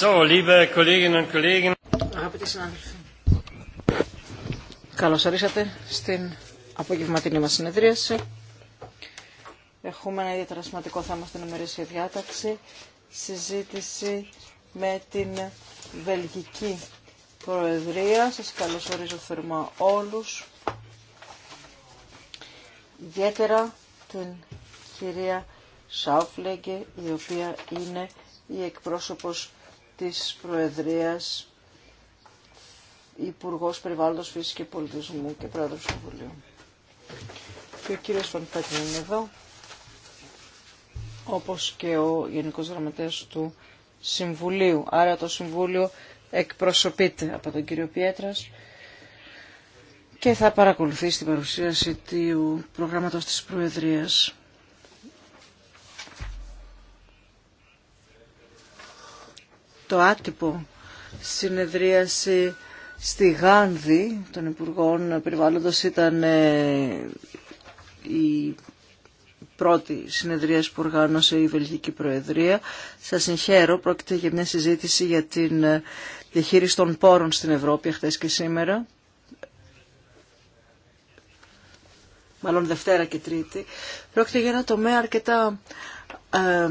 So, liebe Kolleginnen und Kollegen. Αγαπητοί συνάδελφοι, καλώς ορίσατε στην απογευματινή μας συνεδρίαση. Έχουμε ένα ιδιαίτερα σημαντικό θέμα στην ημερήσια διάταξη, συζήτηση με την Βελγική Προεδρία. Σας καλωσορίζω θερμά όλους, ιδιαίτερα την κυρία Σάουφλεγκε, η οποία είναι η εκπρόσωπος της Προεδρίας, Υπουργό Περιβάλλοντος Φύσης και Πολιτισμού και Πρόεδρος του Και ο κύριος Φανπέτριν είναι εδώ, όπως και ο Γενικός Γραμματέας του Συμβουλίου. Άρα το Συμβούλιο εκπροσωπείται από τον κύριο Πιέτρας και θα παρακολουθήσει την παρουσίαση του προγράμματος της Προεδρίας. το άτυπο συνεδρίαση στη Γάνδη των Υπουργών Περιβάλλοντος ήταν ε, η πρώτη συνεδρίαση που οργάνωσε η Βελγική Προεδρία. Σας συγχαίρω, πρόκειται για μια συζήτηση για την ε, διαχείριση των πόρων στην Ευρώπη χτες και σήμερα. Μάλλον Δευτέρα και Τρίτη. Πρόκειται για ένα τομέα αρκετά ε,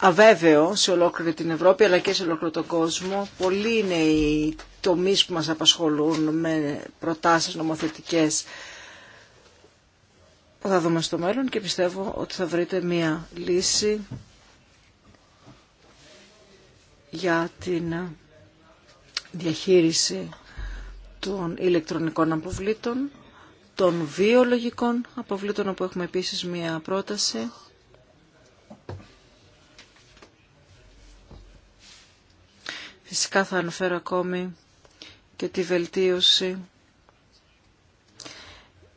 αβέβαιο σε ολόκληρη την Ευρώπη αλλά και σε ολόκληρο τον κόσμο. Πολλοί είναι οι τομεί που μας απασχολούν με προτάσεις νομοθετικές που θα δούμε στο μέλλον και πιστεύω ότι θα βρείτε μία λύση για την διαχείριση των ηλεκτρονικών αποβλήτων, των βιολογικών αποβλήτων, όπου έχουμε επίσης μία πρόταση Φυσικά θα αναφέρω ακόμη και τη βελτίωση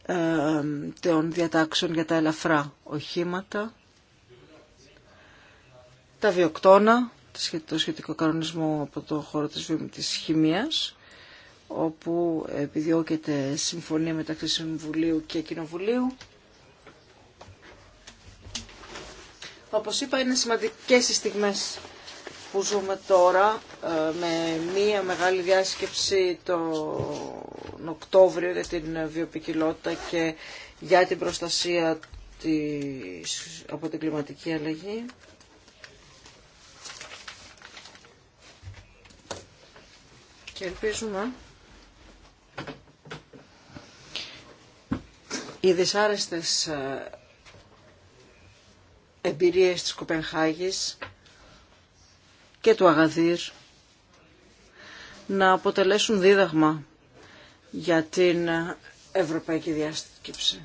ε, των διατάξεων για τα ελαφρά οχήματα, τα βιοκτώνα, το σχετικό κανονισμό από το χώρο της, της χημίας, όπου επιδιώκεται συμφωνία μεταξύ Συμβουλίου και Κοινοβουλίου. Όπως είπα, είναι σημαντικές οι στιγμές που ζούμε τώρα ε, με μία μεγάλη διάσκεψη τον Οκτώβριο για την βιοπικιλότητα και για την προστασία της, από την κλιματική αλλαγή. Και ελπίζουμε οι δυσάρεστες ε, εμπειρίες της Κοπενχάγης και του Αγαδίρ να αποτελέσουν δίδαγμα για την Ευρωπαϊκή Διάσκεψη.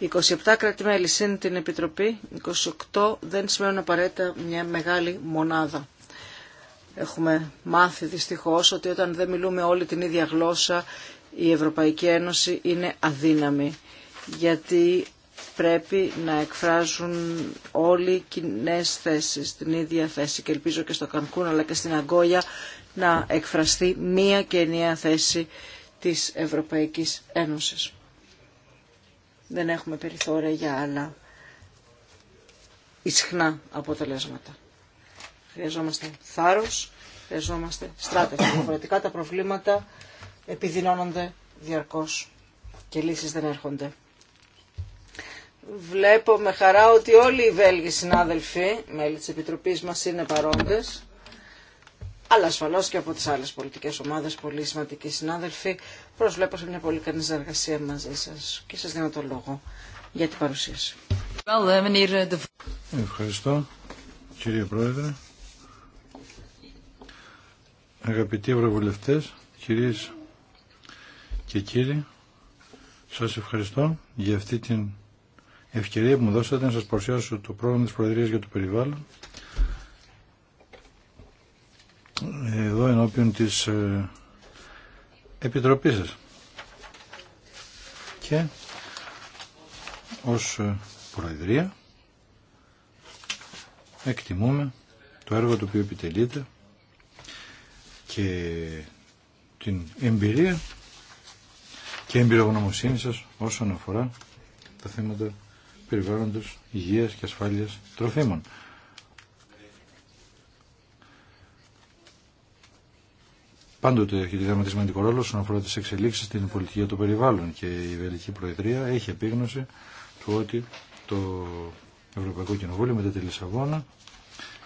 27 κράτη-μέλη συν την Επιτροπή, 28 δεν σημαίνουν απαραίτητα μια μεγάλη μονάδα. Έχουμε μάθει δυστυχώς ότι όταν δεν μιλούμε όλη την ίδια γλώσσα η Ευρωπαϊκή Ένωση είναι αδύναμη γιατί πρέπει να εκφράζουν όλοι κοινέ θέσει, την ίδια θέση. Και ελπίζω και στο Κανκούν αλλά και στην Αγκόγια να εκφραστεί μία και ενιαία θέση της Ευρωπαϊκής Ένωσης. Δεν έχουμε περιθώρια για άλλα ισχνά αποτελέσματα. Χρειαζόμαστε θάρρος, χρειαζόμαστε στράτευση. Διαφορετικά τα προβλήματα επιδεινώνονται διαρκώς και λύσεις δεν έρχονται. Βλέπω με χαρά ότι όλοι οι Βέλγοι συνάδελφοι, μέλη της Επιτροπής μας, είναι παρόντες, αλλά ασφαλώς και από τις άλλες πολιτικές ομάδες, πολύ σημαντικοί συνάδελφοι, προσβλέπω σε μια πολύ καλή συνεργασία μαζί σας και σας δίνω το λόγο για την παρουσίαση. Uh, uh, ευχαριστώ, κύριε Πρόεδρε. Αγαπητοί Ευρωβουλευτές, κυρίες και κύριοι, σας ευχαριστώ για αυτή την ευκαιρία που μου δώσατε να σας παρουσιάσω το πρόγραμμα της Προεδρίας για το Περιβάλλον εδώ ενώπιον της ε, Επιτροπής σας. Και ως ε, Προεδρία εκτιμούμε το έργο το οποίο επιτελείται και την εμπειρία και εμπειρογνωμοσύνη σας όσον αφορά τα θέματα περιβάλλοντος, υγείας και ασφάλειας τροφίμων. Πάντοτε έχει διδάματι ρόλο όσον αφορά τις εξελίξεις στην πολιτική του περιβάλλον και η Βελική Προεδρία έχει επίγνωση του ότι το Ευρωπαϊκό Κοινοβούλιο μετά τη Λισαβόνα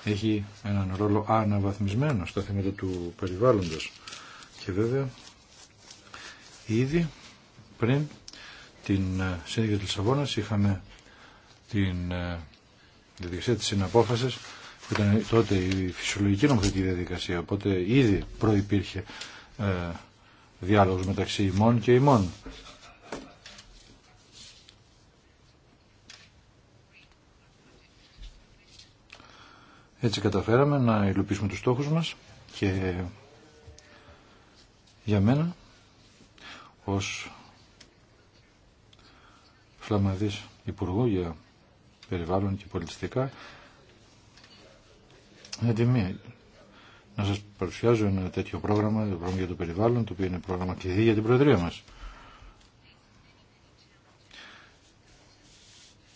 έχει έναν ρόλο αναβαθμισμένο στα θέματα του περιβάλλοντος και βέβαια ήδη πριν την σύνδεση της Λισαβόνας είχαμε την ε, διαδικασία της συναπόφασης που ήταν τότε η φυσιολογική νομοθετική διαδικασία οπότε ήδη προϋπήρχε ε, διάλογος μεταξύ ημών και ημών. Έτσι καταφέραμε να υλοποιήσουμε τους στόχους μας και για μένα ως φλαμαδής υπουργού για περιβάλλον και πολιτιστικά. Είναι τιμή να σας παρουσιάζω ένα τέτοιο πρόγραμμα, το πρόγραμμα για το περιβάλλον, το οποίο είναι πρόγραμμα κλειδί για την Προεδρία μας.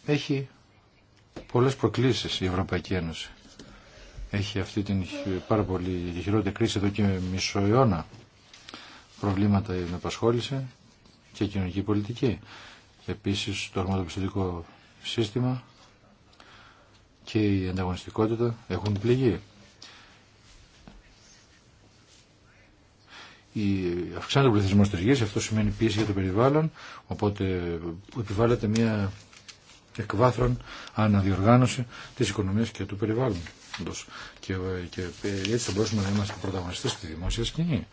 Έχει πολλές προκλήσεις η Ευρωπαϊκή Ένωση. Έχει αυτή την πάρα πολύ χειρότερη κρίση εδώ και μισό αιώνα. Προβλήματα με απασχόληση και κοινωνική πολιτική. Επίση, το αρμοδοπιστωτικό σύστημα και η ανταγωνιστικότητα έχουν πληγεί. η, αυξάνεται ο πληθυσμό τη γη, αυτό σημαίνει πίεση για το περιβάλλον, οπότε επιβάλλεται μια εκβάθρον αναδιοργάνωση τη οικονομία και του περιβάλλοντο. Και, και ε, έτσι θα μπορούσαμε να είμαστε πρωταγωνιστέ στη δημόσια σκηνή.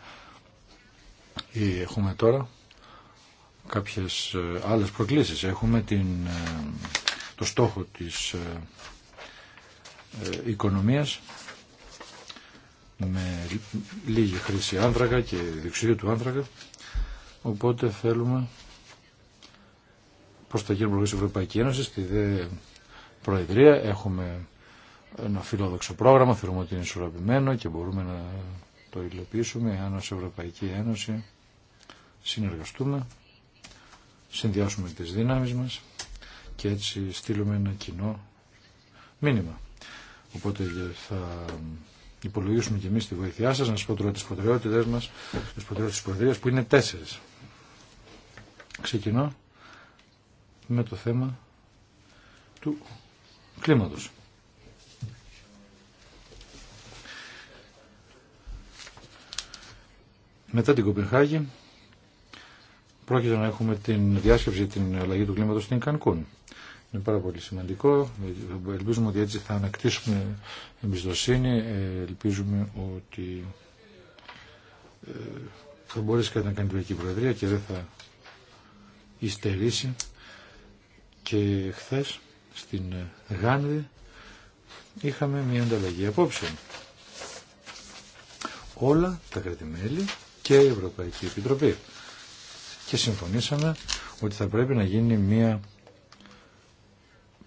Ε, έχουμε τώρα κάποιες ε, άλλες προκλήσεις. Έχουμε το στόχο της ε, οικονομίας με λίγη χρήση άνθρακα και διοξείδιο του άνθρακα οπότε θέλουμε προς τα κύριο της Ευρωπαϊκή Ένωση στη ΔΕ Προεδρία έχουμε ένα φιλόδοξο πρόγραμμα θεωρούμε ότι είναι ισορροπημένο και μπορούμε να το υλοποιήσουμε αν ως Ευρωπαϊκή Ένωση συνεργαστούμε συνδυάσουμε τις δύναμεις μας και έτσι στείλουμε ένα κοινό μήνυμα Οπότε θα υπολογίσουμε και εμεί τη βοήθειά σα να σα πω τώρα τις προτεραιότητες μας, τις προτεραιότητες της που είναι τέσσερι. Ξεκινώ με το θέμα του κλίματος. Μετά την Κοπενχάγη πρόκειται να έχουμε την διάσκεψη για την αλλαγή του κλίματος στην Κανκούν. Είναι πάρα πολύ σημαντικό. Ελπίζουμε ότι έτσι θα ανακτήσουμε εμπιστοσύνη. Ε, ελπίζουμε ότι ε, θα μπορέσει κάτι να κάνει η Ευρωπαϊκή Προεδρία και δεν θα υστερήσει. Και χθε στην Γάνδη είχαμε μια ανταλλαγή απόψεων. Όλα τα κρατημέλη και η Ευρωπαϊκή Επιτροπή. Και συμφωνήσαμε ότι θα πρέπει να γίνει μια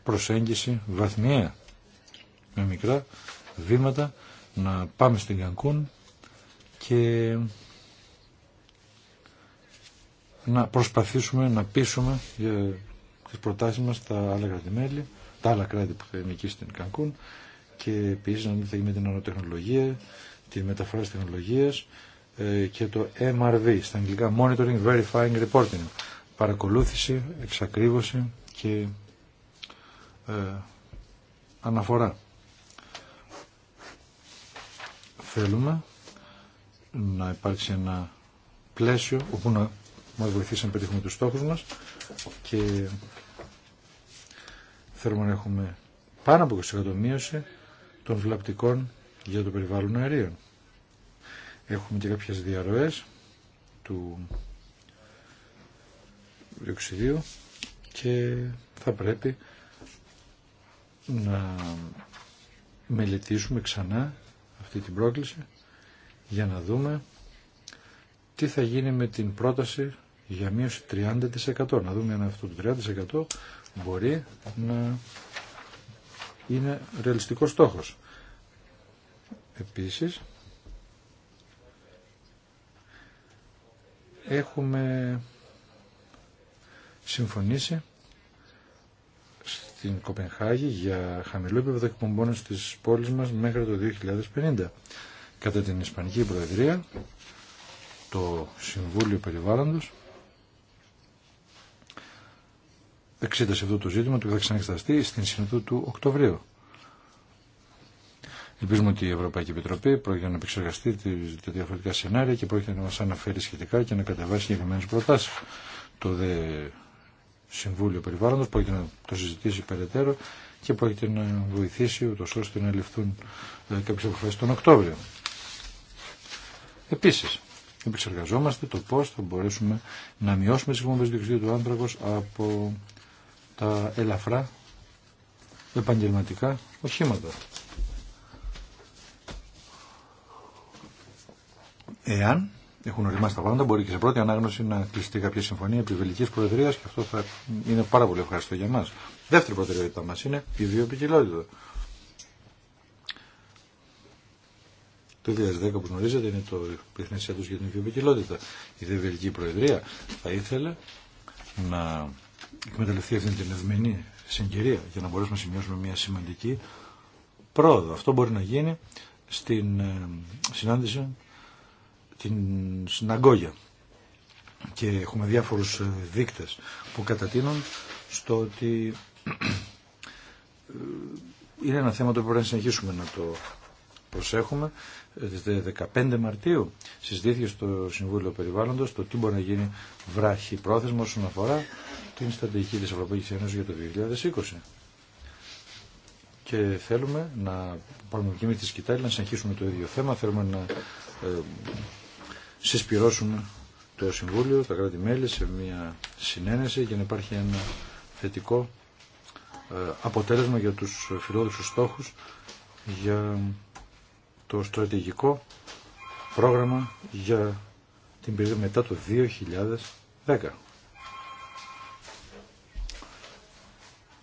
προσέγγιση βαθμιαία με μικρά βήματα να πάμε στην Κανκούν και να προσπαθήσουμε να πείσουμε για τις προτάσεις μας τα άλλα τα άλλα κράτη που θα είναι εκεί στην Κανκούν και επίσης να θα με την ανοτεχνολογία, τη μεταφράση τεχνολογίας ε, και το MRV, στα αγγλικά Monitoring Verifying Reporting, παρακολούθηση, εξακρίβωση και ε, αναφορά. Θέλουμε να υπάρξει ένα πλαίσιο όπου να μας βοηθήσει να πετύχουμε τους στόχους μας και θέλουμε να έχουμε πάνω από 20% των βλαπτικών για το περιβάλλον αερίων. Έχουμε και κάποιες διαρροές του διοξιδίου και θα πρέπει να μελετήσουμε ξανά αυτή την πρόκληση για να δούμε τι θα γίνει με την πρόταση για μείωση 30%. Να δούμε αν αυτό το 30% μπορεί να είναι ρεαλιστικός στόχος. Επίσης, έχουμε συμφωνήσει στην Κοπενχάγη για χαμηλό επίπεδο εκπομπών στις πόλεις μας μέχρι το 2050. Κατά την Ισπανική Προεδρία, το Συμβούλιο Περιβάλλοντος εξέτασε αυτό το ζήτημα του θα ξαναεξεταστεί στην Συνοδό του Οκτωβρίου. Ελπίζουμε ότι η Ευρωπαϊκή Επιτροπή πρόκειται να επεξεργαστεί τα διαφορετικά σενάρια και πρόκειται να μα αναφέρει σχετικά και να κατεβάσει συγκεκριμένε προτάσει. Το Συμβούλιο Περιβάλλοντος, έχετε να το συζητήσει περαιτέρω και που έχετε να βοηθήσει ούτω ώστε να ληφθούν ε, κάποιε αποφάσει τον Οκτώβριο. Επίση, επεξεργαζόμαστε το πώ θα μπορέσουμε να μειώσουμε τι εκπομπές διοξιδίου του άνθρακο από τα ελαφρά επαγγελματικά οχήματα. Εάν έχουν οριμάσει τα πράγματα, μπορεί και σε πρώτη ανάγνωση να κλειστεί κάποια συμφωνία επιβελική Προεδρία και αυτό θα είναι πάρα πολύ ευχαριστώ για μα. Δεύτερη προτεραιότητά μα είναι η βιοπικιλότητα. Το 2010, που γνωρίζετε, είναι το Διεθνέ Έτο για την Βιοπικιλότητα. Η δε Προεδρία θα ήθελε να εκμεταλλευτεί αυτή την ευμενή συγκυρία για να μπορέσουμε να σημειώσουμε μια σημαντική πρόοδο. Αυτό μπορεί να γίνει στην ε, συνάντηση την συναγκόγια και έχουμε διάφορους ε, δείκτες που κατατείνουν στο ότι ε, είναι ένα θέμα το οποίο πρέπει να συνεχίσουμε να το προσέχουμε. 15 ε, Μαρτίου συζητήθηκε στο Συμβούλιο Περιβάλλοντος το τι μπορεί να γίνει βράχη πρόθεσμα όσον αφορά την στρατηγική της Ευρωπαϊκής Ένωσης για το 2020. Και θέλουμε να πάρουμε και εμείς τη σκητάλη, να συνεχίσουμε το ίδιο θέμα, θέλουμε να συσπυρώσουμε το Συμβούλιο, τα κράτη-μέλη σε μια συνένεση για να υπάρχει ένα θετικό ε, αποτέλεσμα για τους φιλόδοξους στόχους για το στρατηγικό πρόγραμμα για την περίοδο μετά το 2010.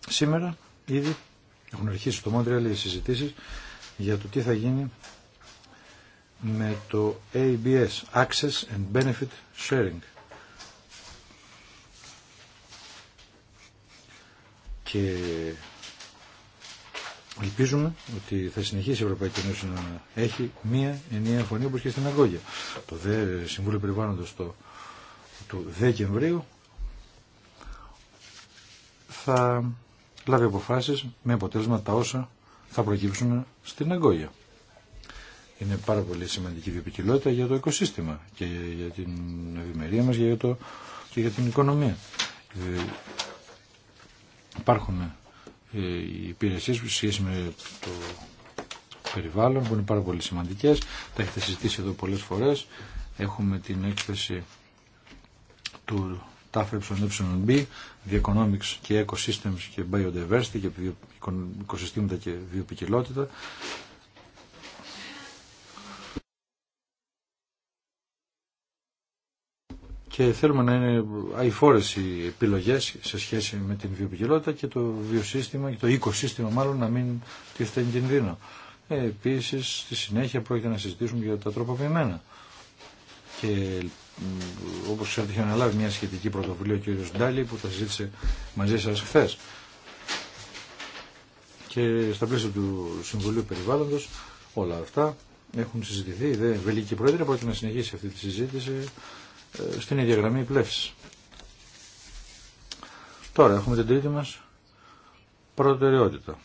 Σήμερα ήδη έχουν αρχίσει στο Μόντρεαλ οι συζητήσεις για το τι θα γίνει με το ABS, Access and Benefit Sharing. Και ελπίζουμε ότι θα συνεχίσει η Ευρωπαϊκή Ένωση να έχει μία ενιαία φωνή όπως και στην Αγκόγια. Το ΔΕ Συμβούλιο Περιβάλλοντος το, του Δεκεμβρίου θα λάβει αποφάσεις με αποτέλεσμα τα όσα θα προκύψουν στην Αγκόγια είναι πάρα πολύ σημαντική βιοποικιλότητα για το οικοσύστημα και για την ευημερία μας για το, και για την οικονομία. Ε, υπάρχουν ε, οι υπηρεσίες που σχέση με το περιβάλλον που είναι πάρα πολύ σημαντικές. Τα έχετε συζητήσει εδώ πολλές φορές. Έχουμε την έκθεση του tafepson b The Economics και Ecosystems και Biodiversity και οικοσυστήματα και βιοποικιλότητα και θέλουμε να είναι αηφόρες οι επιλογές σε σχέση με την βιοποικιλότητα και το βιοσύστημα και το οικοσύστημα μάλλον να μην τίθεται εν κινδύνο. Ε, επίσης στη συνέχεια πρόκειται να συζητήσουμε για τα τροποποιημένα και όπως ξέρετε είχε αναλάβει μια σχετική πρωτοβουλία ο κ. Ντάλι που τα συζήτησε μαζί σας χθε. Και στα πλαίσια του Συμβουλίου Περιβάλλοντος όλα αυτά έχουν συζητηθεί. Η Βελική Πρόεδρε πρόκειται να συνεχίσει αυτή τη συζήτηση ε, στην ίδια γραμμή πλεύση. Τώρα έχουμε την τρίτη μας προτεραιότητα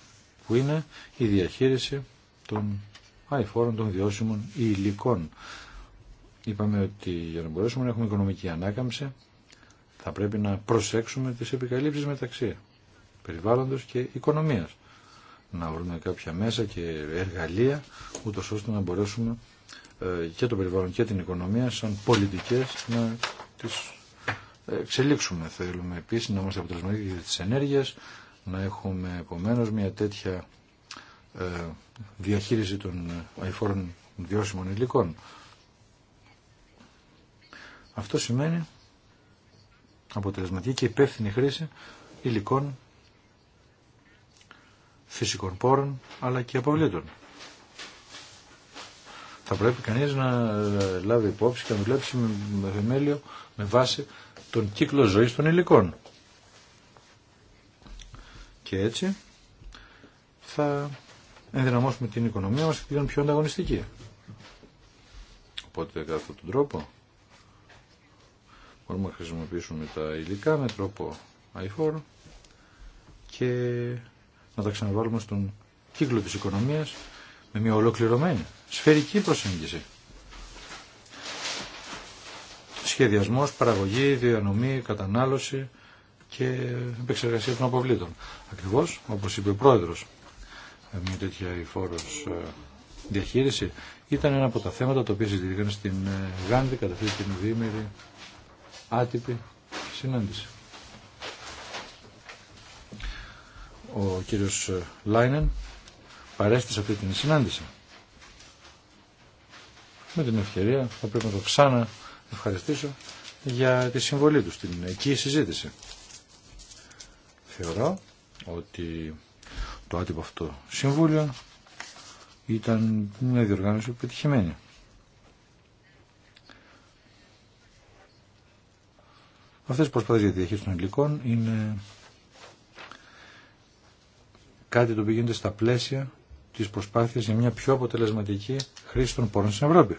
που είναι η διαχείριση των αηφόρων των βιώσιμων υλικών. Είπαμε ότι για να μπορέσουμε να έχουμε οικονομική ανάκαμψη θα πρέπει να προσέξουμε τις επικαλύψεις μεταξύ περιβάλλοντος και οικονομίας. Να βρούμε κάποια μέσα και εργαλεία ούτως ώστε να μπορέσουμε ε, και το περιβάλλον και την οικονομία σαν πολιτικές να τις ε, εξελίξουμε. Θέλουμε επίσης να είμαστε αποτελεσματικοί για τις ενέργειες, να έχουμε επομένως μια τέτοια ε, διαχείριση των αηφόρων βιώσιμων υλικών. Αυτό σημαίνει αποτελεσματική και υπεύθυνη χρήση υλικών, φυσικών πόρων αλλά και αποβλήτων θα πρέπει κανείς να λάβει υπόψη και να δουλέψει με θεμέλιο με βάση τον κύκλο ζωής των υλικών. Και έτσι θα ενδυναμώσουμε την οικονομία μας και την πιο ανταγωνιστική. Οπότε κατά αυτόν τον τρόπο μπορούμε να χρησιμοποιήσουμε τα υλικά με τρόπο i4 και να τα ξαναβάλουμε στον κύκλο της οικονομίας με μια ολοκληρωμένη, σφαιρική προσέγγιση. Σχεδιασμός, παραγωγή, διανομή, κατανάλωση και επεξεργασία των αποβλήτων. Ακριβώς, όπως είπε ο Πρόεδρος, μια τέτοια φόρος ε, διαχείριση ήταν ένα από τα θέματα τα οποία συζητήθηκαν στην ε, Γάνδη κατά αυτή την διήμερη άτυπη συνάντηση. Ο κύριος ε, Λάινεν παρέστησε αυτή την συνάντηση. Με την ευκαιρία θα πρέπει να το ξανά ευχαριστήσω για τη συμβολή του στην εκεί συζήτηση. Θεωρώ ότι το άτυπο αυτό συμβούλιο ήταν μια διοργάνωση πετυχημένη. Αυτές οι προσπάθειες για τη διαχείριση των υλικών είναι κάτι το οποίο γίνεται στα πλαίσια τις προσπάθειες για μια πιο αποτελεσματική χρήση των πόρων στην Ευρώπη.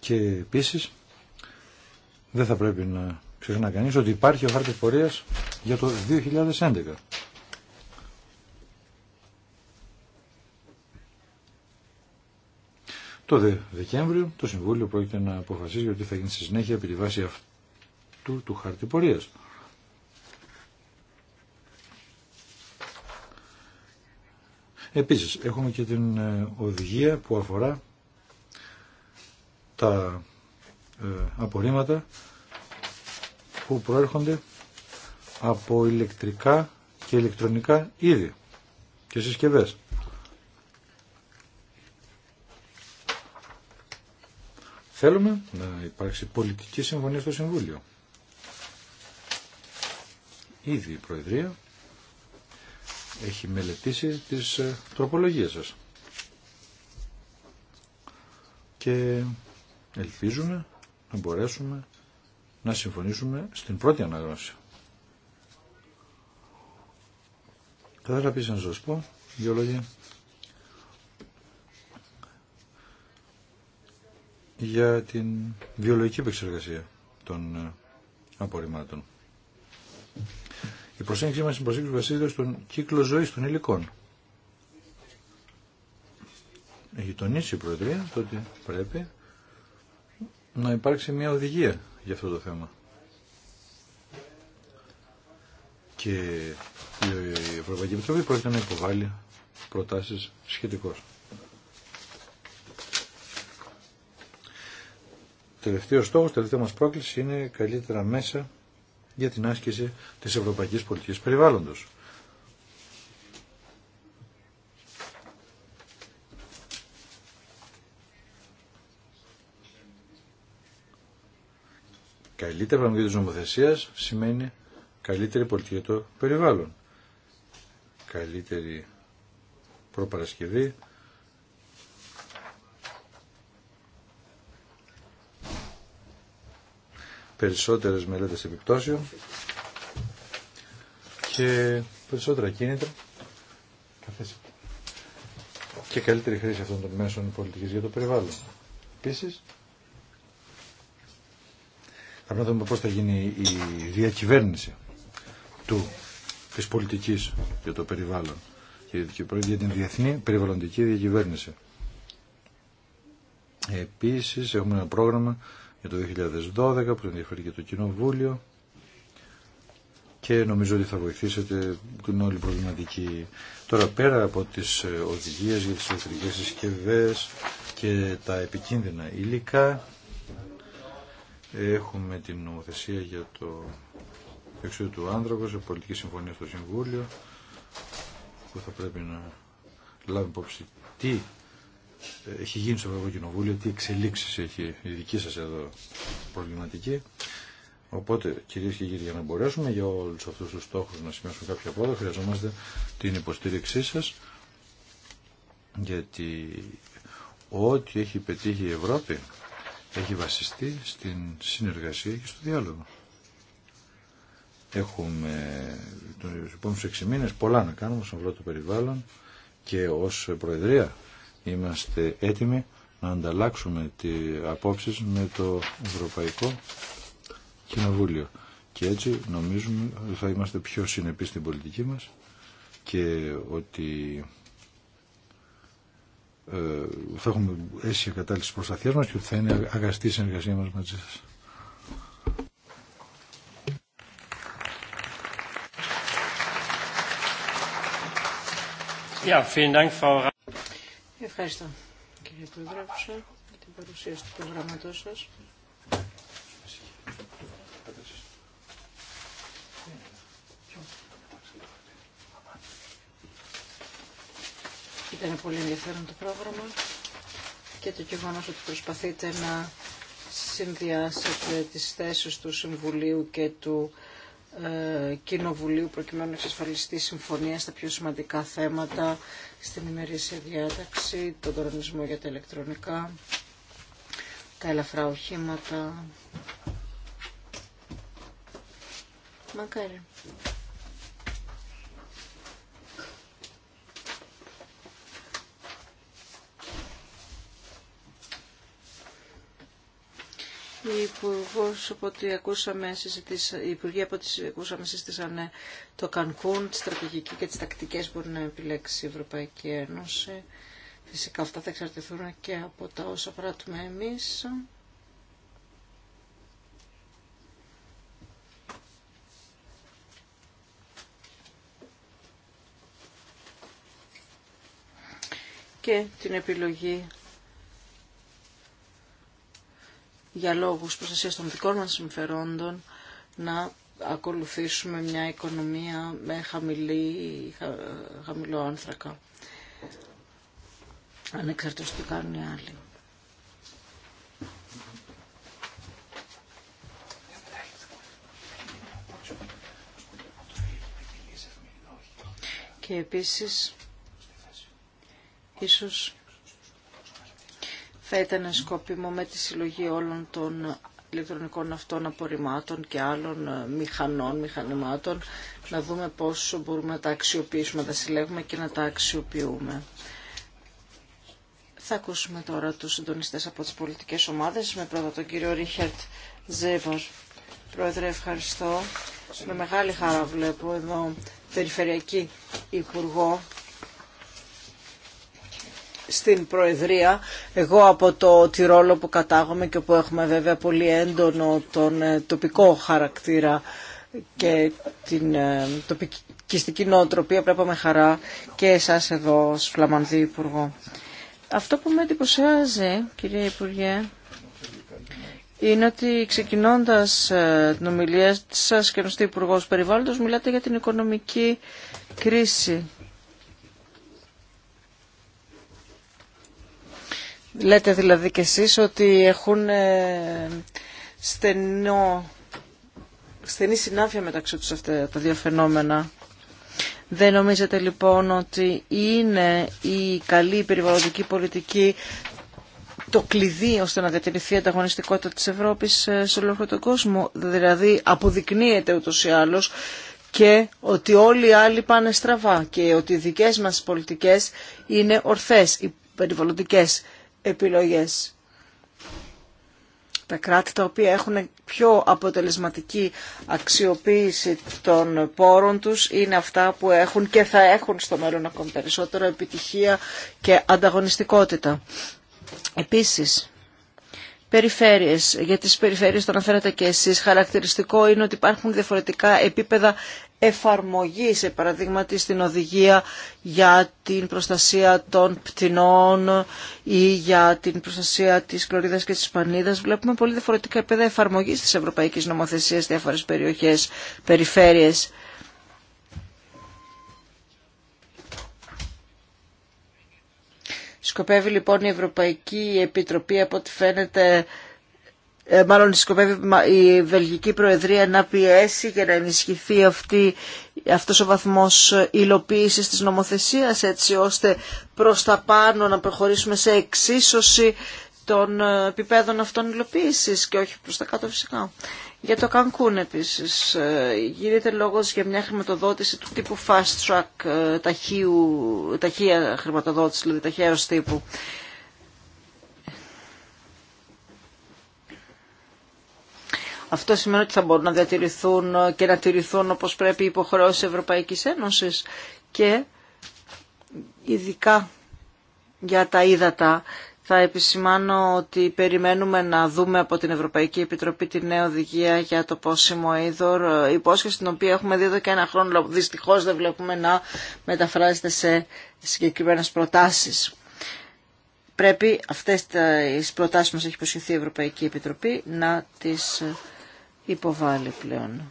Και επίσης δεν θα πρέπει να ξεχνά κανείς ότι υπάρχει ο χάρτης πορείας για το 2011. Το Δεκέμβριο το Συμβούλιο πρόκειται να αποφασίσει ότι θα γίνει στη συνέχεια επί τη βάση αυτού του χαρτιπορίας Επίσης, έχουμε και την ε, οδηγία που αφορά τα ε, απορρίμματα που προέρχονται από ηλεκτρικά και ηλεκτρονικά είδη και συσκευές. Θέλουμε να υπάρξει πολιτική συμφωνία στο Συμβούλιο. Ήδη η Προεδρία έχει μελετήσει τις ε, τροπολογίες σας. Και ελπίζουμε να μπορέσουμε να συμφωνήσουμε στην πρώτη αναγνώση. Θα ήθελα να σας πω δύο για την βιολογική επεξεργασία των ε, απορριμμάτων. Η προσέγγιση μας στην προσέγγιση βασίζεται στον κύκλο ζωής των υλικών. Έχει τονίσει η Προεδρία το ότι πρέπει να υπάρξει μια οδηγία για αυτό το θέμα. Και η Ευρωπαϊκή Επιτροπή πρόκειται να υποβάλει προτάσεις σχετικώς. Τελευταίο στόχος, τελευταία μας πρόκληση είναι καλύτερα μέσα για την άσκηση της ευρωπαϊκής πολιτικής περιβάλλοντος. Καλύτερη πραγματική της νομοθεσίας σημαίνει καλύτερη πολιτική το περιβάλλον. Καλύτερη προπαρασκευή, περισσότερες μελέτες επιπτώσεων και περισσότερα κίνητρα και καλύτερη χρήση αυτών των μέσων πολιτικής για το περιβάλλον. Επίσης, θα πρέπει να δούμε πώς θα γίνει η διακυβέρνηση του, της πολιτικής για το περιβάλλον για την διεθνή περιβαλλοντική διακυβέρνηση. Επίσης, έχουμε ένα πρόγραμμα το 2012 που ενδιαφέρει και το Κοινοβούλιο και νομίζω ότι θα βοηθήσετε την όλη προβληματική. Τώρα πέρα από τις ε, οδηγίες για τις ηλεκτρικές συσκευέ και τα επικίνδυνα υλικά έχουμε την νομοθεσία για το εξωτερικό του άνθρωπο σε πολιτική συμφωνία στο Συμβούλιο που θα πρέπει να λάβει υπόψη τι έχει γίνει στο Ευρωπαϊκό Κοινοβούλιο, τι εξελίξεις έχει η δική σα εδώ προβληματική. Οπότε, κυρίε και κύριοι, για να μπορέσουμε για όλου αυτού του στόχου να σημειώσουμε κάποια πρόοδο, χρειαζόμαστε την υποστήριξή σα. Γιατί ό,τι έχει πετύχει η Ευρώπη έχει βασιστεί στην συνεργασία και στο διάλογο. Έχουμε του επόμενου 6 μήνε πολλά να κάνουμε στον πρώτο περιβάλλον και ω Προεδρία Είμαστε έτοιμοι να ανταλλάξουμε τι απόψεις με το Ευρωπαϊκό Κοινοβούλιο. Και έτσι νομίζουμε ότι θα είμαστε πιο συνεπείς στην πολιτική μας και ότι ε, θα έχουμε αίσια κατάληψη προστασία μας και ότι θα είναι αγαστή η συνεργασία μας μαζί σας. vielen Dank, Frau Ευχαριστώ, κύριε πρόεδρε για την παρουσίαση του προγραμματό σα. Ήταν πολύ ενδιαφέρον το πρόγραμμα και το γεγονό ότι προσπαθείτε να συνδυάσετε τις θέσεις του Συμβουλίου και του ε, Κοινοβουλίου προκειμένου να εξασφαλιστεί συμφωνία στα πιο σημαντικά θέματα στην ημερήσια διάταξη, τον κανονισμό για τα ηλεκτρονικά, τα ελαφρά οχήματα. Μακάρι. Η Υπουργοί από ό,τι ακούσαμε, ακούσαμε ναι, το Κανκούν, τη στρατηγική και τις τακτικές μπορεί να επιλέξει η Ευρωπαϊκή Ένωση. Φυσικά αυτά θα εξαρτηθούν και από τα όσα πράττουμε εμείς. και την επιλογή για λόγους προστασίας των δικών μας συμφερόντων να ακολουθήσουμε μια οικονομία με χαμηλή, χα, χαμηλό άνθρακα. Ανεξαρτήτως τι κάνουν άλλοι. Και επίσης, ίσως θα ήταν σκόπιμο με τη συλλογή όλων των ηλεκτρονικών αυτών απορριμμάτων και άλλων ε, μηχανών, μηχανημάτων, να δούμε πόσο μπορούμε να τα αξιοποιήσουμε, να τα συλλέγουμε και να τα αξιοποιούμε. Θα ακούσουμε τώρα τους συντονιστές από τις πολιτικές ομάδες, με πρώτα τον κύριο Ρίχερτ Ζέβορ, Πρόεδρε, ευχαριστώ. Με μεγάλη χαρά βλέπω εδώ Περιφερειακή Υπουργό στην Προεδρία. Εγώ από το Τυρόλο που κατάγομαι και που έχουμε βέβαια πολύ έντονο τον ε, τοπικό χαρακτήρα και την ε, τοπικιστική νοοτροπία πρέπει με χαρά και εσάς εδώ ως Φλαμανδί Υπουργό. Αυτό που με εντυπωσιάζει κυρία Υπουργέ είναι ότι ξεκινώντας ε, την ομιλία σας και γνωστή Υπουργός Περιβάλλοντος μιλάτε για την οικονομική κρίση Λέτε δηλαδή κι εσείς ότι έχουν ε, στενό, στενή συνάφεια μεταξύ τους αυτά τα δύο φαινόμενα. Δεν νομίζετε λοιπόν ότι είναι η καλή περιβαλλοντική πολιτική το κλειδί ώστε να διατηρηθεί η ανταγωνιστικότητα της Ευρώπης ε, σε όλο τον κόσμο. Δηλαδή αποδεικνύεται ούτως ή άλλως και ότι όλοι οι άλλοι πάνε στραβά και ότι οι δικές μας πολιτικές είναι ορθές, οι περιβαλλοντικές επιλογές. Τα κράτη τα οποία έχουν πιο αποτελεσματική αξιοποίηση των πόρων τους είναι αυτά που έχουν και θα έχουν στο μέλλον ακόμη περισσότερο επιτυχία και ανταγωνιστικότητα. Επίσης, περιφέρειες. Για τις περιφέρειες το αναφέρατε και εσείς. Χαρακτηριστικό είναι ότι υπάρχουν διαφορετικά επίπεδα εφαρμογή σε παραδείγματι στην οδηγία για την προστασία των πτηνών ή για την προστασία της κλωρίδας και της πανίδας. Βλέπουμε πολύ διαφορετικά επίπεδα εφαρμογής της ευρωπαϊκής νομοθεσίας σε διάφορες περιοχές, περιφέρειες. Σκοπεύει λοιπόν η Ευρωπαϊκή Επιτροπή από ό,τι φαίνεται ε, μάλλον σκοπεύει η Βελγική Προεδρία να πιέσει για να ενισχυθεί αυτή, αυτός ο βαθμός υλοποίησης της νομοθεσίας έτσι ώστε προς τα πάνω να προχωρήσουμε σε εξίσωση των ε, επιπέδων αυτών υλοποίησης και όχι προς τα κάτω φυσικά. Για το Κανκούν επίσης ε, γίνεται λόγος για μια χρηματοδότηση του τύπου fast track, ταχείου, ταχεία χρηματοδότηση, δηλαδή ταχεία τύπου. Αυτό σημαίνει ότι θα μπορούν να διατηρηθούν και να τηρηθούν όπως πρέπει οι υποχρεώσεις Ευρωπαϊκής Ένωσης και ειδικά για τα ύδατα. Θα επισημάνω ότι περιμένουμε να δούμε από την Ευρωπαϊκή Επιτροπή τη νέα οδηγία για το πόσιμο είδωρ, υπόσχεση την οποία έχουμε δει εδώ και ένα χρόνο, δυστυχώς δεν βλέπουμε να μεταφράζεται σε συγκεκριμένες προτάσεις. Πρέπει αυτές τις προτάσεις μας έχει υποσχεθεί η Ευρωπαϊκή Επιτροπή να τις Υποβάλλει πλέον.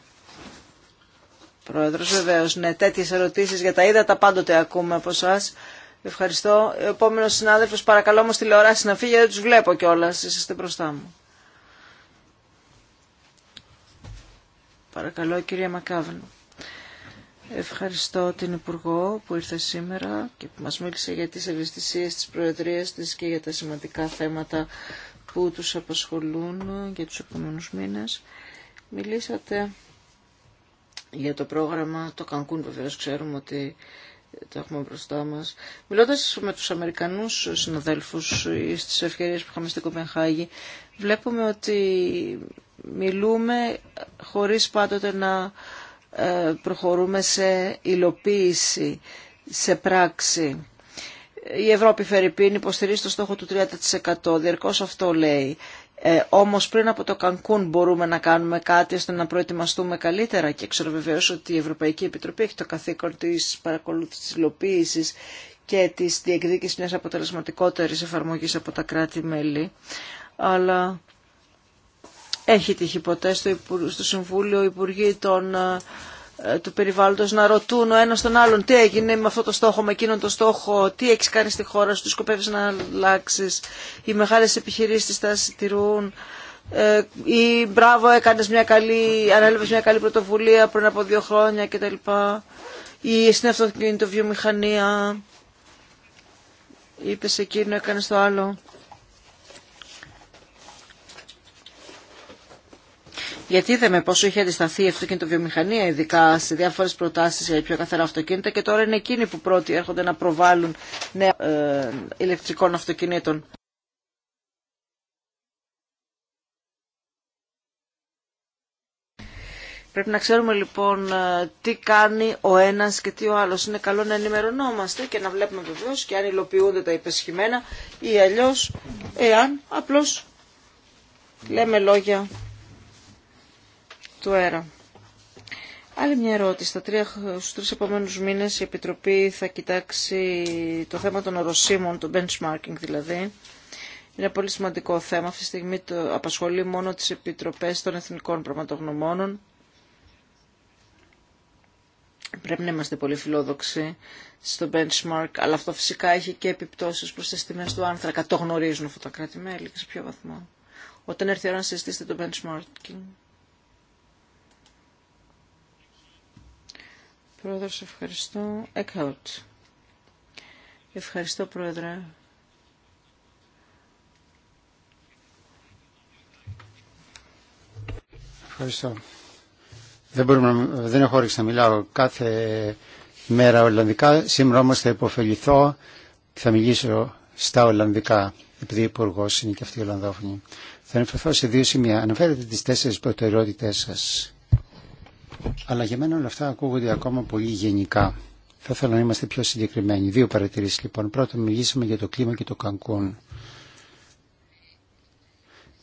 Πρόεδρος βεβαίως, ναι, τέτοιες ερωτήσεις για τα είδα τα πάντοτε ακούμε από εσά. Ευχαριστώ. Ο επόμενος συνάδελφος παρακαλώ όμως τηλεοράση να φύγει, δεν τους βλέπω κιόλα. είστε μπροστά μου. Παρακαλώ κυρία Μακάβνου. Ευχαριστώ την Υπουργό που ήρθε σήμερα και που μας μίλησε για τις ευαισθησίες της Προεδρίας της και για τα σημαντικά θέματα που τους απασχολούν για τους επόμενους μήνες. Μιλήσατε για το πρόγραμμα, το Κανκούν βεβαίω ξέρουμε ότι το έχουμε μπροστά μα. Μιλώντα με του Αμερικανού ότι μιλούμε χωρί πάντοτε να ε, προχωρούμε σε υλοποίηση, σε πράξη. Η Ευρώπη οτι μιλουμε χωρί παντοτε να προχωρουμε σε υλοποιηση σε πραξη η ευρωπη πίνη, υποστηριζει το στόχο του 30%. Διαρκώ αυτό λέει. Ε, όμως πριν από το Κανκούν μπορούμε να κάνουμε κάτι ώστε να προετοιμαστούμε καλύτερα και ξέρω βεβαίω ότι η Ευρωπαϊκή Επιτροπή έχει το καθήκον της παρακολούθησης υλοποίησης και της διεκδίκησης μιας αποτελεσματικότερης εφαρμογής από τα κράτη-μέλη. Αλλά έχει τύχει ποτέ στο, Συμβούλιο Υπουργή των ε, ε, του περιβάλλοντος να ρωτούν ο ένας τον άλλον τι έγινε με αυτό το στόχο, με εκείνον το στόχο, τι έχει κάνει στη χώρα σου, τι σκοπεύεις να αλλάξει. Οι μεγάλες επιχειρήσεις τα συντηρούν. Ε, ή μπράβο έκανες μια καλή, ανέλαβες μια καλή πρωτοβουλία πριν από δύο χρόνια κτλ. Ή στην αυτοκινητοβιομηχανία. Είπε εκείνο, έκανες το άλλο. Γιατί είδαμε πόσο είχε αντισταθεί η αυτοκινητοβιομηχανία, ειδικά σε διάφορε προτάσει για πιο καθαρά αυτοκίνητα, και τώρα είναι εκείνοι που πρώτοι έρχονται να προβάλλουν νέα ε, ηλεκτρικών αυτοκινήτων. Πρέπει να ξέρουμε λοιπόν ε, τι κάνει ο ένας και τι ο άλλος. Είναι καλό να ενημερωνόμαστε και να βλέπουμε βεβαίως και αν υλοποιούνται τα υπεσχημένα ή αλλιώς εάν απλώς λέμε λόγια του αέρα. Άλλη μια ερώτηση. Στα τρία, στους τρεις επόμενους μήνες η Επιτροπή θα κοιτάξει το θέμα των οροσίμων, το benchmarking δηλαδή. Είναι πολύ σημαντικό θέμα. Αυτή τη στιγμή το απασχολεί μόνο τις Επιτροπές των Εθνικών Πραγματογνωμόνων. Πρέπει να είμαστε πολύ φιλόδοξοι στο benchmark, αλλά αυτό φυσικά έχει και επιπτώσεις προς τις τιμές του άνθρακα. Το γνωρίζουν αυτά τα κράτη-μέλη και σε ποιο βαθμό. Όταν έρθει η ώρα να συζητήσετε το benchmarking. σε ευχαριστώ. Εκχαούτ. Ευχαριστώ, Πρόεδρε. Ευχαριστώ. Δεν, μπορούμε, δεν έχω όρεξη να μιλάω κάθε μέρα Ολλανδικά. Σήμερα όμως θα υποφεληθώ και θα μιλήσω στα Ολλανδικά, επειδή υπουργό είναι και αυτή η Ολλανδόφωνη. Θα αναφερθώ σε δύο σημεία. Αναφέρετε τις τέσσερις προτεραιότητές σας αλλά για μένα όλα αυτά ακούγονται ακόμα πολύ γενικά. Θα ήθελα να είμαστε πιο συγκεκριμένοι. Δύο παρατηρήσεις λοιπόν. Πρώτον, μιλήσαμε για το κλίμα και το Κανκούν.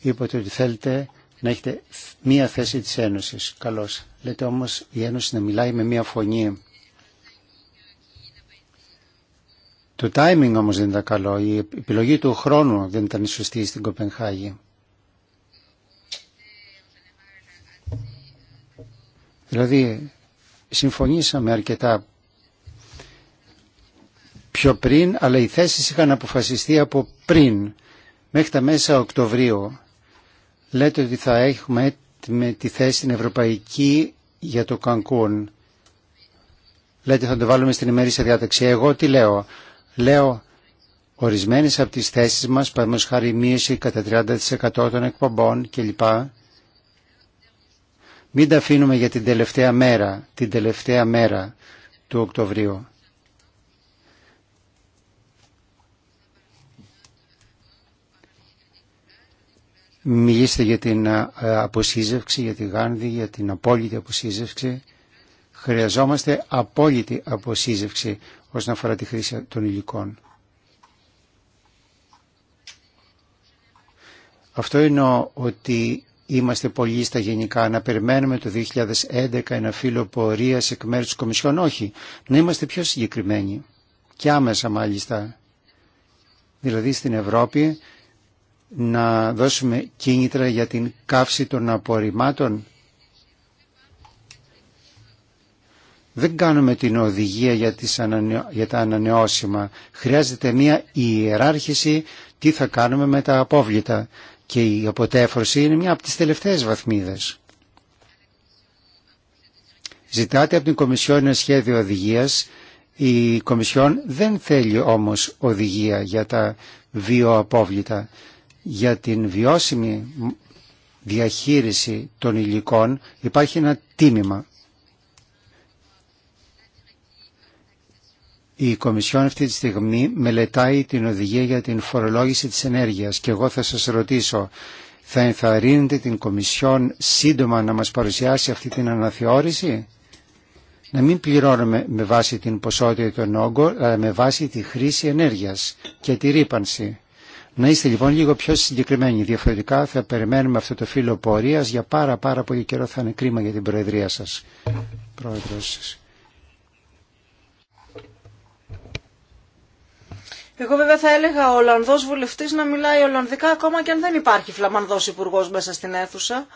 Είπατε ότι θέλετε να έχετε μία θέση της Ένωσης. Καλώς. Λέτε όμως η Ένωση να μιλάει με μία φωνή. Το timing όμως δεν ήταν καλό. Η επιλογή του χρόνου δεν ήταν σωστή στην Κοπενχάγη. Δηλαδή, συμφωνήσαμε αρκετά πιο πριν, αλλά οι θέσεις είχαν αποφασιστεί από πριν, μέχρι τα μέσα Οκτωβρίου. Λέτε ότι θα έχουμε με τη θέση την Ευρωπαϊκή για το Κανκούν. Λέτε θα το βάλουμε στην ημέρη σε διάταξη. Εγώ τι λέω. Λέω ορισμένες από τις θέσεις μας, παραδείγματος χάρη μείωση κατά 30% των εκπομπών κλπ. Μην τα αφήνουμε για την τελευταία μέρα, την τελευταία μέρα του Οκτωβρίου. Μιλήστε για την ε, αποσύζευξη, για τη Γάνδη, για την απόλυτη αποσύζευξη. Χρειαζόμαστε απόλυτη αποσύζευξη όσον αφορά τη χρήση των υλικών. Αυτό είναι ότι είμαστε πολύ στα γενικά, να περιμένουμε το 2011 ένα φύλλο πορεία εκ μέρου τη Κομισιόν. Όχι, να είμαστε πιο συγκεκριμένοι και άμεσα μάλιστα. Δηλαδή στην Ευρώπη να δώσουμε κίνητρα για την καύση των απορριμμάτων. Δεν κάνουμε την οδηγία για, για τα ανανεώσιμα. Χρειάζεται μια ιεράρχηση τι θα κάνουμε με τα απόβλητα και η αποτέφρωση είναι μια από τις τελευταίες βαθμίδες. Ζητάτε από την Κομισιόν ένα σχέδιο οδηγίας. Η Κομισιόν δεν θέλει όμως οδηγία για τα βιοαπόβλητα. Για την βιώσιμη διαχείριση των υλικών υπάρχει ένα τίμημα. Η Κομισιόν αυτή τη στιγμή μελετάει την οδηγία για την φορολόγηση της ενέργειας και εγώ θα σας ρωτήσω, θα ενθαρρύνετε την Κομισιόν σύντομα να μας παρουσιάσει αυτή την αναθεώρηση? Να μην πληρώνουμε με βάση την ποσότητα των όγκων, αλλά με βάση τη χρήση ενέργειας και τη ρήπανση. Να είστε λοιπόν λίγο πιο συγκεκριμένοι. Διαφορετικά θα περιμένουμε αυτό το φύλλο πορείας για πάρα πάρα πολύ καιρό θα είναι κρίμα για την Προεδρία σας. Πρόεδρος σας. Εγώ βέβαια θα έλεγα ο Ολλανδό βουλευτής να μιλάει Ολλανδικά ακόμα και αν δεν υπάρχει Φλαμανδός υπουργό μέσα στην αίθουσα.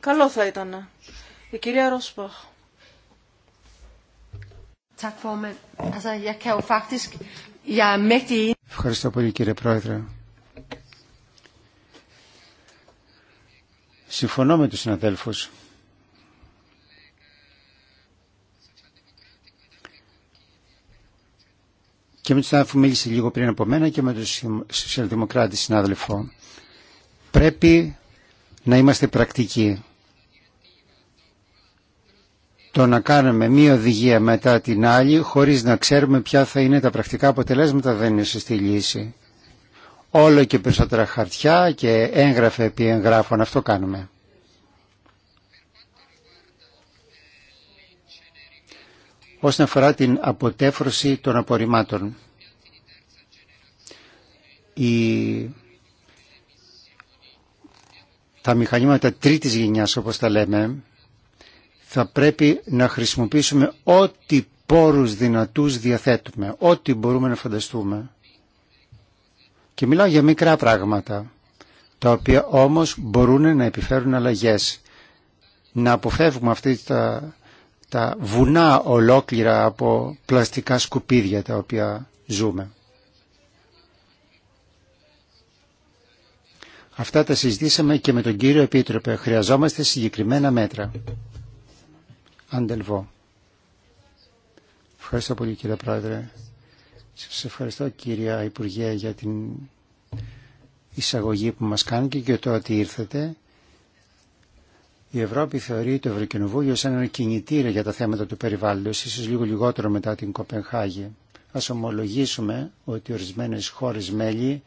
Καλό θα ήταν. Η κυρία Ρόσπαχ. Er Ευχαριστώ πολύ κύριε Πρόεδρε. Συμφωνώ με τους συναδέλφους. και με τον συνάδελφο μίλησε λίγο πριν από μένα και με τον σοσιαλδημοκράτη συνάδελφο. Πρέπει να είμαστε πρακτικοί. Το να κάνουμε μία οδηγία μετά την άλλη χωρίς να ξέρουμε ποια θα είναι τα πρακτικά αποτελέσματα δεν είναι σωστή λύση. Όλο και περισσότερα χαρτιά και έγγραφε επί εγγράφων αυτό κάνουμε. όσον αφορά την αποτέφρωση των απορριμμάτων. Η... Τα μηχανήματα τρίτης γενιάς, όπως τα λέμε, θα πρέπει να χρησιμοποιήσουμε ό,τι πόρους δυνατούς διαθέτουμε, ό,τι μπορούμε να φανταστούμε. Και μιλάω για μικρά πράγματα, τα οποία όμως μπορούν να επιφέρουν αλλαγές. Να αποφεύγουμε αυτή τα τα βουνά ολόκληρα από πλαστικά σκουπίδια τα οποία ζούμε. Αυτά τα συζητήσαμε και με τον κύριο Επίτροπε. Χρειαζόμαστε συγκεκριμένα μέτρα. Αντελβώ. Ευχαριστώ πολύ κύριε Πρόεδρε. Σας ευχαριστώ κύριε Υπουργέ για την εισαγωγή που μας κάνει και το ότι ήρθετε. Η Ευρώπη θεωρεί το Ευρωκοινοβούλιο σαν ένα κινητήριο για τα θέματα του περιβάλλοντος, ίσως λίγο λιγότερο μετά την Κοπενχάγη. Ας ομολογήσουμε ότι ορισμένες χώρες μέλη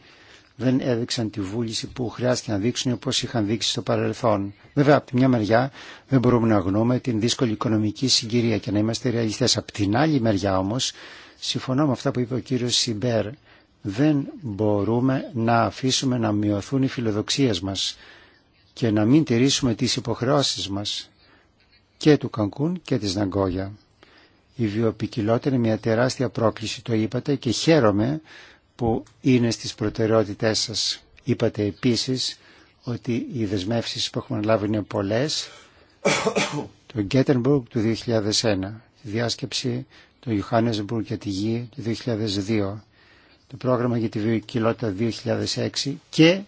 δεν έδειξαν τη βούληση που χρειάστηκε να δείξουν όπως είχαν δείξει στο παρελθόν. Βέβαια, από τη μια μεριά δεν μπορούμε να αγνοούμε την δύσκολη οικονομική συγκυρία και να είμαστε ρεαλιστές. Από την άλλη μεριά όμως, συμφωνώ με αυτά που είπε ο κύριος Σιμπέρ, δεν μπορούμε να αφήσουμε να μειωθούν οι φιλοδοξίες μας και να μην τηρήσουμε τις υποχρεώσεις μας και του Κανκούν και της Ναγκόγια. Η βιοπικιλότητα είναι μια τεράστια πρόκληση, το είπατε, και χαίρομαι που είναι στις προτεραιότητές σας. Είπατε επίσης ότι οι δεσμεύσεις που έχουμε λάβει είναι πολλές. το Γκέτενμπουργκ του 2001, τη διάσκεψη του Ιωχάνεσμπουργκ για τη Γη του 2002, το πρόγραμμα για τη βιοπικιλότητα 2006 και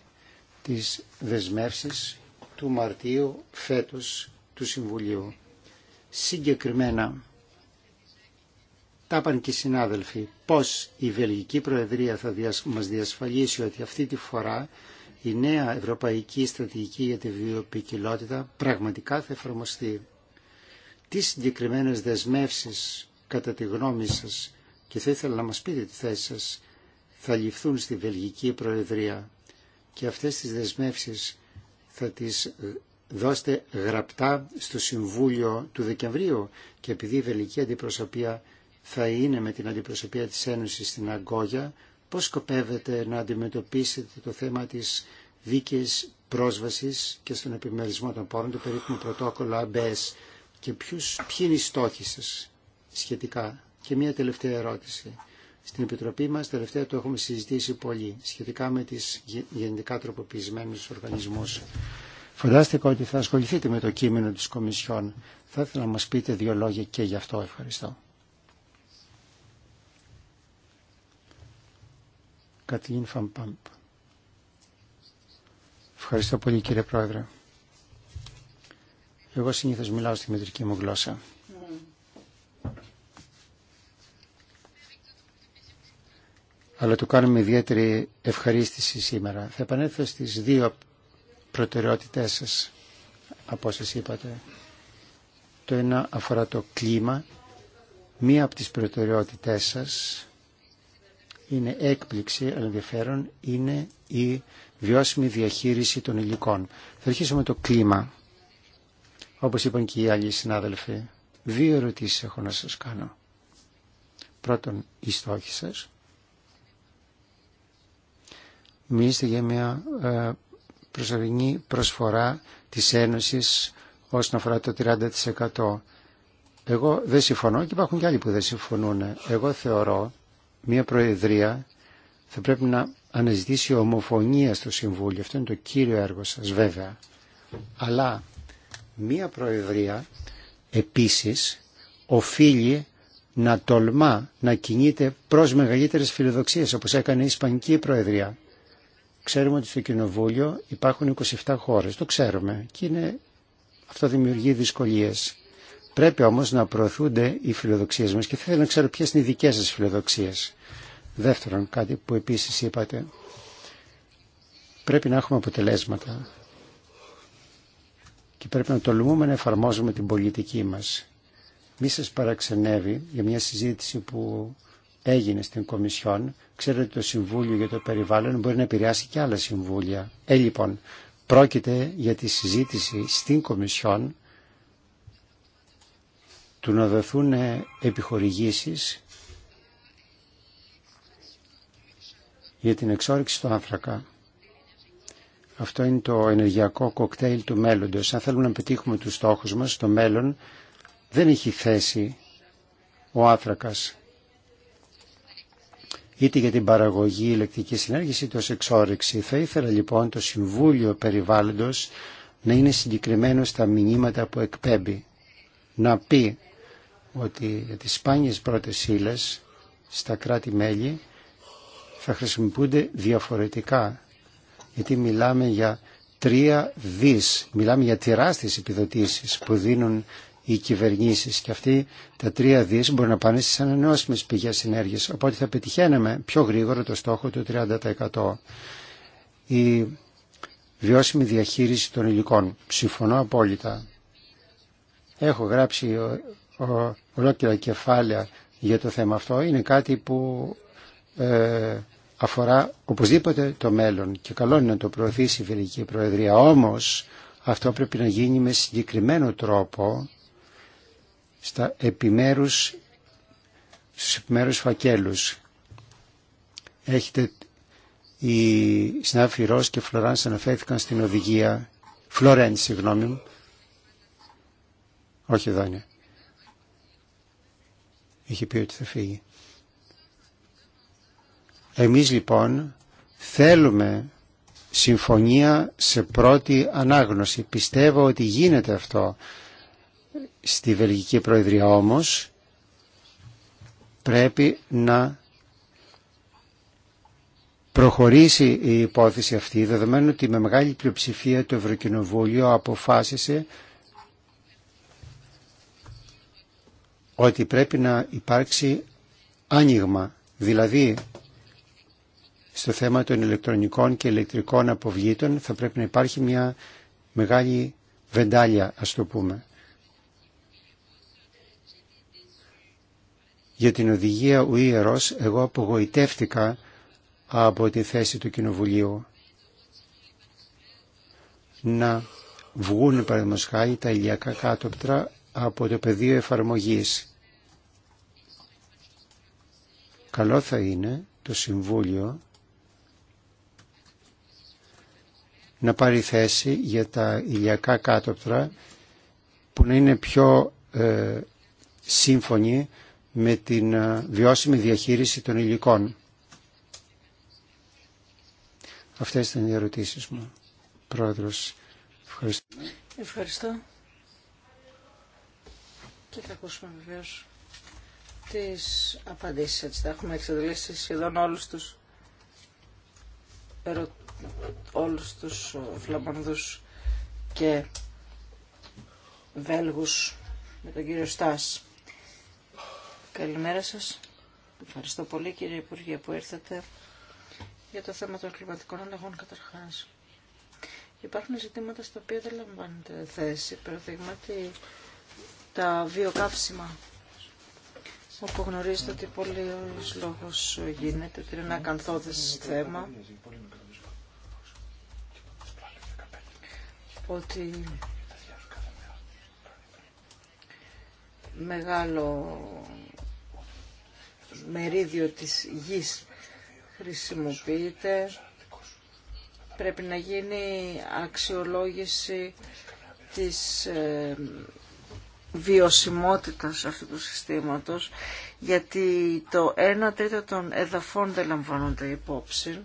τις δεσμεύσεις του Μαρτίου φέτος του Συμβουλίου. Συγκεκριμένα, τα είπαν και οι συνάδελφοι, πώς η Βελγική Προεδρία θα μας διασφαλίσει ότι αυτή τη φορά η νέα Ευρωπαϊκή Στρατηγική για τη Βιοποικιλότητα πραγματικά θα εφαρμοστεί. Τι συγκεκριμένες δεσμεύσεις, κατά τη γνώμη σας, και θα ήθελα να μας πείτε τη θέση σας, θα ληφθούν στη Βελγική Προεδρία και αυτές τις δεσμεύσεις θα τις ε, δώσετε γραπτά στο Συμβούλιο του Δεκεμβρίου και επειδή η βελική αντιπροσωπεία θα είναι με την αντιπροσωπεία της Ένωσης στην Αγκόγια, πώς σκοπεύετε να αντιμετωπίσετε το θέμα της δίκαιης πρόσβασης και στον επιμερισμό των πόρων, το περίπου πρωτόκολλο ΑΜΠΕΣ και ποιους, ποιοι είναι οι στόχοι σας σχετικά. Και μια τελευταία ερώτηση. Στην Επιτροπή μας τελευταία το έχουμε συζητήσει πολύ σχετικά με τις γενικά τροποποιημένους οργανισμούς. Φαντάστηκα ότι θα ασχοληθείτε με το κείμενο της Κομισιόν. Θα ήθελα να μας πείτε δύο λόγια και γι' αυτό. Ευχαριστώ. Κατλίν Φαμπάμπ. Ευχαριστώ πολύ κύριε Πρόεδρε. Εγώ συνήθως μιλάω στη μετρική μου γλώσσα. αλλά του κάνουμε ιδιαίτερη ευχαρίστηση σήμερα. Θα επανέλθω στις δύο προτεραιότητές σας, από είπατε. Το ένα αφορά το κλίμα. Μία από τις προτεραιότητές σας είναι έκπληξη, αλλά ενδιαφέρον, είναι η βιώσιμη διαχείριση των υλικών. Θα αρχίσω με το κλίμα. Όπως είπαν και οι άλλοι συνάδελφοι, δύο ερωτήσεις έχω να σας κάνω. Πρώτον, οι στόχοι σας μιλήσετε για μια ε, προσωρινή προσφορά της Ένωσης όσον αφορά το 30%. Εγώ δεν συμφωνώ και υπάρχουν και άλλοι που δεν συμφωνούν. Εγώ θεωρώ μια Προεδρία θα πρέπει να αναζητήσει ομοφωνία στο Συμβούλιο. Αυτό είναι το κύριο έργο σας βέβαια. Αλλά μια Προεδρία επίσης οφείλει να τολμά να κινείται προς μεγαλύτερες φιλοδοξίες όπως έκανε η Ισπανική Προεδρία. Ξέρουμε ότι στο Κοινοβούλιο υπάρχουν 27 χώρες, το ξέρουμε και είναι... αυτό δημιουργεί δυσκολίες. Πρέπει όμως να προωθούνται οι φιλοδοξίες μας και θέλω να ξέρω ποιες είναι οι δικές σας φιλοδοξίες. Δεύτερον, κάτι που επίσης είπατε, πρέπει να έχουμε αποτελέσματα και πρέπει να τολμούμε να εφαρμόζουμε την πολιτική μας. Μη σας παραξενεύει για μια συζήτηση που έγινε στην Κομισιόν. Ξέρετε ότι το Συμβούλιο για το Περιβάλλον μπορεί να επηρεάσει και άλλα συμβούλια. Ε, λοιπόν, πρόκειται για τη συζήτηση στην Κομισιόν του να δοθούν ε, επιχορηγήσεις για την εξόρυξη του άνθρακα. Αυτό είναι το ενεργειακό κοκτέιλ του μέλλοντος. Αν θέλουμε να πετύχουμε τους στόχους μας, το μέλλον δεν έχει θέση ο άνθρακας είτε για την παραγωγή ηλεκτρικής ενέργειας είτε ως εξόρυξη. Θα ήθελα λοιπόν το Συμβούλιο Περιβάλλοντος να είναι συγκεκριμένο στα μηνύματα που εκπέμπει. Να πει ότι για τις σπάνιες πρώτες ύλε στα κράτη-μέλη θα χρησιμοποιούνται διαφορετικά. Γιατί μιλάμε για τρία δις, μιλάμε για τεράστιες επιδοτήσεις που δίνουν οι κυβερνήσεις και αυτοί τα τρία δις μπορούν να πάνε στις ανανεώσιμες πηγές ενέργειας οπότε θα πετυχαίναμε πιο γρήγορα το στόχο του 30% η βιώσιμη διαχείριση των υλικών συμφωνώ απόλυτα έχω γράψει ολόκληρα κεφάλαια για το θέμα αυτό είναι κάτι που ε, αφορά οπωσδήποτε το μέλλον και καλό είναι να το προωθήσει η Βελική Προεδρία όμως αυτό πρέπει να γίνει με συγκεκριμένο τρόπο στα επιμέρους, στους επιμέρους φακέλους. Έχετε οι συνάδελφοι Ρος και Φλωράνς αναφέρθηκαν στην οδηγία Φλωρέν, συγγνώμη Όχι εδώ είναι. Είχε πει ότι θα φύγει. Εμείς λοιπόν θέλουμε συμφωνία σε πρώτη ανάγνωση. Πιστεύω ότι γίνεται αυτό Στη Βελγική Προεδρία όμως πρέπει να προχωρήσει η υπόθεση αυτή δεδομένου ότι με μεγάλη πλειοψηφία το Ευρωκοινοβούλιο αποφάσισε ότι πρέπει να υπάρξει άνοιγμα, δηλαδή στο θέμα των ηλεκτρονικών και ηλεκτρικών αποβλήτων θα πρέπει να υπάρχει μια μεγάλη βεντάλια ας το πούμε. Για την οδηγία ο Ιερός εγώ απογοητεύτηκα από τη θέση του Κοινοβουλίου να βγουν παραδείγματος τα ηλιακά κάτωπτρα από το πεδίο εφαρμογής. Καλό θα είναι το Συμβούλιο να πάρει θέση για τα ηλιακά κάτωπτρα που να είναι πιο ε, σύμφωνοι με την ε, βιώσιμη διαχείριση των υλικών. Αυτές ήταν οι ερωτήσεις μου. Πρόεδρος, ευχαριστώ. Ευχαριστώ. Και θα ακούσουμε βεβαίω τις απαντήσεις. Έτσι, θα έχουμε εξαντλήσει σχεδόν όλους τους, ερω... όλους τους ε, φλαμανδούς και Βέλγους με τον κύριο Στάση. Καλημέρα σας. Ευχαριστώ πολύ κύριε Υπουργέ που ήρθατε για το θέμα των κλιματικών αλλαγών καταρχάς. Υπάρχουν ζητήματα στα οποία δεν λαμβάνεται θέση. Παραδείγματι τα βιοκαύσιμα όπου γνωρίζετε ότι πολλοί λόγος γίνεται, ότι είναι ένα ακαθόδες θέμα. Ότι μεγάλο μερίδιο της γης χρησιμοποιείται. Πρέπει να γίνει αξιολόγηση της ε, βιωσιμότητας αυτού του συστήματος, γιατί το 1 τρίτο των εδαφών δεν λαμβάνονται υπόψη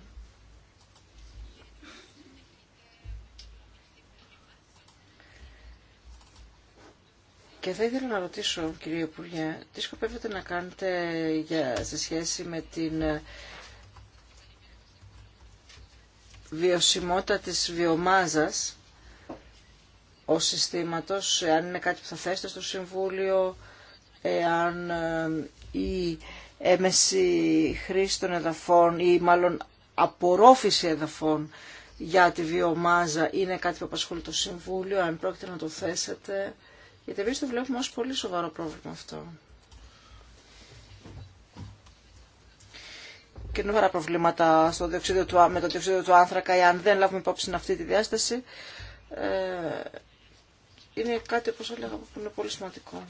Και θα ήθελα να ρωτήσω, κύριε Υπουργέ, τι σκοπεύετε να κάνετε για, σε σχέση με την ε, βιωσιμότητα της βιομάζας ως συστήματος, αν είναι κάτι που θα θέσετε στο Συμβούλιο, εάν ε, η έμεση χρήση των εδαφών ή μάλλον απορρόφηση εδαφών για τη βιομάζα είναι κάτι που απασχολεί το Συμβούλιο, αν πρόκειται να το θέσετε. Γιατί εμείς το βλέπουμε ως πολύ σοβαρό πρόβλημα αυτό. Και νούμερα προβλήματα στο του, με το διοξείδιο του άνθρακα, εάν δεν λάβουμε υπόψη αυτή τη διάσταση, ε, είναι κάτι, όπως έλεγα, που είναι πολύ σημαντικό.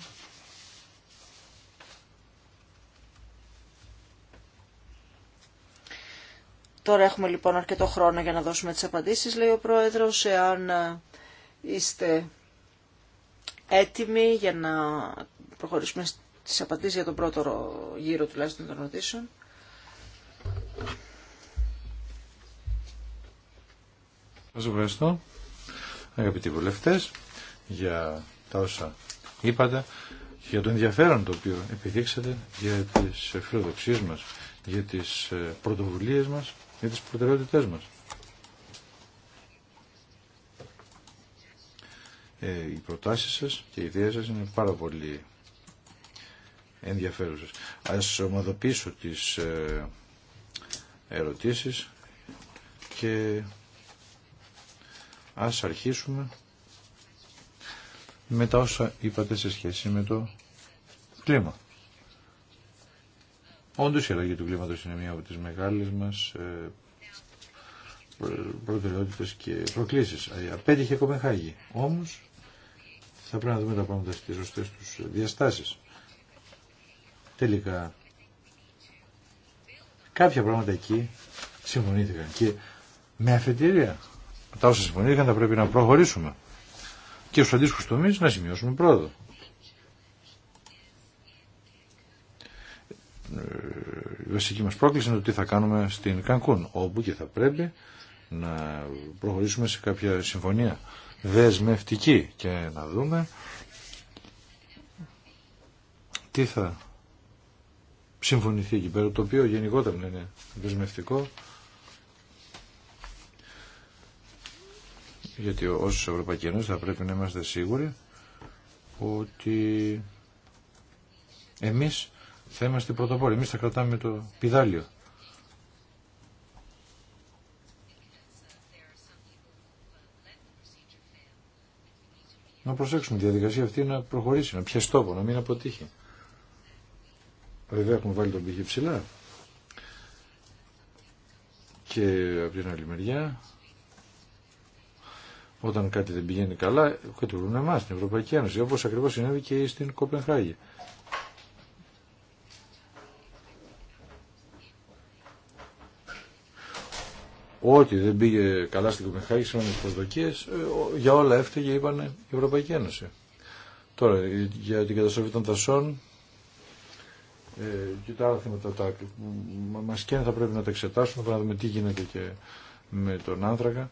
Τώρα έχουμε λοιπόν αρκετό χρόνο για να δώσουμε τις απαντήσεις, λέει ο Πρόεδρος, εάν ε, είστε έτοιμοι για να προχωρήσουμε στις απαντήσεις για τον πρώτο γύρο τουλάχιστον των ερωτήσεων. Σας ευχαριστώ, αγαπητοί βουλευτές, για τα όσα είπατε και για το ενδιαφέρον το οποίο επιδείξατε για τις φιλοδοξίε μας, για τις ε, πρωτοβουλίες μας, για τις προτεραιότητές μας. Ε, οι προτάσεις σας και οι ιδέες σας είναι πάρα πολύ ενδιαφέρουσες. Ας ομαδοποιήσω τις ε, ερωτήσεις και ας αρχίσουμε με τα όσα είπατε σε σχέση με το κλίμα. Όντως η αλλαγή του κλίματος είναι μία από τις μεγάλες μας ε, προτεραιότητες και προκλήσεις. Ε, απέτυχε η Κοπενχάγη. Όμως θα πρέπει να δούμε τα πράγματα στις σωστές τους διαστάσεις. Τελικά κάποια πράγματα εκεί συμφωνήθηκαν και με αφετηρία. Τα όσα συμφωνήθηκαν θα πρέπει να προχωρήσουμε και στους αντίστοιχους τομείς να σημειώσουμε πρόοδο. Ε, η βασική μας πρόκληση είναι το τι θα κάνουμε στην Κανκούν, όπου και θα πρέπει να προχωρήσουμε σε κάποια συμφωνία δεσμευτική και να δούμε τι θα συμφωνηθεί εκεί πέρα, το οποίο γενικότερα είναι δεσμευτικό γιατί ως Ευρωπαϊκή Ένωση θα πρέπει να είμαστε σίγουροι ότι εμείς θα είμαστε πρωτοπόροι, εμείς θα κρατάμε το πιδάλιο να προσέξουμε τη διαδικασία αυτή να προχωρήσει, να πιάσει τόπο, να μην αποτύχει. Βέβαια έχουμε βάλει τον πηγή ψηλά. Και από την άλλη μεριά, όταν κάτι δεν πηγαίνει καλά, κατηγορούν εμά την Ευρωπαϊκή Ένωση, όπω ακριβώ συνέβη και στην Κοπενχάγη. ό,τι δεν πήγε καλά στην Κοπενχάγη με τις προσδοκίες, ε, για όλα έφταιγε, είπανε, η Ευρωπαϊκή Ένωση. Τώρα, για την καταστροφή των δασών, ε, και τα άλλα θέματα τα, μας και θα πρέπει να τα εξετάσουμε, να δούμε τι γίνεται και με τον άνθρακα.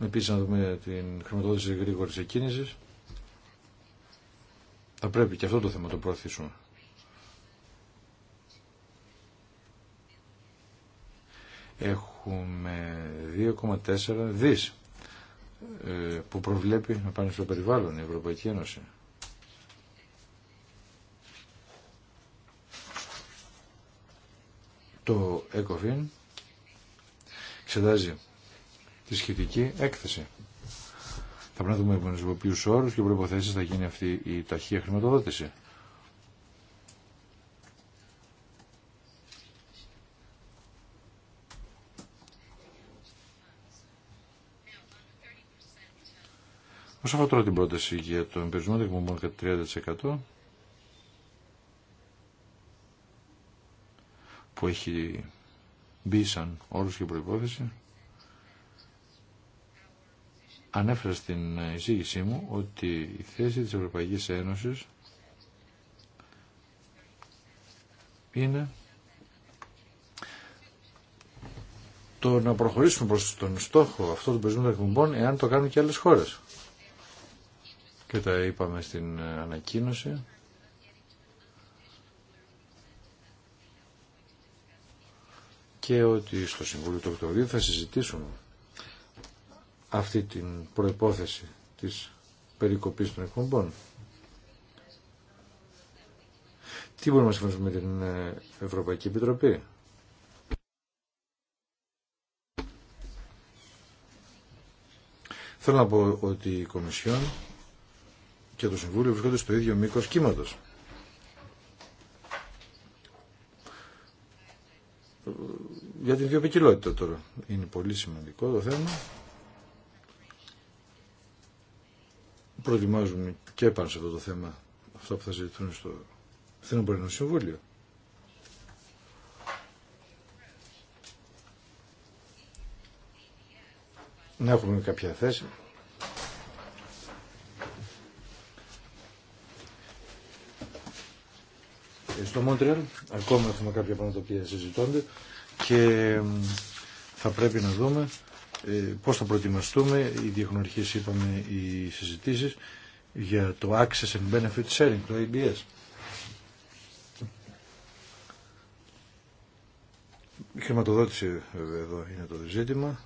Επίσης να δούμε την χρηματοδότηση γρήγορης εκκίνησης. Θα πρέπει και αυτό το θέμα το προωθήσουμε. έχουμε 2,4 δις ε, που προβλέπει να πάνε στο περιβάλλον η Ευρωπαϊκή Ένωση. Το ECOFIN εξετάζει τη σχετική έκθεση. Θα πρέπει να δούμε με ποιου όρου και προποθέσει θα γίνει αυτή η ταχεία χρηματοδότηση. Όσο αφορά τώρα την πρόταση για τον περιορισμό των εκπομπών κατά 30% που έχει μπει σαν όρους και προϋπόθεση ανέφερα στην εισήγησή μου ότι η θέση της Ευρωπαϊκής Ένωσης είναι το να προχωρήσουμε προς τον στόχο αυτό των περισσότερων των εκπομπών εάν το κάνουν και άλλες χώρες και τα είπαμε στην ανακοίνωση. και ότι στο Συμβούλιο του Οκτωβρίου θα συζητήσουμε αυτή την προϋπόθεση της περικοπής των εκπομπών. Τι μπορούμε να συμφωνήσουμε με την Ευρωπαϊκή Επιτροπή. Θέλω να πω ότι η Κομισιόν και το Συμβούλιο βρισκόνται στο ίδιο μήκο κύματο. Για την βιοπικιλότητα τώρα. Είναι πολύ σημαντικό το θέμα. Προετοιμάζουμε και πάνω σε αυτό το θέμα αυτό που θα ζητηθούν στο Θεοπορεινό Συμβούλιο. Να έχουμε κάποια θέση στο Μόντρεαλ ακόμα έχουμε κάποια πράγματα που συζητώνται και θα πρέπει να δούμε ε, πώς θα προετοιμαστούμε. οι έχουν είπαμε, οι συζητήσεις για το Access and Benefit Sharing, το ABS. Η χρηματοδότηση βέβαια εδώ είναι το ζήτημα,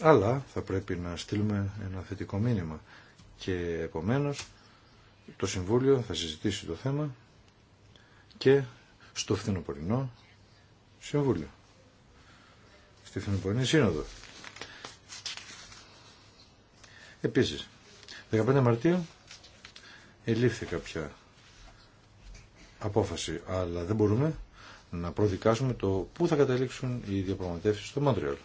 αλλά θα πρέπει να στείλουμε ένα θετικό μήνυμα και επομένως το Συμβούλιο θα συζητήσει το θέμα και στο φθινοπορεινό συμβούλιο. Στη φθινοπορεινή σύνοδο. Επίσης, 15 Μαρτίου ελήφθη κάποια απόφαση, αλλά δεν μπορούμε να προδικάσουμε το πού θα καταλήξουν οι διαπραγματεύσεις στο Μαντριόλ.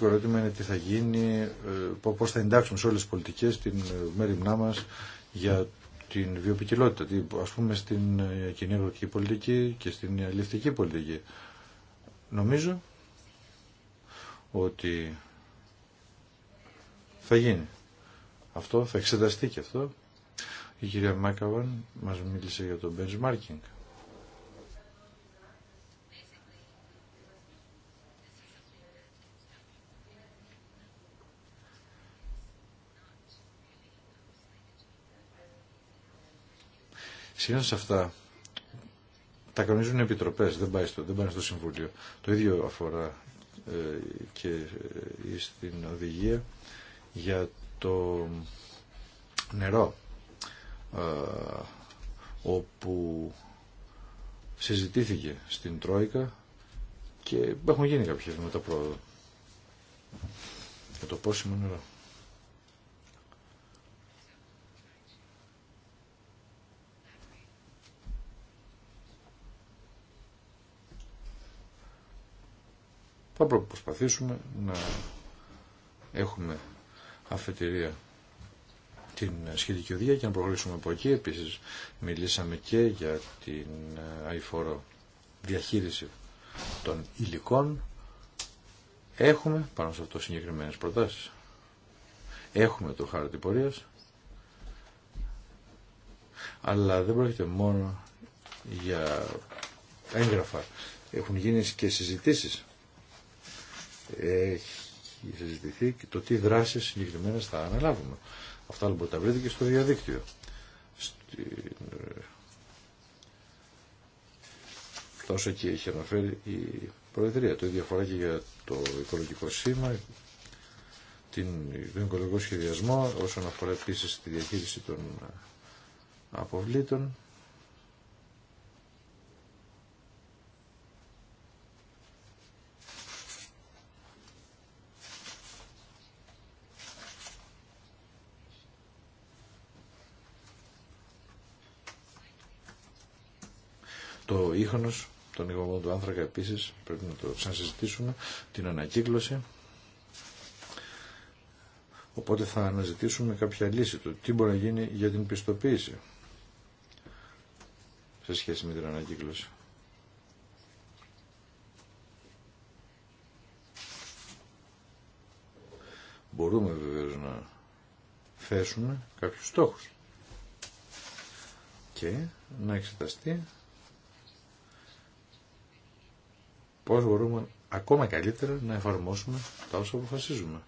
βασικό ερώτημα είναι τι θα γίνει, ε, πώς θα εντάξουμε σε όλες τι πολιτικές την ε, μέρημνά μας για την βιοπικιλότητα, α πούμε στην ε, κοινή πολιτική και στην αλληλευτική πολιτική. Νομίζω ότι θα γίνει. Αυτό θα εξεταστεί και αυτό. Η κυρία Μάκαβαν μας μίλησε για το benchmarking. Συνήθω αυτά τα κανονίζουν οι επιτροπές, δεν πάει στο, πάνε στο Συμβούλιο. Το ίδιο αφορά ε, και στην ε, οδηγία για το νερό ε, όπου συζητήθηκε στην Τρόικα και έχουν γίνει κάποια βήματα πρόοδο για το πόσιμο νερό. Θα πρέπει να προσπαθήσουμε να έχουμε αφετηρία την σχετική οδηγία και να προχωρήσουμε από εκεί. Επίσης μιλήσαμε και για την ε, αηφόρο διαχείριση των υλικών. Έχουμε πάνω σε αυτό συγκεκριμένες προτάσεις. Έχουμε το χάρτη πορείας. Αλλά δεν πρόκειται μόνο για έγγραφα. Έχουν γίνει και συζητήσεις έχει συζητηθεί και το τι δράσεις συγκεκριμένες θα αναλάβουμε. Αυτά λοιπόν τα βρείτε και στο διαδίκτυο. Ε, τόσο και έχει αναφέρει η Προεδρία. Το ίδιο αφορά και για το οικολογικό σήμα, την, τον οικολογικό σχεδιασμό, όσον αφορά επίσης τη διαχείριση των ε, αποβλήτων. το ίχνος τον υγωγό του άνθρακα επίσης πρέπει να το ξανασυζητήσουμε την ανακύκλωση οπότε θα αναζητήσουμε κάποια λύση του τι μπορεί να γίνει για την πιστοποίηση σε σχέση με την ανακύκλωση μπορούμε βεβαίως να θέσουμε κάποιους στόχους και να εξεταστεί πώς μπορούμε ακόμα καλύτερα να εφαρμόσουμε τα όσα αποφασίζουμε.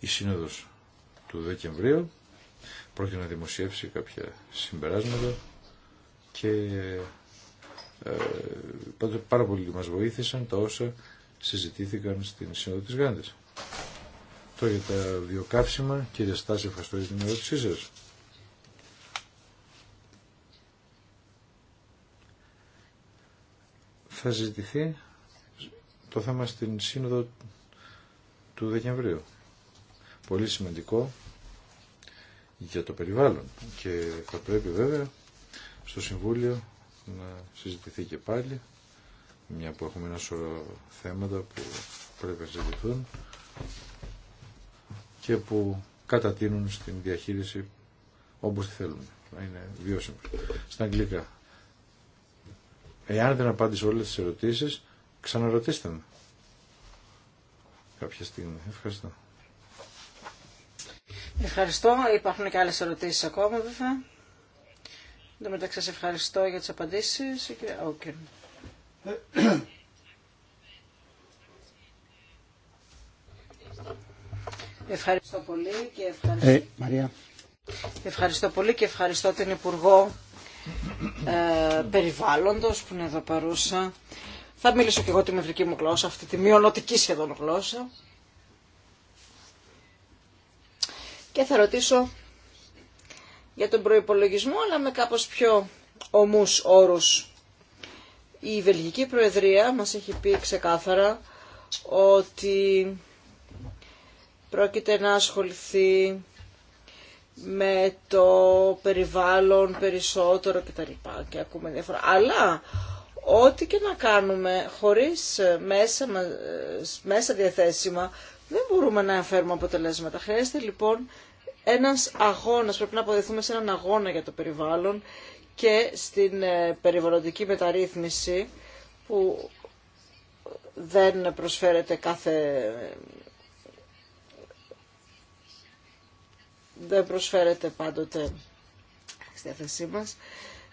Η Σύνοδος του Δεκεμβρίου πρόκειται να δημοσιεύσει κάποια συμπεράσματα και ε, πάρα πολύ μας βοήθησαν τα όσα συζητήθηκαν στην Σύνοδο της Γάντης αυτό για τα βιοκαύσιμα, κύριε Στάση, ευχαριστώ για την ερώτησή σα. Θα ζητηθεί το θέμα στην σύνοδο του Δεκεμβρίου. Πολύ σημαντικό για το περιβάλλον και θα πρέπει βέβαια στο Συμβούλιο να συζητηθεί και πάλι μια που έχουμε ένα σωρό θέματα που πρέπει να συζητηθούν και που κατατείνουν στην διαχείριση όπως τη θέλουν. Να είναι βιώσιμο. Στα αγγλικά. Εάν δεν απάντησε όλες τις ερωτήσεις, ξαναρωτήστε με. Κάποια στιγμή. Ευχαριστώ. Ευχαριστώ. Υπάρχουν και άλλες ερωτήσεις ακόμα βέβαια. Εν τω μεταξύ σας ευχαριστώ για τις απαντήσεις. Okay. Ευχαριστώ πολύ και ε, ευχαριστώ... Ε, πολύ και ευχαριστώ την Υπουργό ε, Περιβάλλοντος που είναι εδώ παρούσα. Θα μιλήσω και εγώ τη μευρική μου γλώσσα, αυτή τη μειονοτική σχεδόν γλώσσα. Και θα ρωτήσω για τον προϋπολογισμό, αλλά με κάπως πιο ομούς όρους. Η Βελγική Προεδρία μας έχει πει ξεκάθαρα ότι πρόκειται να ασχοληθεί με το περιβάλλον περισσότερο κτλ. Και ακούμε διάφορα. Αλλά ό,τι και να κάνουμε χωρίς μέσα, μέσα διαθέσιμα δεν μπορούμε να φέρουμε αποτελέσματα. Χρειάζεται λοιπόν ένας αγώνας, πρέπει να αποδεθούμε σε έναν αγώνα για το περιβάλλον και στην ε, περιβαλλοντική μεταρρύθμιση που δεν προσφέρεται κάθε δεν προσφέρεται πάντοτε στη διάθεσή μας.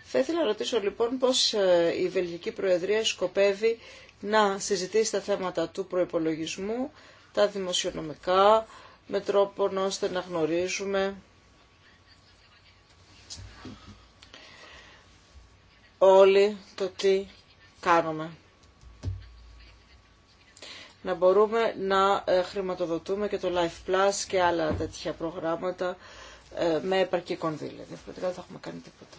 Θα ήθελα να ρωτήσω λοιπόν πώς ε, η Βελγική Προεδρία σκοπεύει να συζητήσει τα θέματα του προϋπολογισμού, τα δημοσιονομικά, με τρόπο ώστε να γνωρίζουμε όλοι το τι κάνουμε να μπορούμε να ε, χρηματοδοτούμε και το Life Plus και άλλα τέτοια προγράμματα ε, με επαρκή κονδύλια. Διαφορετικά δεν θα έχουμε κάνει τίποτα.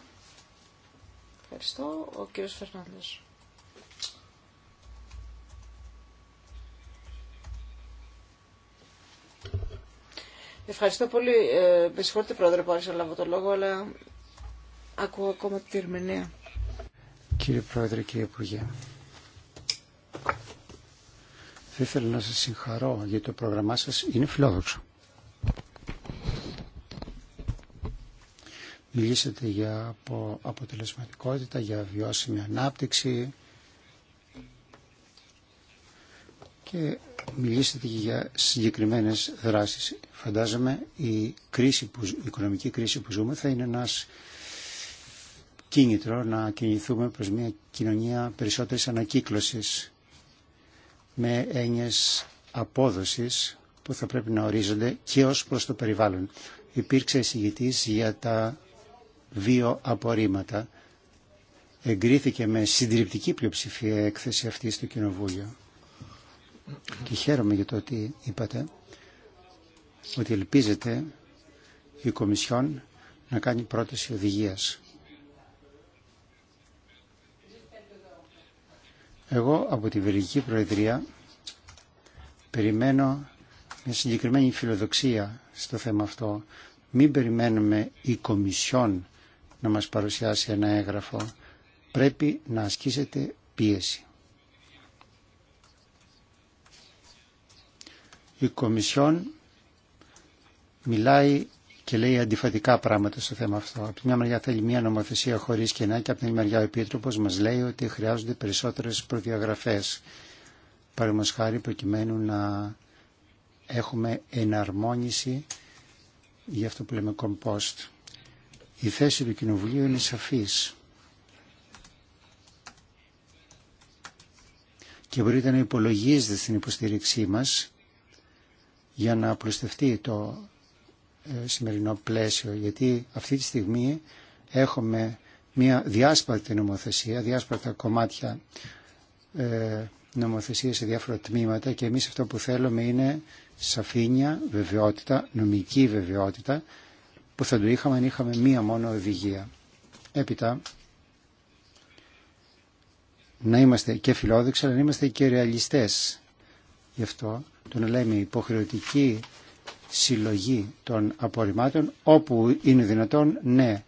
Ευχαριστώ. Ο κύριος Φερνάνδες. Ευχαριστώ πολύ. Ε, με συγχωρείτε πρόεδρε που άρχισα να λάβω το λόγο, αλλά ακούω ακόμα τη ερμηνεία. Κύριε Πρόεδρε, κύριε Υπουργέ, θα ήθελα να σας συγχαρώ γιατί το πρόγραμμά σας είναι φιλόδοξο. Μιλήσατε για αποτελεσματικότητα, για βιώσιμη ανάπτυξη και μιλήσατε και για συγκεκριμένες δράσεις. Φαντάζομαι η, κρίση που, η οικονομική κρίση που ζούμε θα είναι ένας κίνητρο να κινηθούμε προς μια κοινωνία περισσότερης ανακύκλωσης με έννοιες απόδοσης που θα πρέπει να ορίζονται και ως προς το περιβάλλον. Υπήρξε εισηγητής για τα βιοαπορρίμματα. Εγκρίθηκε με συντριπτική πλειοψηφία έκθεση αυτή στο Κοινοβούλιο. Και χαίρομαι για το ότι είπατε ότι ελπίζετε η Κομισιόν να κάνει πρόταση οδηγίας Εγώ από τη Βελγική Προεδρία περιμένω μια συγκεκριμένη φιλοδοξία στο θέμα αυτό. Μην περιμένουμε η Κομισιόν να μας παρουσιάσει ένα έγγραφο. Πρέπει να ασκήσετε πίεση. Η Κομισιόν μιλάει και λέει αντιφατικά πράγματα στο θέμα αυτό. Από τη μια μεριά θέλει μια νομοθεσία χωρί κενά και από την άλλη μεριά ο Επίτροπο μα λέει ότι χρειάζονται περισσότερε προδιαγραφέ. Παραδείγματο χάρη προκειμένου να έχουμε εναρμόνιση για αυτό που λέμε compost. Η θέση του Κοινοβουλίου είναι σαφής. Και μπορείτε να υπολογίζετε στην υποστήριξή μας για να προστευτεί το ε, σημερινό πλαίσιο, γιατί αυτή τη στιγμή έχουμε μια διάσπαρτη νομοθεσία, διάσπαρτα κομμάτια ε, νομοθεσία σε διάφορα τμήματα και εμείς αυτό που θέλουμε είναι σαφήνια, βεβαιότητα, νομική βεβαιότητα που θα το είχαμε αν είχαμε μία μόνο οδηγία. Έπειτα, να είμαστε και φιλόδοξοι αλλά να είμαστε και ρεαλιστές. Γι' αυτό το να λέμε υποχρεωτική συλλογή των απορριμμάτων όπου είναι δυνατόν ναι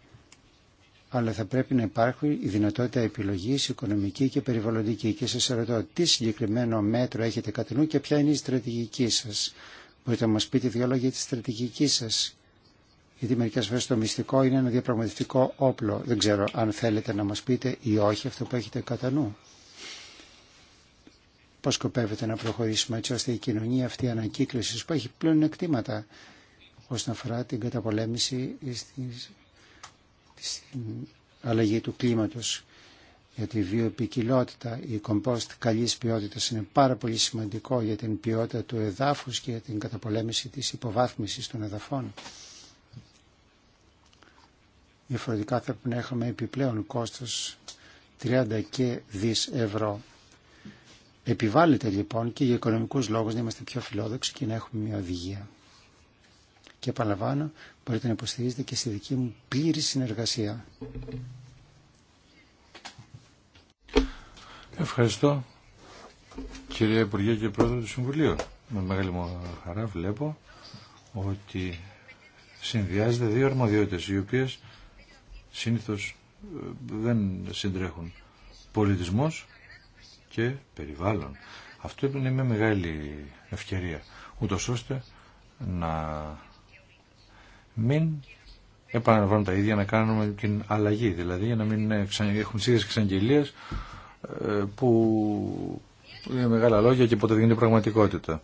αλλά θα πρέπει να υπάρχει η δυνατότητα επιλογής οικονομική και περιβαλλοντική και σας ερωτώ τι συγκεκριμένο μέτρο έχετε κατά νου και ποια είναι η στρατηγική σας. Μπορείτε να μας πείτε δύο λόγια για τη στρατηγική σας. Γιατί μερικές φορές το μυστικό είναι ένα διαπραγματευτικό όπλο. Δεν ξέρω αν θέλετε να μας πείτε ή όχι αυτό που έχετε κατά νου πώς σκοπεύετε να προχωρήσουμε έτσι ώστε η κοινωνία αυτή ανακύκλωση που έχει πλέον εκτίματα όσον αφορά την καταπολέμηση στην αλλαγή του κλίματος για τη βιοποικιλότητα Η κομπόστ καλής ποιότητας είναι πάρα πολύ σημαντικό για την ποιότητα του εδάφους και για την καταπολέμηση της υποβάθμισης των εδαφών. Διαφορετικά θα έχουμε επιπλέον κόστος 30 και δις ευρώ Επιβάλλεται λοιπόν και για οικονομικούς λόγους να είμαστε πιο φιλόδοξοι και να έχουμε μια οδηγία. Και επαναλαμβάνω, μπορείτε να υποστηρίζετε και στη δική μου πλήρη συνεργασία. Ευχαριστώ κύριε Υπουργέ και Πρόεδρε του Συμβουλίου. Με μεγάλη μου χαρά βλέπω ότι συνδυάζεται δύο αρμοδιότητες οι οποίες συνήθως ε, δεν συντρέχουν πολιτισμός και περιβάλλον. Αυτό είναι μια μεγάλη ευκαιρία, ούτω ώστε να μην επαναλαμβάνουν τα ίδια, να κάνουμε την αλλαγή, δηλαδή για να μην έχουν τις εξαγγελίες ε, που είναι μεγάλα λόγια και ποτέ δεν είναι πραγματικότητα.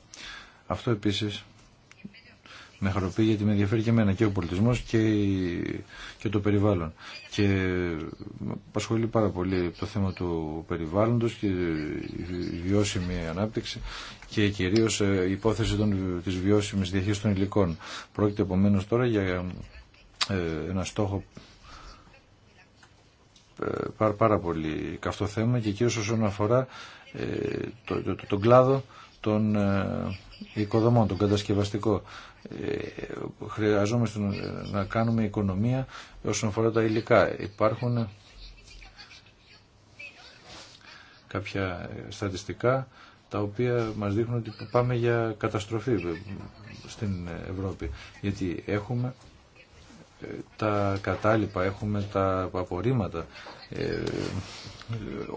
Αυτό επίσης με χαροποιεί γιατί με ενδιαφέρει και εμένα και ο πολιτισμός και, και το περιβάλλον. Και απασχολεί πάρα πολύ το θέμα του περιβάλλοντος και η βιώσιμη ανάπτυξη και κυρίω ε, η υπόθεση των, της βιώσιμης διαχείρισης των υλικών. Πρόκειται επομένω τώρα για ε, ένα στόχο ε, πάρα πολύ καυτό θέμα και κυρίως όσον αφορά τον το, το, το κλάδο των ε, οικοδομών, τον κατασκευαστικό. Ε, χρειαζόμαστε να κάνουμε οικονομία όσον αφορά τα υλικά. Υπάρχουν κάποια στατιστικά τα οποία μας δείχνουν ότι πάμε για καταστροφή στην Ευρώπη. Γιατί έχουμε ε, τα κατάλοιπα, έχουμε τα απορρίμματα,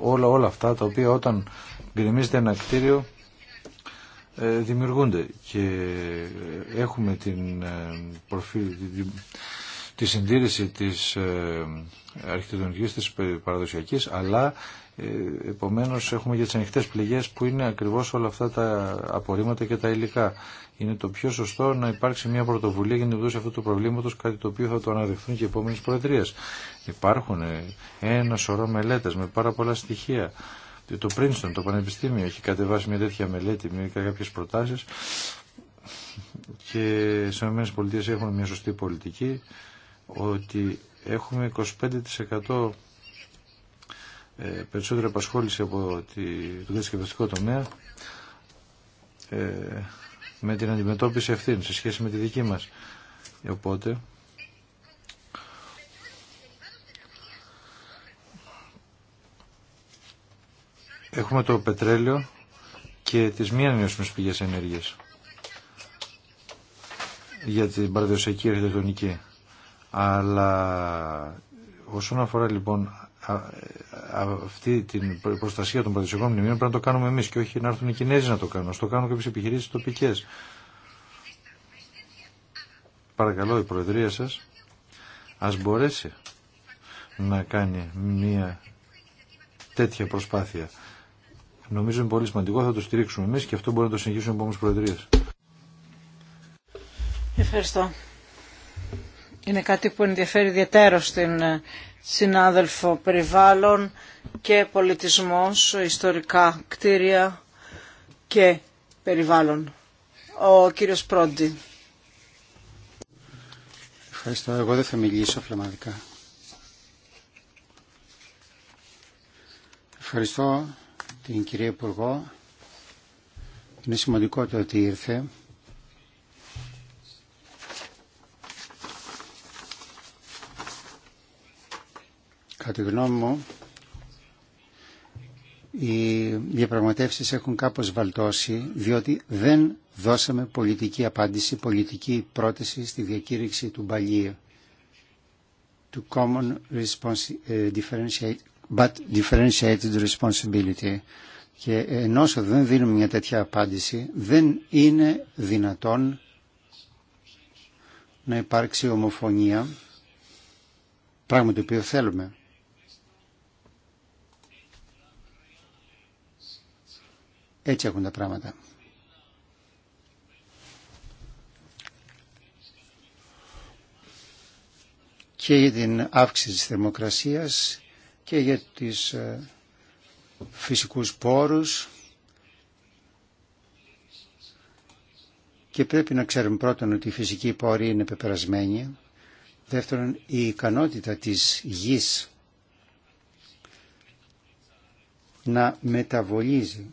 όλα, όλα αυτά τα οποία όταν γκρεμίζεται ένα κτίριο ε, δημιουργούνται και ε, έχουμε την ε, προφή, τη συντήρηση της αρχιτεκτονικής της παραδοσιακής αλλά επομένως έχουμε για τις ανοιχτέ πληγές που είναι ακριβώς όλα αυτά τα απορρίμματα και τα υλικά. Είναι το πιο σωστό να υπάρξει μια πρωτοβουλία για την αυτό αυτού του προβλήματος, κάτι το οποίο θα το αναδειχθούν και οι επόμενες προεδρίες. Υπάρχουν ένα σωρό μελέτες με πάρα πολλά στοιχεία το Princeton, το Πανεπιστήμιο έχει κατεβάσει μια τέτοια μελέτη με κάποιες προτάσεις και σε ΗΠΑ πολιτείες έχουν μια σωστή πολιτική ότι έχουμε 25% ε, περισσότερη απασχόληση από το κατασκευαστικό τομέα ε, με την αντιμετώπιση αυτήν σε σχέση με τη δική μας. Οπότε Έχουμε το πετρέλαιο και τις μη ανανεώσιμες πηγές ενέργειας για την παραδοσιακή αρχιτεκτονική. Αλλά όσον αφορά λοιπόν αυτή την προστασία των παραδοσιακών μνημείων πρέπει να το κάνουμε εμείς και όχι να έρθουν οι Κινέζοι να το κάνουν. Στο κάνουν κάποιες επιχειρήσεις τοπικές. Παρακαλώ η Προεδρία σας ας μπορέσει να κάνει μια τέτοια προσπάθεια νομίζω είναι πολύ σημαντικό, θα το στηρίξουμε εμείς και αυτό μπορεί να το συνεχίσουμε από όμως προεδρίες. Ευχαριστώ. Είναι κάτι που ενδιαφέρει ιδιαίτερο στην ε, συνάδελφο περιβάλλον και πολιτισμός, ιστορικά κτίρια και περιβάλλον. Ο κύριος Πρόντι. Ευχαριστώ. Εγώ δεν θα μιλήσω φλαμαδικά. Ευχαριστώ την κυρία Υπουργό. Είναι σημαντικό το ότι ήρθε. Κατά τη γνώμη μου, οι διαπραγματεύσεις έχουν κάπως βαλτώσει, διότι δεν δώσαμε πολιτική απάντηση, πολιτική πρόταση στη διακήρυξη του Μπαλίου, του Common Response ε, Differentiate but differentiated responsibility. Και ενώ δεν δίνουμε μια τέτοια απάντηση, δεν είναι δυνατόν να υπάρξει ομοφωνία, πράγμα το οποίο θέλουμε. Έτσι έχουν τα πράγματα. Και για την αύξηση της θερμοκρασίας και για τις ε, φυσικούς πόρους και πρέπει να ξέρουμε πρώτον ότι η φυσική πόρη είναι πεπερασμένη δεύτερον η ικανότητα της γης να μεταβολίζει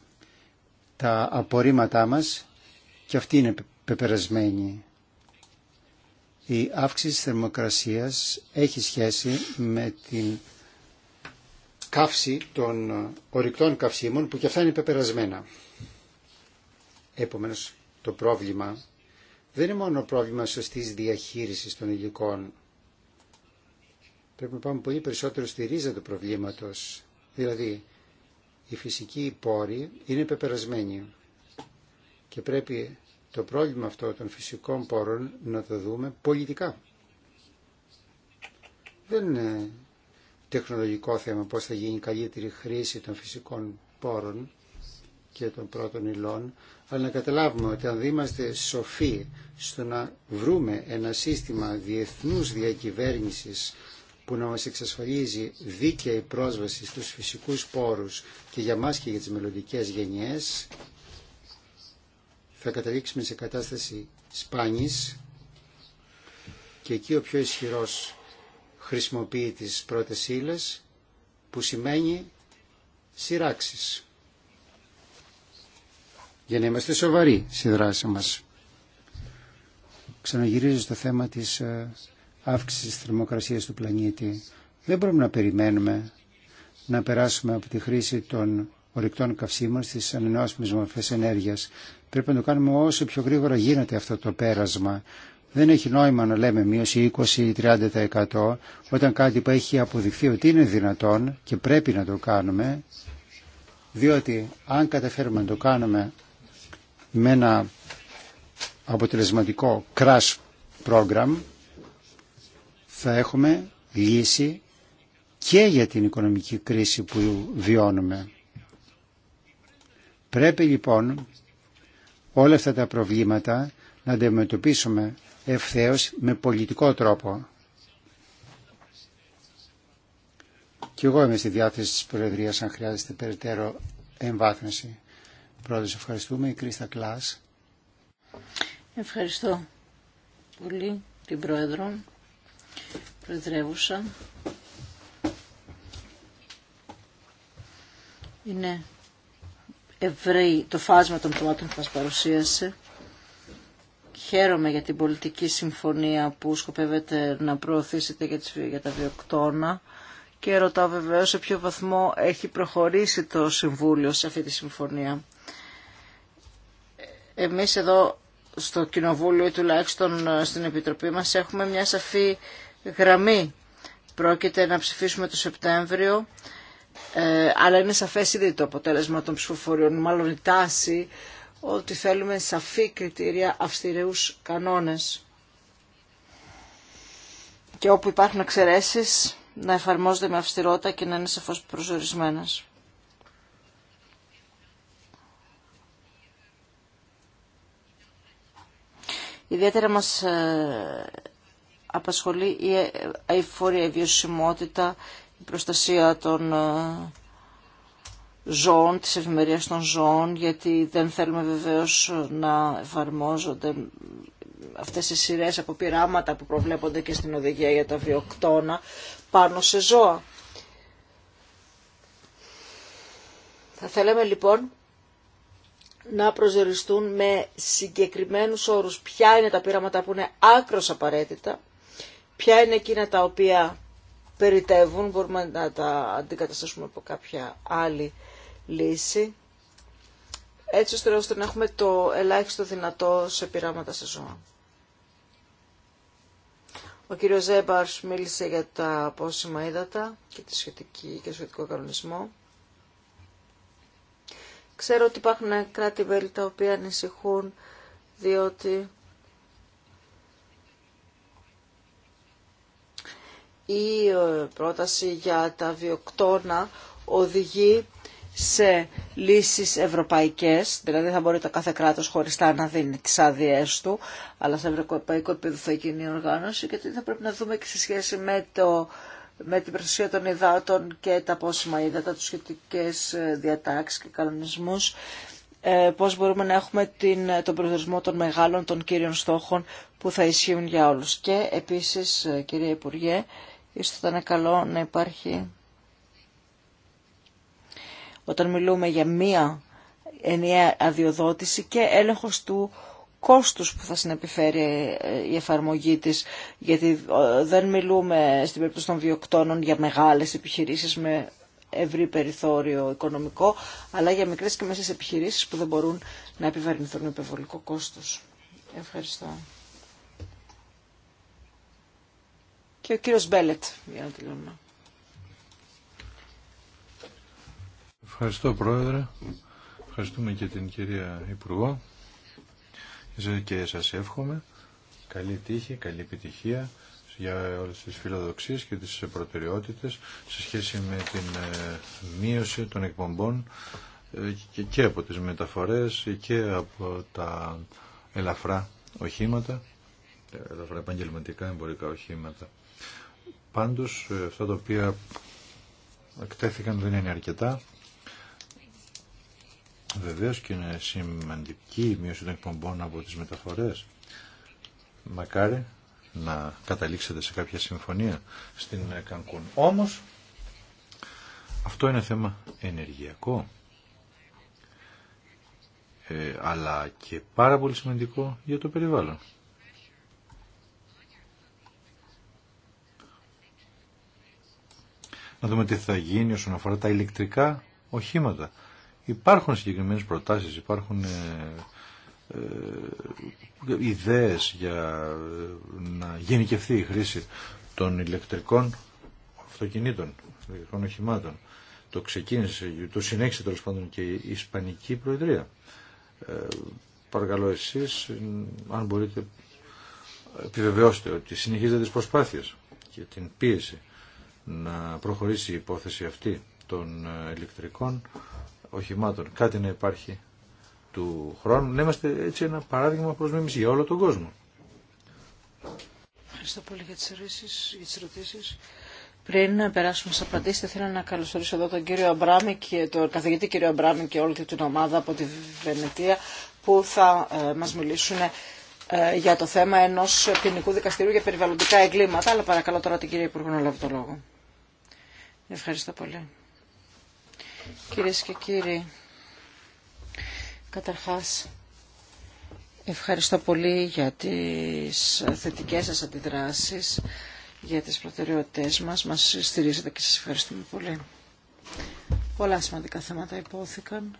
τα απορρίμματά μας και αυτή είναι πεπερασμένη. Η αύξηση θερμοκρασίας έχει σχέση με την καύση των ε, ορυκτών καυσίμων που και αυτά είναι πεπερασμένα. Επομένως το πρόβλημα δεν είναι μόνο πρόβλημα σωστής διαχείρισης των υλικών. Πρέπει να πάμε πολύ περισσότερο στη ρίζα του προβλήματος. Δηλαδή, η φυσική πόρη είναι πεπερασμένη και πρέπει το πρόβλημα αυτό των φυσικών πόρων να το δούμε πολιτικά. Δεν ε, τεχνολογικό θέμα, πώς θα γίνει η καλύτερη χρήση των φυσικών πόρων και των πρώτων υλών, αλλά να καταλάβουμε ότι αν είμαστε σοφοί στο να βρούμε ένα σύστημα διεθνούς διακυβέρνησης που να μας εξασφαλίζει δίκαιη πρόσβαση στους φυσικούς πόρους και για μας και για τις μελλοντικέ γενιές, θα καταλήξουμε σε κατάσταση σπάνης και εκεί ο πιο ισχυρός χρησιμοποιεί τις πρώτες ύλες που σημαίνει σειράξει. Για να είμαστε σοβαροί στη δράση μας. Ξαναγυρίζω στο θέμα της ε, αύξησης της θερμοκρασίας του πλανήτη. Δεν μπορούμε να περιμένουμε να περάσουμε από τη χρήση των ορυκτών καυσίμων στις ανανεώσιμες μορφές ενέργειας. Πρέπει να το κάνουμε όσο πιο γρήγορα γίνεται αυτό το πέρασμα. Δεν έχει νόημα να λέμε μείωση 20-30% όταν κάτι που έχει αποδειχθεί ότι είναι δυνατόν και πρέπει να το κάνουμε διότι αν καταφέρουμε να το κάνουμε με ένα αποτελεσματικό crash program θα έχουμε λύση και για την οικονομική κρίση που βιώνουμε. Πρέπει λοιπόν όλα αυτά τα προβλήματα να αντιμετωπίσουμε ευθέως με πολιτικό τρόπο. Και εγώ είμαι στη διάθεση της Προεδρίας αν χρειάζεται περαιτέρω εμβάθυνση. Πρώτος ευχαριστούμε. Η Κρίστα Κλάς. Ευχαριστώ πολύ την Πρόεδρο, Προεδρεύουσα. Είναι ευρύ το φάσμα των τομάτων που μας παρουσίασε Χαίρομαι για την πολιτική συμφωνία που σκοπεύετε να προωθήσετε για τα βιοκτώνα και ρωτάω βεβαίως σε ποιο βαθμό έχει προχωρήσει το Συμβούλιο σε αυτή τη συμφωνία. Εμείς εδώ στο Κοινοβούλιο ή τουλάχιστον στην Επιτροπή μας έχουμε μια σαφή γραμμή. Πρόκειται να ψηφίσουμε το Σεπτέμβριο, ε, αλλά είναι σαφές ήδη το αποτέλεσμα των ψηφοφοριών, μάλλον η τάση ότι θέλουμε σαφή κριτήρια, αυστηρούς κανόνες. Και όπου υπάρχουν εξαιρέσει να εφαρμόζονται με αυστηρότητα και να είναι σαφώς προσορισμένες. Ιδιαίτερα μας ε, απασχολεί η αηφορία, ε, η βιωσιμότητα, η προστασία των ε, ζώων, της ευημερίας των ζώων, γιατί δεν θέλουμε βεβαίως να εφαρμόζονται αυτές οι σειρές από πειράματα που προβλέπονται και στην οδηγία για τα βιοκτώνα πάνω σε ζώα. Θα θέλαμε λοιπόν να προσδιοριστούν με συγκεκριμένους όρους ποια είναι τα πείραματα που είναι άκρος απαραίτητα, ποια είναι εκείνα τα οποία περιτεύουν, μπορούμε να τα αντικαταστήσουμε από κάποια άλλη λύση έτσι ώστε να έχουμε το ελάχιστο δυνατό σε πειράματα σε ζώα. Ο κύριος Ζέμπαρς μίλησε για τα πόσιμα ύδατα και, τη σχετική, και σχετικό κανονισμό. Ξέρω ότι υπάρχουν κράτη-βέλη τα οποία ανησυχούν διότι η ε, πρόταση για τα βιοκτώνα οδηγεί σε λύσεις ευρωπαϊκές, δηλαδή θα μπορεί το κάθε κράτος χωριστά να δίνει τις άδειέ του, αλλά σε ευρωπαϊκό επίπεδο θα γίνει η οργάνωση και θα πρέπει να δούμε και σε σχέση με, το, με την προστασία των υδάτων και τα πόσιμα ύδατα, τους σχετικές ε, διατάξεις και κανονισμούς, ε, πώς μπορούμε να έχουμε την, τον προσδορισμό των μεγάλων, των κύριων στόχων που θα ισχύουν για όλους. Και επίσης, ε, κυρία Υπουργέ, ίσως θα ήταν καλό να υπάρχει όταν μιλούμε για μία ενιαία αδειοδότηση και έλεγχος του κόστους που θα συνεπιφέρει ε, η εφαρμογή της, γιατί ε, δεν μιλούμε στην περίπτωση των βιοκτώνων για μεγάλες επιχειρήσεις με ευρύ περιθώριο οικονομικό, αλλά για μικρές και μέσες επιχειρήσεις που δεν μπορούν να επιβαρυνθούν υπερβολικό κόστος. Ευχαριστώ. Και ο κύριος Μπέλετ, για να τελειώνουμε. Ευχαριστώ Πρόεδρε. Ευχαριστούμε και την κυρία Υπουργό και σας εύχομαι καλή τύχη, καλή επιτυχία για όλες τις φιλοδοξίες και τις προτεραιότητες σε σχέση με την ε, μείωση των εκπομπών ε, και από τις μεταφορές και από τα ελαφρά οχήματα, ε, ελαφρά επαγγελματικά εμπορικά οχήματα. Πάντως αυτά τα οποία εκτέθηκαν δεν είναι αρκετά Βεβαίως και είναι σημαντική η μείωση των εκπομπών από τις μεταφορές. Μακάρι να καταλήξετε σε κάποια συμφωνία στην Κανκούν. Όμως, αυτό είναι θέμα ενεργειακό, ε, αλλά και πάρα πολύ σημαντικό για το περιβάλλον. Να δούμε τι θα γίνει όσον αφορά τα ηλεκτρικά οχήματα. Υπάρχουν συγκεκριμένες προτάσεις, υπάρχουν ε, ε, ιδέες για ε, να γενικευθεί η χρήση των ηλεκτρικών αυτοκινήτων, ηλεκτρικών οχημάτων. Το ξεκίνησε, το συνέχισε τέλο πάντων και η Ισπανική Προεδρία. παρακαλώ εσείς, αν μπορείτε, επιβεβαιώστε ότι συνεχίζετε τις προσπάθειες και την πίεση να προχωρήσει η υπόθεση αυτή των ηλεκτρικών οχημάτων. Κάτι να υπάρχει του χρόνου, να είμαστε έτσι ένα παράδειγμα προς μίμηση για όλο τον κόσμο. Ευχαριστώ πολύ για τις, ερωτήσεις, για τις ερωτήσεις. Πριν να περάσουμε στι απαντήσεις, θα να καλωσορίσω εδώ τον κύριο Αμπράμι και τον καθηγητή κύριο Αμπράμι και όλη την ομάδα από τη Βενετία που θα ε, μας μιλήσουν ε, για το θέμα ενός ποινικού δικαστηρίου για περιβαλλοντικά εγκλήματα. Αλλά παρακαλώ τώρα την κυρία Υπουργό να λάβει το λόγο. Ευχαριστώ πολύ. Κυρίες και κύριοι, καταρχάς ευχαριστώ πολύ για τις θετικές σας αντιδράσεις, για τις προτεραιότητες μας. Μας στηρίζετε και σας ευχαριστούμε πολύ. Πολλά σημαντικά θέματα υπόθηκαν.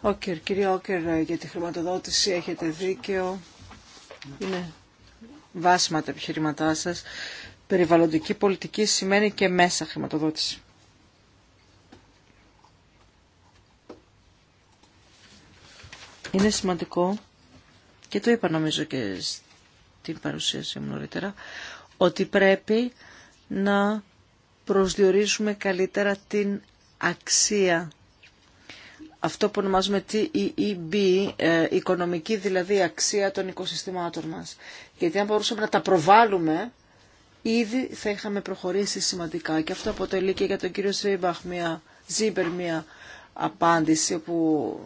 Όκερ, κύριε Όκερ, για τη χρηματοδότηση έχετε δίκαιο. Είναι βάσιμα τα επιχειρηματά σας. Περιβαλλοντική πολιτική σημαίνει και μέσα χρηματοδότηση. Είναι σημαντικό, και το είπα νομίζω και στην παρουσίαση μου νωρίτερα, ότι πρέπει να προσδιορίσουμε καλύτερα την αξία. Αυτό που ονομάζουμε TEEB, ε, οικονομική δηλαδή αξία των οικοσυστημάτων μας. Γιατί αν μπορούσαμε να τα προβάλλουμε, ήδη θα είχαμε προχωρήσει σημαντικά. Και αυτό αποτελεί και για τον κύριο Ζήμπαχ μια, μια απάντηση που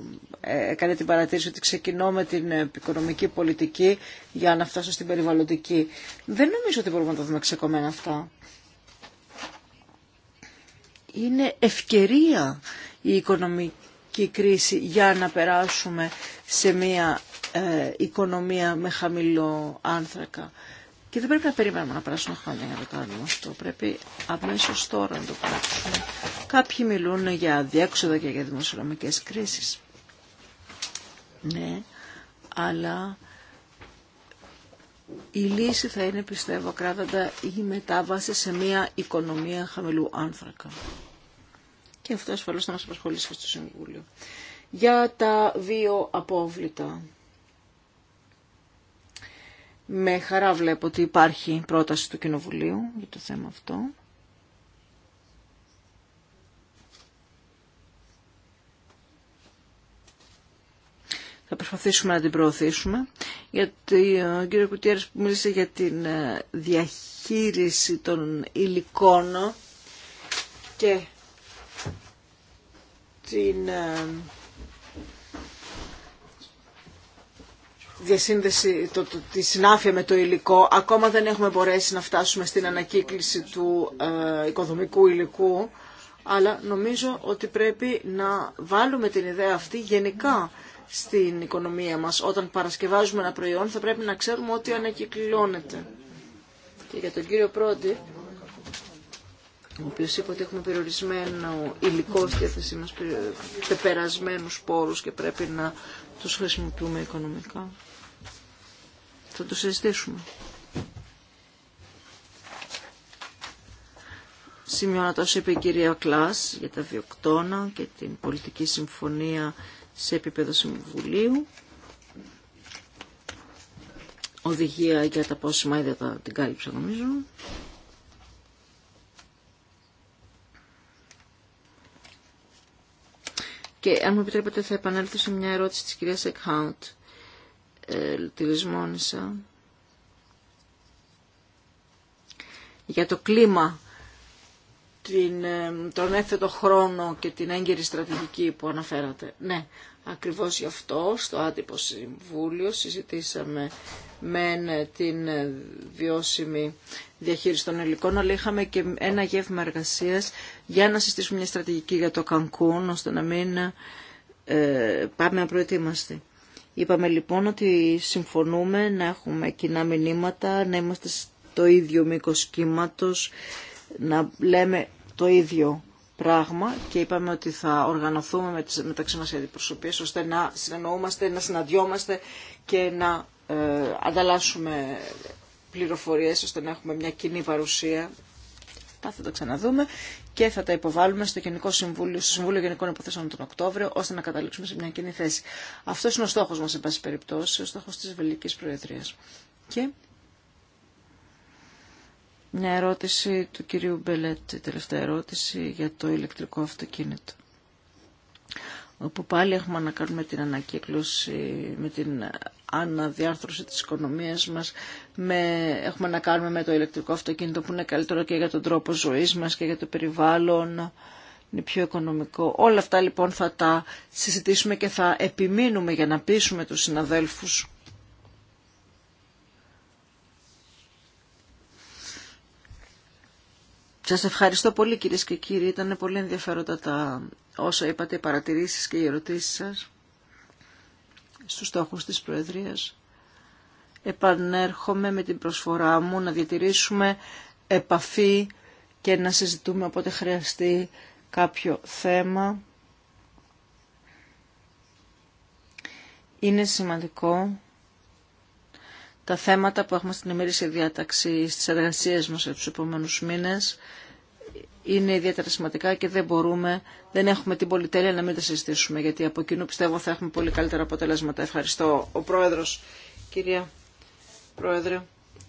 ε, έκανε την παρατήρηση ότι ξεκινώ με την οικονομική πολιτική για να φτάσω στην περιβαλλοντική. Δεν νομίζω ότι μπορούμε να τα δούμε ξεκομμένα αυτά. Είναι ευκαιρία η οικονομική κρίση για να περάσουμε σε μια ε, οικονομία με χαμηλό άνθρακα. Και δεν πρέπει να περιμένουμε να περάσουν χρόνια για να το κάνουμε αυτό. Πρέπει αμέσω τώρα να το πράξουμε. Κάποιοι μιλούν για διέξοδο και για δημοσιονομικέ κρίσει. Ναι, αλλά η λύση θα είναι, πιστεύω, κράτατα η μετάβαση σε μια οικονομία χαμηλού άνθρακα. Και αυτό ασφαλώ θα μα απασχολήσει στο Συμβούλιο. Για τα δύο απόβλητα. Με χαρά βλέπω ότι υπάρχει πρόταση του Κοινοβουλίου για το θέμα αυτό. Θα προσπαθήσουμε να την προωθήσουμε. Γιατί ε, ο κύριο Κουτιέρης που μίλησε για την ε, διαχείριση των υλικών και την ε, διασύνδεση, το, το, τη συνάφεια με το υλικό. Ακόμα δεν έχουμε μπορέσει να φτάσουμε στην ανακύκληση του ε, οικοδομικού υλικού, αλλά νομίζω ότι πρέπει να βάλουμε την ιδέα αυτή γενικά στην οικονομία μας. Όταν παρασκευάζουμε ένα προϊόν θα πρέπει να ξέρουμε ότι ανακυκλώνεται. Και για τον κύριο Πρόντι, ο οποίο είπε ότι έχουμε περιορισμένο υλικό στη διάθεσή μας, πεπερασμένους πόρους και πρέπει να τους χρησιμοποιούμε οικονομικά. Θα το συζητήσουμε. Σημειώνα τόσο είπε η κυρία Κλάς για τα βιοκτώνα και την πολιτική συμφωνία σε επίπεδο συμβουλίου. Οδηγία για τα πόσιμα είδα την κάλυψα νομίζω. Και αν μου επιτρέπετε θα επανέλθω σε μια ερώτηση της κυρίας Εκχάουντ για το κλίμα, την, ε, τον έθετο χρόνο και την έγκαιρη στρατηγική που αναφέρατε. Ναι, ακριβώς γι' αυτό στο άτυπο συμβούλιο συζητήσαμε με την ε, βιώσιμη διαχείριση των υλικών, αλλά είχαμε και ένα γεύμα εργασίας για να συστήσουμε μια στρατηγική για το Κανκούν, ώστε να μην ε, πάμε απροετοίμαστοι. Είπαμε λοιπόν ότι συμφωνούμε να έχουμε κοινά μηνύματα, να είμαστε στο ίδιο μήκο κύματο, να λέμε το ίδιο πράγμα και είπαμε ότι θα οργανωθούμε με τις, μεταξύ μας οι αντιπροσωπείες ώστε να συνεννοούμαστε, να συναντιόμαστε και να ε, ανταλλάσσουμε πληροφορίες ώστε να έχουμε μια κοινή παρουσία αυτά θα τα ξαναδούμε και θα τα υποβάλουμε στο, Γενικό Συμβούλιο, στο Συμβούλιο Γενικών Υποθέσεων τον Οκτώβριο, ώστε να καταλήξουμε σε μια κοινή θέση. Αυτό είναι ο στόχο μα, εν πάση περιπτώσει, ο στόχο τη βελική Προεδρία. Και μια ερώτηση του κυρίου Μπελέτ, η τελευταία ερώτηση για το ηλεκτρικό αυτοκίνητο όπου πάλι έχουμε να κάνουμε την ανακύκλωση, με την αναδιάρθρωση της οικονομίας μας. Με, έχουμε να κάνουμε με το ηλεκτρικό αυτοκίνητο που είναι καλύτερο και για τον τρόπο ζωής μας και για το περιβάλλον. Είναι πιο οικονομικό. Όλα αυτά λοιπόν θα τα συζητήσουμε και θα επιμείνουμε για να πείσουμε τους συναδέλφους. Σας ευχαριστώ πολύ κυρίες και κύριοι. Ήταν πολύ ενδιαφέροντα τα όσα είπατε, οι παρατηρήσεις και οι ερωτήσεις σας στους στόχους της Προεδρίας. Επανέρχομαι με την προσφορά μου να διατηρήσουμε επαφή και να συζητούμε όποτε χρειαστεί κάποιο θέμα. Είναι σημαντικό τα θέματα που έχουμε στην ημερήσια διάταξη στις εργασίες μας στους επόμενους μήνες είναι ιδιαίτερα σημαντικά και δεν μπορούμε, δεν έχουμε την πολυτέλεια να μην τα συζητήσουμε, γιατί από κοινού πιστεύω θα έχουμε πολύ καλύτερα αποτελέσματα. Ευχαριστώ. Ο Πρόεδρος, κυρία Πρόεδρε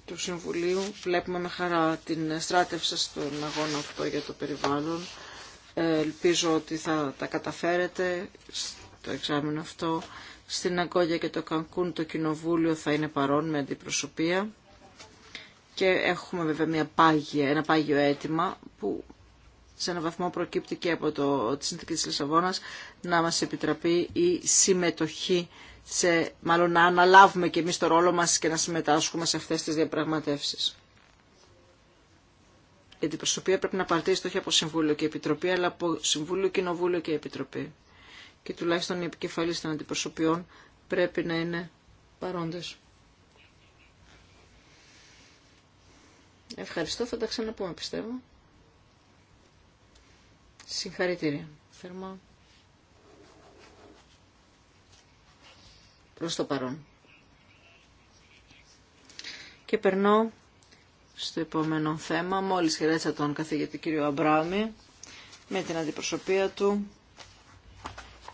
του Συμβουλίου, βλέπουμε με χαρά την στράτευση στον αγώνα αυτό για το περιβάλλον. Ελπίζω ότι θα τα καταφέρετε στο εξάμεινο αυτό. Στην Αγκόγια και το Κανκούν το Κοινοβούλιο θα είναι παρόν με αντιπροσωπεία και έχουμε βέβαια μια πάγια, ένα πάγιο αίτημα που σε έναν βαθμό προκύπτει και από το, τη συνθήκη της Λισαβόνας να μας επιτραπεί η συμμετοχή σε, μάλλον να αναλάβουμε και εμείς το ρόλο μας και να συμμετάσχουμε σε αυτές τις διαπραγματεύσεις. Η αντιπροσωπεία πρέπει να παρτίσει όχι από Συμβούλιο και Επιτροπή, αλλά από Συμβούλιο, Κοινοβούλιο και Επιτροπή. Και τουλάχιστον οι επικεφαλής των αντιπροσωπιών πρέπει να είναι παρόντες. Ευχαριστώ, θα τα ξαναπούμε πιστεύω. Συγχαρητήρια. Θερμά. Προς το παρόν. Και περνώ στο επόμενο θέμα. Μόλις χαιρέτησα τον καθηγητή κύριο Αμπράμι με την αντιπροσωπεία του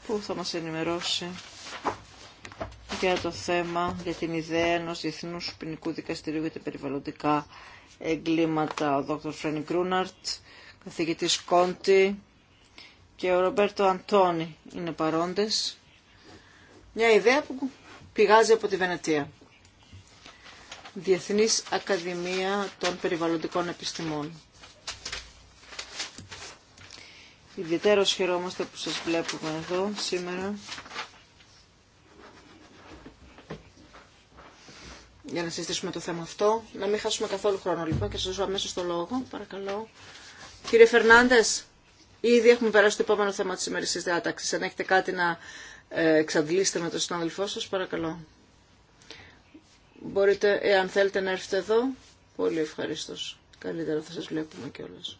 που θα μας ενημερώσει για το θέμα, για την ιδέα ενός διεθνούς ποινικού δικαστηρίου για τα περιβαλλοντικά εγκλήματα ο Δ. Φρένι Κρούναρτ καθηγητής Κόντι και ο Ρομπέρτο Αντώνη είναι παρόντες. Μια ιδέα που πηγάζει από τη Βενετία. Διεθνής Ακαδημία των Περιβαλλοντικών Επιστημών. Ιδιαίτερος χαιρόμαστε που σας βλέπουμε εδώ σήμερα. Για να συζητήσουμε το θέμα αυτό. Να μην χάσουμε καθόλου χρόνο λοιπόν και σας δώσω αμέσως το λόγο. Παρακαλώ. Κύριε Φερνάντες, ήδη έχουμε περάσει το επόμενο θέμα της ημερησής διάταξης. Αν έχετε κάτι να ε, εξαντλήσετε με τον συνάδελφό σα. παρακαλώ. Μπορείτε, εάν θέλετε, να έρθετε εδώ. Πολύ ευχαριστώ. Καλύτερα θα σας βλέπουμε κιόλας.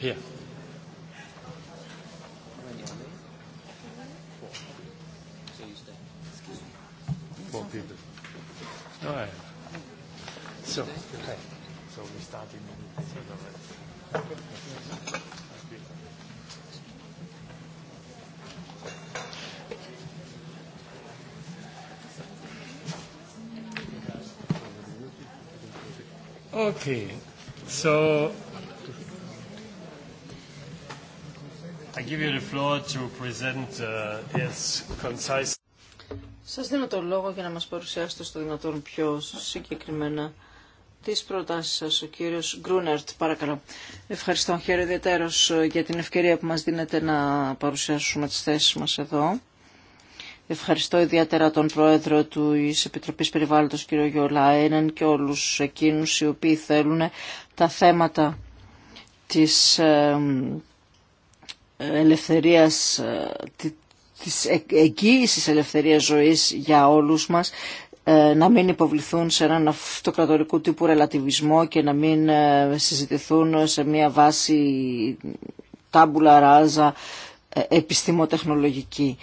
Here. So, okay. So we start in Okay. So I give you the floor to present uh, yes, concise. Σας δίνω το λόγο για να μας παρουσιάσετε στο δυνατόν πιο συγκεκριμένα τις προτάσεις σας. Ο κύριος Γκρούναρτ, παρακαλώ. Ευχαριστώ χαίρομαι ιδιαίτερος ε, για την ευκαιρία που μας δίνετε να παρουσιάσουμε τις θέσεις μας εδώ. Ευχαριστώ ιδιαίτερα τον Πρόεδρο του Επιτροπής Περιβάλλοντος, κύριο Γιολάινεν και όλους εκείνους οι οποίοι θέλουν τα θέματα της ε, ε, ελευθερίας, της εγγύησης ελευθερίας ζωής για όλους μας ε, να μην υποβληθούν σε έναν αυτοκρατορικού τύπου ρελατιβισμό και να μην ε, συζητηθούν σε μια βάση τάμπουλα ράζα ε, επιστημοτεχνολογική,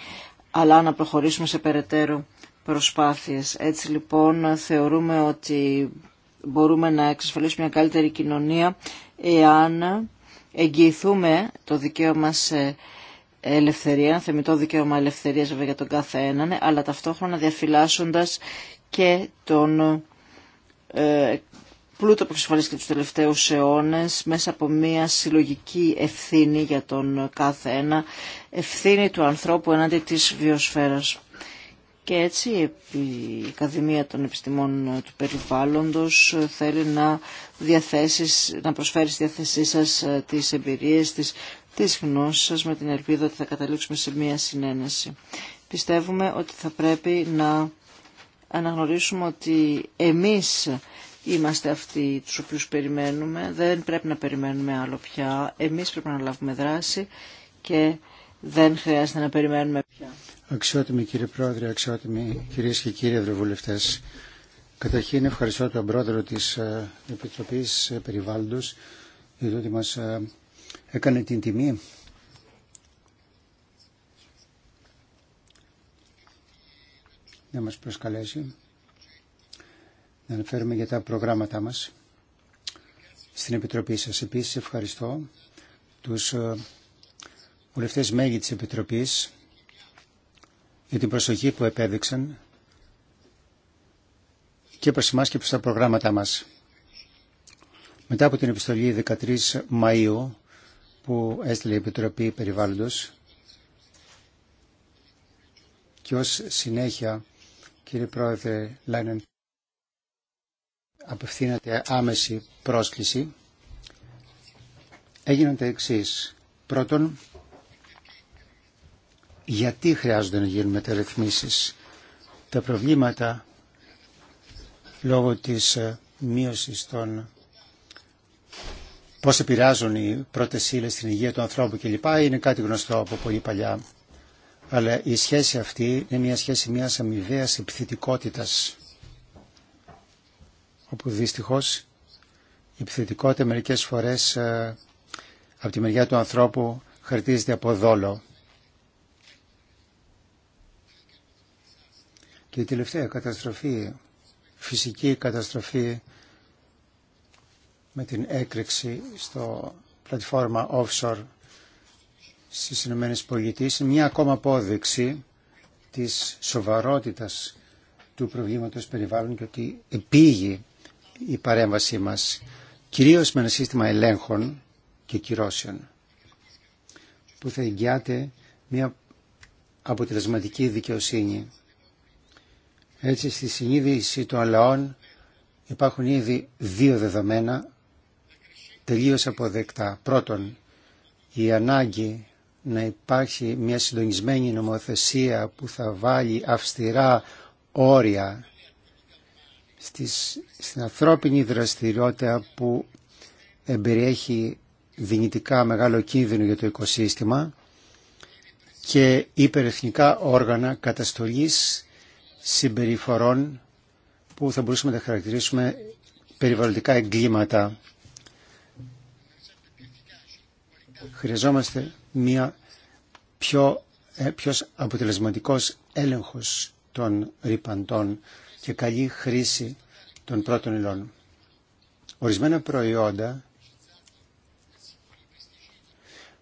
αλλά να προχωρήσουμε σε περαιτέρω προσπάθειες. Έτσι λοιπόν θεωρούμε ότι μπορούμε να εξασφαλίσουμε μια καλύτερη κοινωνία εάν εγγυηθούμε το δικαίωμα σε ελευθερία, θεμητό δικαίωμα ελευθερίας βέβαια για τον κάθε έναν, αλλά ταυτόχρονα διαφυλάσσοντας και τον ε, πλούτο που εξασφαλίστηκε τους τελευταίους αιώνες μέσα από μια συλλογική ευθύνη για τον κάθε ένα, ευθύνη του ανθρώπου ενάντια της βιοσφαίρας. Και έτσι η Ακαδημία των Επιστημών του Περιβάλλοντος θέλει να, να προσφέρει στη διάθεσή σας ε, τις εμπειρίες της, τις γνώσεις σας με την ελπίδα ότι θα καταλήξουμε σε μία συνένεση. Πιστεύουμε ότι θα πρέπει να αναγνωρίσουμε ότι εμείς είμαστε αυτοί τους οποίους περιμένουμε, δεν πρέπει να περιμένουμε άλλο πια, εμείς πρέπει να λάβουμε δράση και δεν χρειάζεται να περιμένουμε πια. Αξιότιμοι κύριε Πρόεδρε, αξιότιμοι κυρίες και κύριοι Ευρωβουλευτές, καταρχήν ευχαριστώ τον πρόεδρο της ε, Επιτροπής ε, Περιβάλλοντος, διότι μας ε, έκανε την τιμή. Να μας προσκαλέσει να αναφέρουμε για τα προγράμματά μας στην Επιτροπή σας. Επίσης ευχαριστώ τους ε, βουλευτές μέγη της Επιτροπής για την προσοχή που επέδειξαν και προς εμάς και προς τα προγράμματά μας. Μετά από την επιστολή 13 Μαΐου που έστειλε η Επιτροπή Περιβάλλοντος και ως συνέχεια, κύριε Πρόεδρε Λάινεν, απευθύνεται άμεση πρόσκληση, έγιναν τα εξή. Πρώτον, γιατί χρειάζονται να γίνουν μεταρρυθμίσεις. Τα προβλήματα λόγω της μείωσης των πώς επηρεάζουν οι πρώτες ύλες στην υγεία του ανθρώπου κλπ. Είναι κάτι γνωστό από πολύ παλιά. Αλλά η σχέση αυτή είναι μια σχέση μιας αμοιβαίας επιθετικότητας. Όπου δυστυχώς η επιθετικότητα μερικές φορές ε, από τη μεριά του ανθρώπου χαρτίζεται από δόλο. Και η τελευταία καταστροφή, φυσική καταστροφή με την έκρηξη στο πλατφόρμα offshore στις Ηνωμένες Πολιτείες μια ακόμα απόδειξη της σοβαρότητας του προβλήματος περιβάλλον και ότι επήγει η παρέμβασή μας κυρίως με ένα σύστημα ελέγχων και κυρώσεων που θα εγγυάται μια αποτελεσματική δικαιοσύνη. Έτσι στη συνείδηση των λαών υπάρχουν ήδη δύο δεδομένα τελείως αποδεκτά. Πρώτον, η ανάγκη να υπάρχει μια συντονισμένη νομοθεσία που θα βάλει αυστηρά όρια στις, στην ανθρώπινη δραστηριότητα που εμπεριέχει δυνητικά μεγάλο κίνδυνο για το οικοσύστημα και υπερεθνικά όργανα καταστολής συμπεριφορών που θα μπορούσαμε να τα χαρακτηρίσουμε περιβαλλοντικά εγκλήματα. Χρειαζόμαστε μια πιο, ε, πιο αποτελεσματικός έλεγχος των ρηπαντών και καλή χρήση των πρώτων υλών. Ορισμένα προϊόντα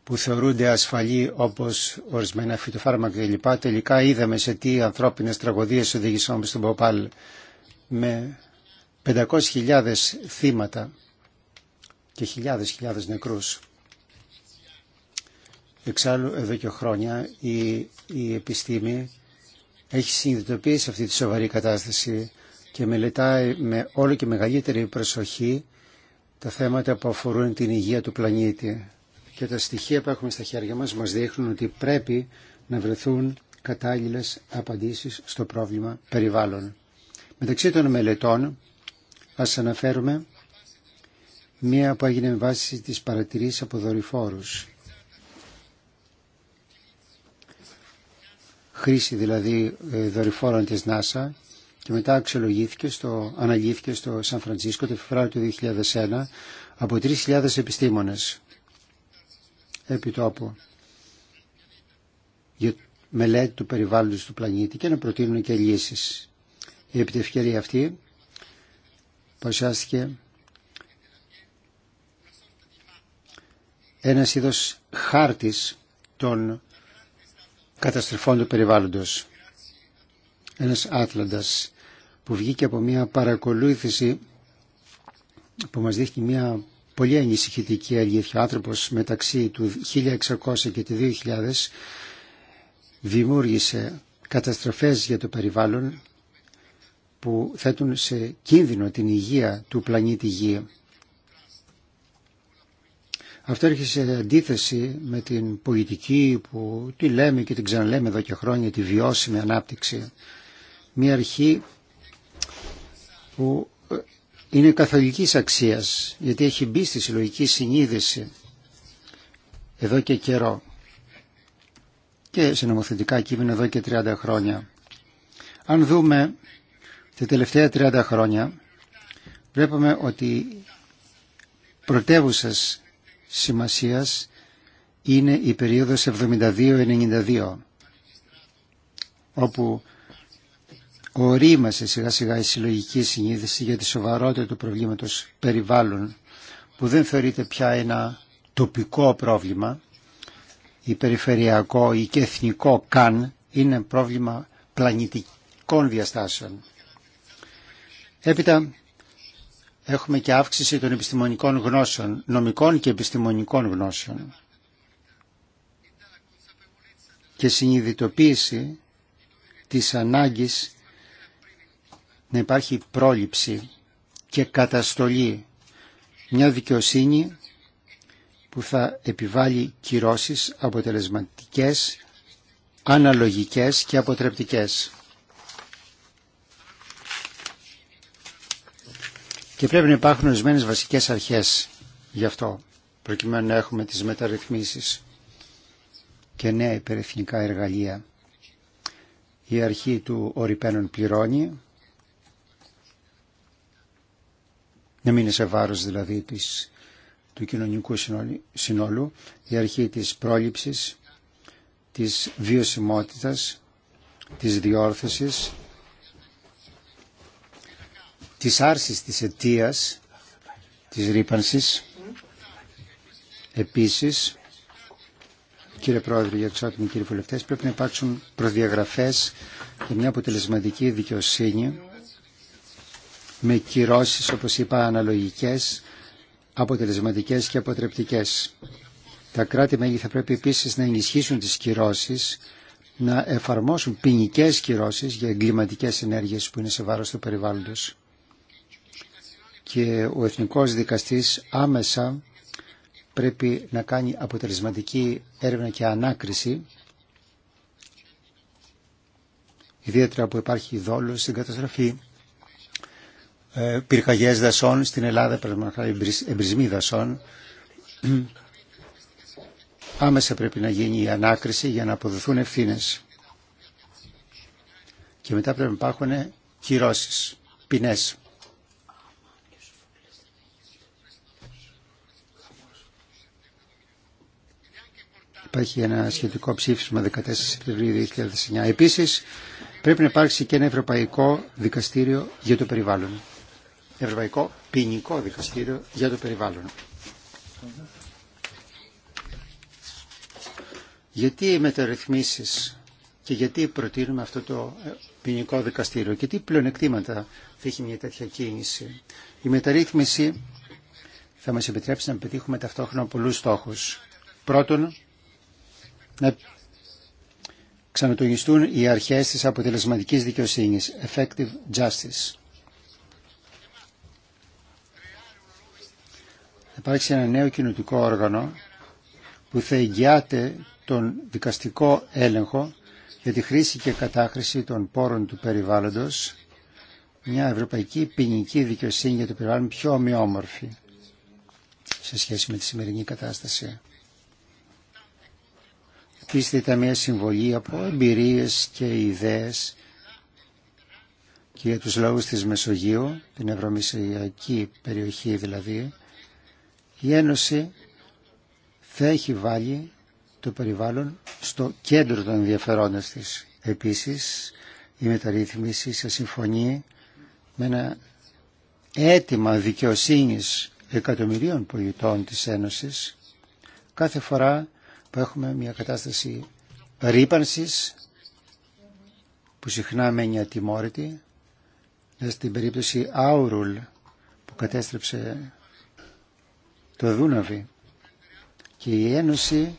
που θεωρούνται ασφαλή όπως ορισμένα φυτοφάρμακα κλπ. Τελικά είδαμε σε τι ανθρώπινες τραγωδίες οδηγήσαμε στον Ποπάλ με 500.000 θύματα και χιλιάδες χιλιάδες νεκρούς. Εξάλλου εδώ και χρόνια η, η επιστήμη έχει συνειδητοποιήσει αυτή τη σοβαρή κατάσταση και μελετάει με όλο και μεγαλύτερη προσοχή τα θέματα που αφορούν την υγεία του πλανήτη. Και τα στοιχεία που έχουμε στα χέρια μας μας δείχνουν ότι πρέπει να βρεθούν κατάλληλες απαντήσεις στο πρόβλημα περιβάλλον. Μεταξύ των μελετών ας αναφέρουμε μία που έγινε με βάση της παρατηρήσεις από δορυφόρους χρήση δηλαδή ε, δορυφόρων της NASA και μετά αξιολογήθηκε στο, αναλύθηκε στο Σαν Φρανσίσκο το Φεβράριο του 2001 από 3.000 επιστήμονες επί τόπου για μελέτη του περιβάλλοντος του πλανήτη και να προτείνουν και λύσεις. Η ευκαιρία αυτή παρουσιάστηκε ένας είδος χάρτης των καταστροφών του περιβάλλοντος. Ένας άθλαντας που βγήκε από μια παρακολούθηση που μας δείχνει μια πολύ ανησυχητική αλήθεια. Ο άνθρωπος μεταξύ του 1600 και του 2000 δημιούργησε καταστροφές για το περιβάλλον που θέτουν σε κίνδυνο την υγεία του πλανήτη Γη. Αυτό έρχεται σε αντίθεση με την πολιτική που τη λέμε και την ξαναλέμε εδώ και χρόνια, τη βιώσιμη ανάπτυξη. Μια αρχή που ε, είναι καθολικής αξίας, γιατί έχει μπει στη συλλογική συνείδηση εδώ και καιρό και σε νομοθετικά κείμενα εδώ και 30 χρόνια. Αν δούμε τα τελευταία 30 χρόνια, βλέπουμε ότι πρωτεύουσες σημασίας είναι η περίοδος 72-92 όπου ορίμασε σιγά σιγά η συλλογική συνείδηση για τη σοβαρότητα του προβλήματος περιβάλλον που δεν θεωρείται πια ένα τοπικό πρόβλημα ή περιφερειακό ή και εθνικό καν είναι πρόβλημα πλανητικών διαστάσεων. Έπειτα έχουμε και αύξηση των επιστημονικών γνώσεων, νομικών και επιστημονικών γνώσεων και συνειδητοποίηση της ανάγκης να υπάρχει πρόληψη και καταστολή μια δικαιοσύνη που θα επιβάλλει κυρώσεις αποτελεσματικές, αναλογικές και αποτρεπτικές. Και πρέπει να υπάρχουν ορισμένε βασικές αρχές γι' αυτό, προκειμένου να έχουμε τις μεταρρυθμίσεις και νέα υπερεθνικά εργαλεία. Η αρχή του οριπένων πληρώνει, να μην είναι σε βάρος δηλαδή της, του κοινωνικού συνόλου, η αρχή της πρόληψης, της βιωσιμότητας, της διόρθωσης της άρσης της αιτίας της ρήπανσης. Επίσης, κύριε Πρόεδρε, για τους κύριοι βουλευτές, πρέπει να υπάρξουν προδιαγραφές για μια αποτελεσματική δικαιοσύνη με κυρώσεις, όπως είπα, αναλογικές, αποτελεσματικές και αποτρεπτικές. Τα κράτη-μέλη θα πρέπει επίσης να ενισχύσουν τις κυρώσεις, να εφαρμόσουν ποινικέ κυρώσεις για εγκληματικές ενέργειες που είναι σε βάρος του περιβάλλοντος και ο Εθνικός Δικαστής άμεσα πρέπει να κάνει αποτελεσματική έρευνα και ανάκριση ιδιαίτερα που υπάρχει δόλος στην καταστροφή ε, πυρκαγιές δασών στην Ελλάδα εμπρισμοί δασών άμεσα πρέπει να γίνει η ανάκριση για να αποδοθούν ευθύνες και μετά πρέπει να υπάρχουν κυρώσεις, ποινές. Υπάρχει ένα σχετικό ψήφισμα 14 Σεπτεμβρίου 2009. Επίσης, πρέπει να υπάρξει και ένα Ευρωπαϊκό Δικαστήριο για το Περιβάλλον. Ευρωπαϊκό Ποινικό Δικαστήριο για το Περιβάλλον. Γιατί οι μεταρρυθμίσεις και γιατί προτείνουμε αυτό το ε, ποινικό δικαστήριο και τι πλεονεκτήματα θα έχει μια τέτοια κίνηση. Η μεταρρύθμιση θα μας επιτρέψει να πετύχουμε ταυτόχρονα πολλούς στόχους. Πρώτον, να ξανατογιστούν οι αρχές της αποτελεσματικής δικαιοσύνης, effective justice. Θα υπάρξει ένα νέο κοινωτικό όργανο που θα εγγυάται τον δικαστικό έλεγχο για τη χρήση και κατάχρηση των πόρων του περιβάλλοντος, μια ευρωπαϊκή ποινική δικαιοσύνη για το περιβάλλον πιο ομοιόμορφη σε σχέση με τη σημερινή κατάσταση ήταν μια συμβολή από εμπειρίες και ιδέες και για τους λαούς της Μεσογείου, την ευρωμεσογειακή περιοχή δηλαδή, η Ένωση θα έχει βάλει το περιβάλλον στο κέντρο των ενδιαφερόντων της. Επίσης, η μεταρρύθμιση σε συμφωνεί με ένα αίτημα δικαιοσύνης εκατομμυρίων πολιτών της Ένωσης κάθε φορά που έχουμε μια κατάσταση ρήπανσης που συχνά μένει ατιμόρυτη. Στην περίπτωση Άουρουλ που κατέστρεψε το Δούναβι και η Ένωση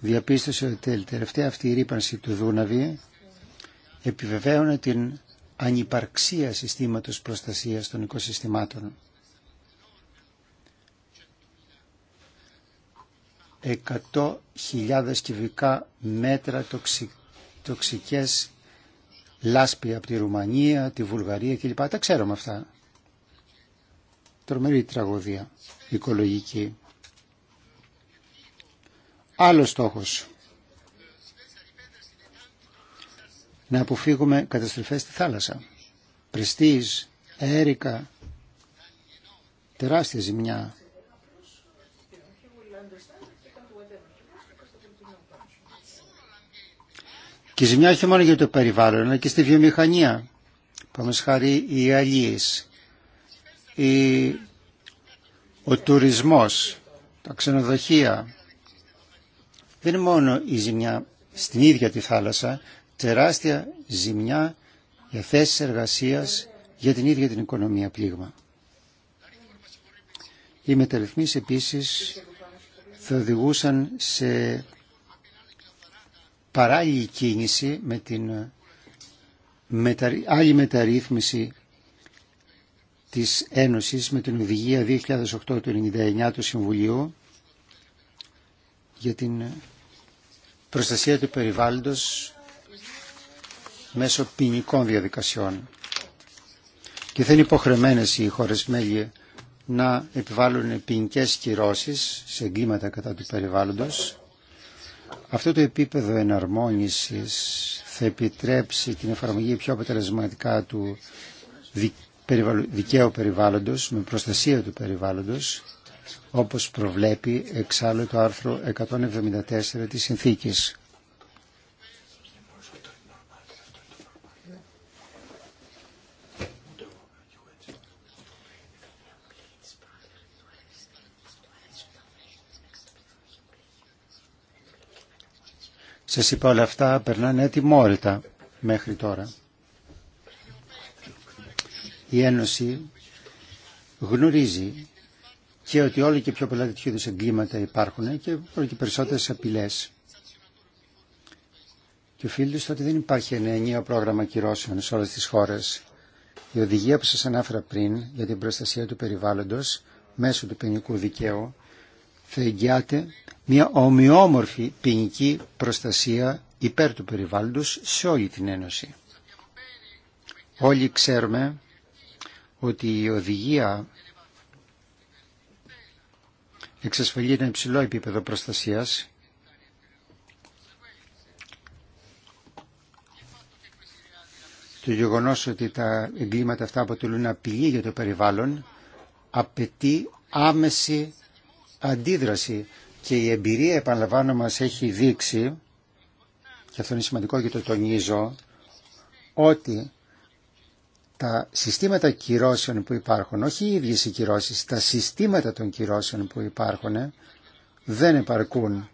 διαπίστωσε ότι η τελευταία αυτή η ρήπανση του Δούναβι επιβεβαίωνε την ανυπαρξία συστήματος προστασίας των οικοσυστημάτων. 100.000 κυβικά μέτρα τοξικές λάσπη από τη Ρουμανία, τη Βουλγαρία κλπ. Τα ξέρουμε αυτά. Τρομερή τραγωδία οικολογική. Άλλος στόχος. Να αποφύγουμε καταστροφές στη θάλασσα. Πρεστής, έρικα, τεράστια ζημιά Και η ζημιά όχι μόνο για το περιβάλλον, αλλά και στη βιομηχανία. Πάμε χάρη οι αλίες, ο τουρισμός, τα ξενοδοχεία. Δεν είναι μόνο η ζημιά στην ίδια τη θάλασσα, τεράστια ζημιά για θέσεις εργασίας, για την ίδια την οικονομία πλήγμα. Οι μεταρρυθμίσεις επίσης θα οδηγούσαν σε παράλληλη κίνηση με την άλλη μεταρρύθμιση της Ένωσης με την Οδηγία 2008-99 του Συμβουλίου για την προστασία του περιβάλλοντος μέσω ποινικών διαδικασιών. Και θα είναι υποχρεμένες οι χώρες μέλη να επιβάλλουν ποινικέ κυρώσεις σε εγκλήματα κατά του περιβάλλοντος αυτό το επίπεδο εναρμόνισης θα επιτρέψει την εφαρμογή πιο αποτελεσματικά του δικαίου περιβάλλοντος με προστασία του περιβάλλοντος όπως προβλέπει εξάλλου το άρθρο 174 της Συνθήκης. Σας είπα όλα αυτά περνάνε ετοιμόρυτα μέχρι τώρα. Η Ένωση γνωρίζει και ότι όλοι και πιο πολλά τέτοιου είδους εγκλήματα υπάρχουν και όλο και περισσότερες απειλές. Και οφείλεται στο ότι δεν υπάρχει ένα ενιαίο πρόγραμμα κυρώσεων σε όλες τις χώρες. Η οδηγία που σας ανάφερα πριν για την προστασία του περιβάλλοντος μέσω του ποινικού δικαίου θα εγγυάται μια ομοιόμορφη ποινική προστασία υπέρ του περιβάλλοντος σε όλη την Ένωση. Όλοι ξέρουμε ότι η οδηγία εξασφαλεί ένα υψηλό επίπεδο προστασίας Το γεγονός ότι τα εγκλήματα αυτά αποτελούν απειλή για το περιβάλλον απαιτεί άμεση αντίδραση και η εμπειρία επαναλαμβάνω μας έχει δείξει και αυτό είναι σημαντικό και το τονίζω ότι τα συστήματα κυρώσεων που υπάρχουν, όχι οι ίδιες οι κυρώσεις, τα συστήματα των κυρώσεων που υπάρχουν δεν επαρκούν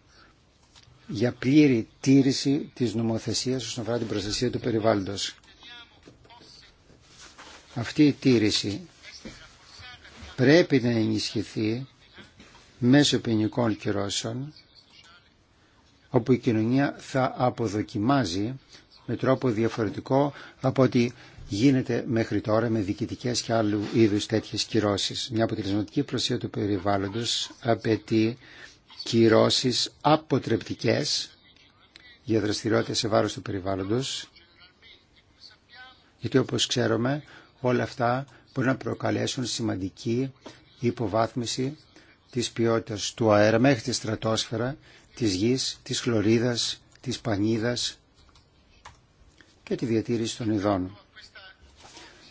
για πλήρη τήρηση της νομοθεσίας όσον αφορά την προστασία του περιβάλλοντος. Αυτή η τήρηση πρέπει να ενισχυθεί μέσω ποινικών κυρώσεων όπου η κοινωνία θα αποδοκιμάζει με τρόπο διαφορετικό από ό,τι γίνεται μέχρι τώρα με διοικητικές και άλλου είδους τέτοιες κυρώσεις. Μια αποτελεσματική προσία του περιβάλλοντος απαιτεί κυρώσεις αποτρεπτικές για δραστηριότητες σε βάρος του περιβάλλοντος γιατί όπως ξέρουμε όλα αυτά μπορεί να προκαλέσουν σημαντική υποβάθμιση της ποιότητας του αέρα μέχρι τη στρατόσφαιρα, της γης, της χλωρίδας, της πανίδας και τη διατήρηση των ειδών.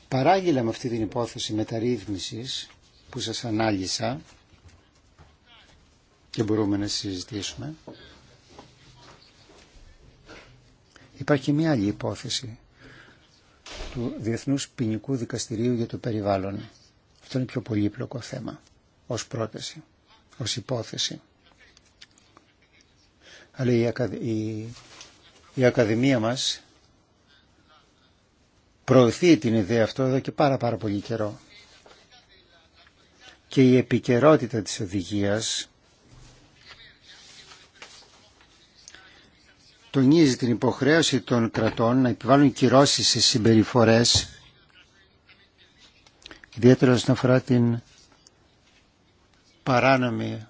Παράλληλα με αυτή την υπόθεση μεταρρύθμισης που σας ανάλυσα και μπορούμε να συζητήσουμε, υπάρχει μια άλλη υπόθεση του Διεθνούς Ποινικού Δικαστηρίου για το Περιβάλλον. Αυτό είναι πιο πολύπλοκο θέμα ως πρόταση ως υπόθεση. Αλλά η, η, Ακαδημία μας προωθεί την ιδέα αυτό εδώ και πάρα πάρα πολύ καιρό. Και η επικαιρότητα της οδηγίας τονίζει την υποχρέωση των κρατών να επιβάλλουν κυρώσεις σε συμπεριφορές ιδιαίτερα όσον αφορά την παράνομη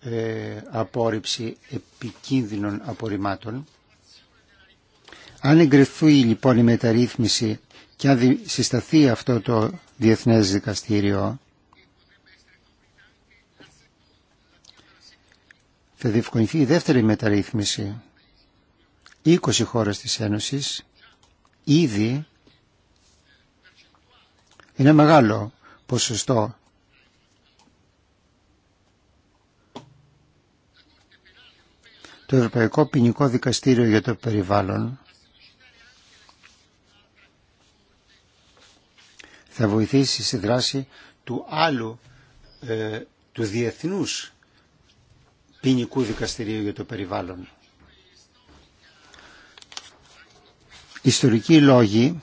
ε, απόρριψη επικίνδυνων απορριμμάτων. Αν εγκριθεί λοιπόν η μεταρρύθμιση και αν συσταθεί αυτό το Διεθνές Δικαστήριο θα διευκολυνθεί η δεύτερη μεταρρύθμιση. 20 χώρες της Ένωσης ήδη είναι μεγάλο ποσοστό το Ευρωπαϊκό Ποινικό Δικαστήριο για το Περιβάλλον θα βοηθήσει στη δράση του άλλου, ε, του Διεθνούς Ποινικού Δικαστηρίου για το Περιβάλλον. Ιστορικοί λόγοι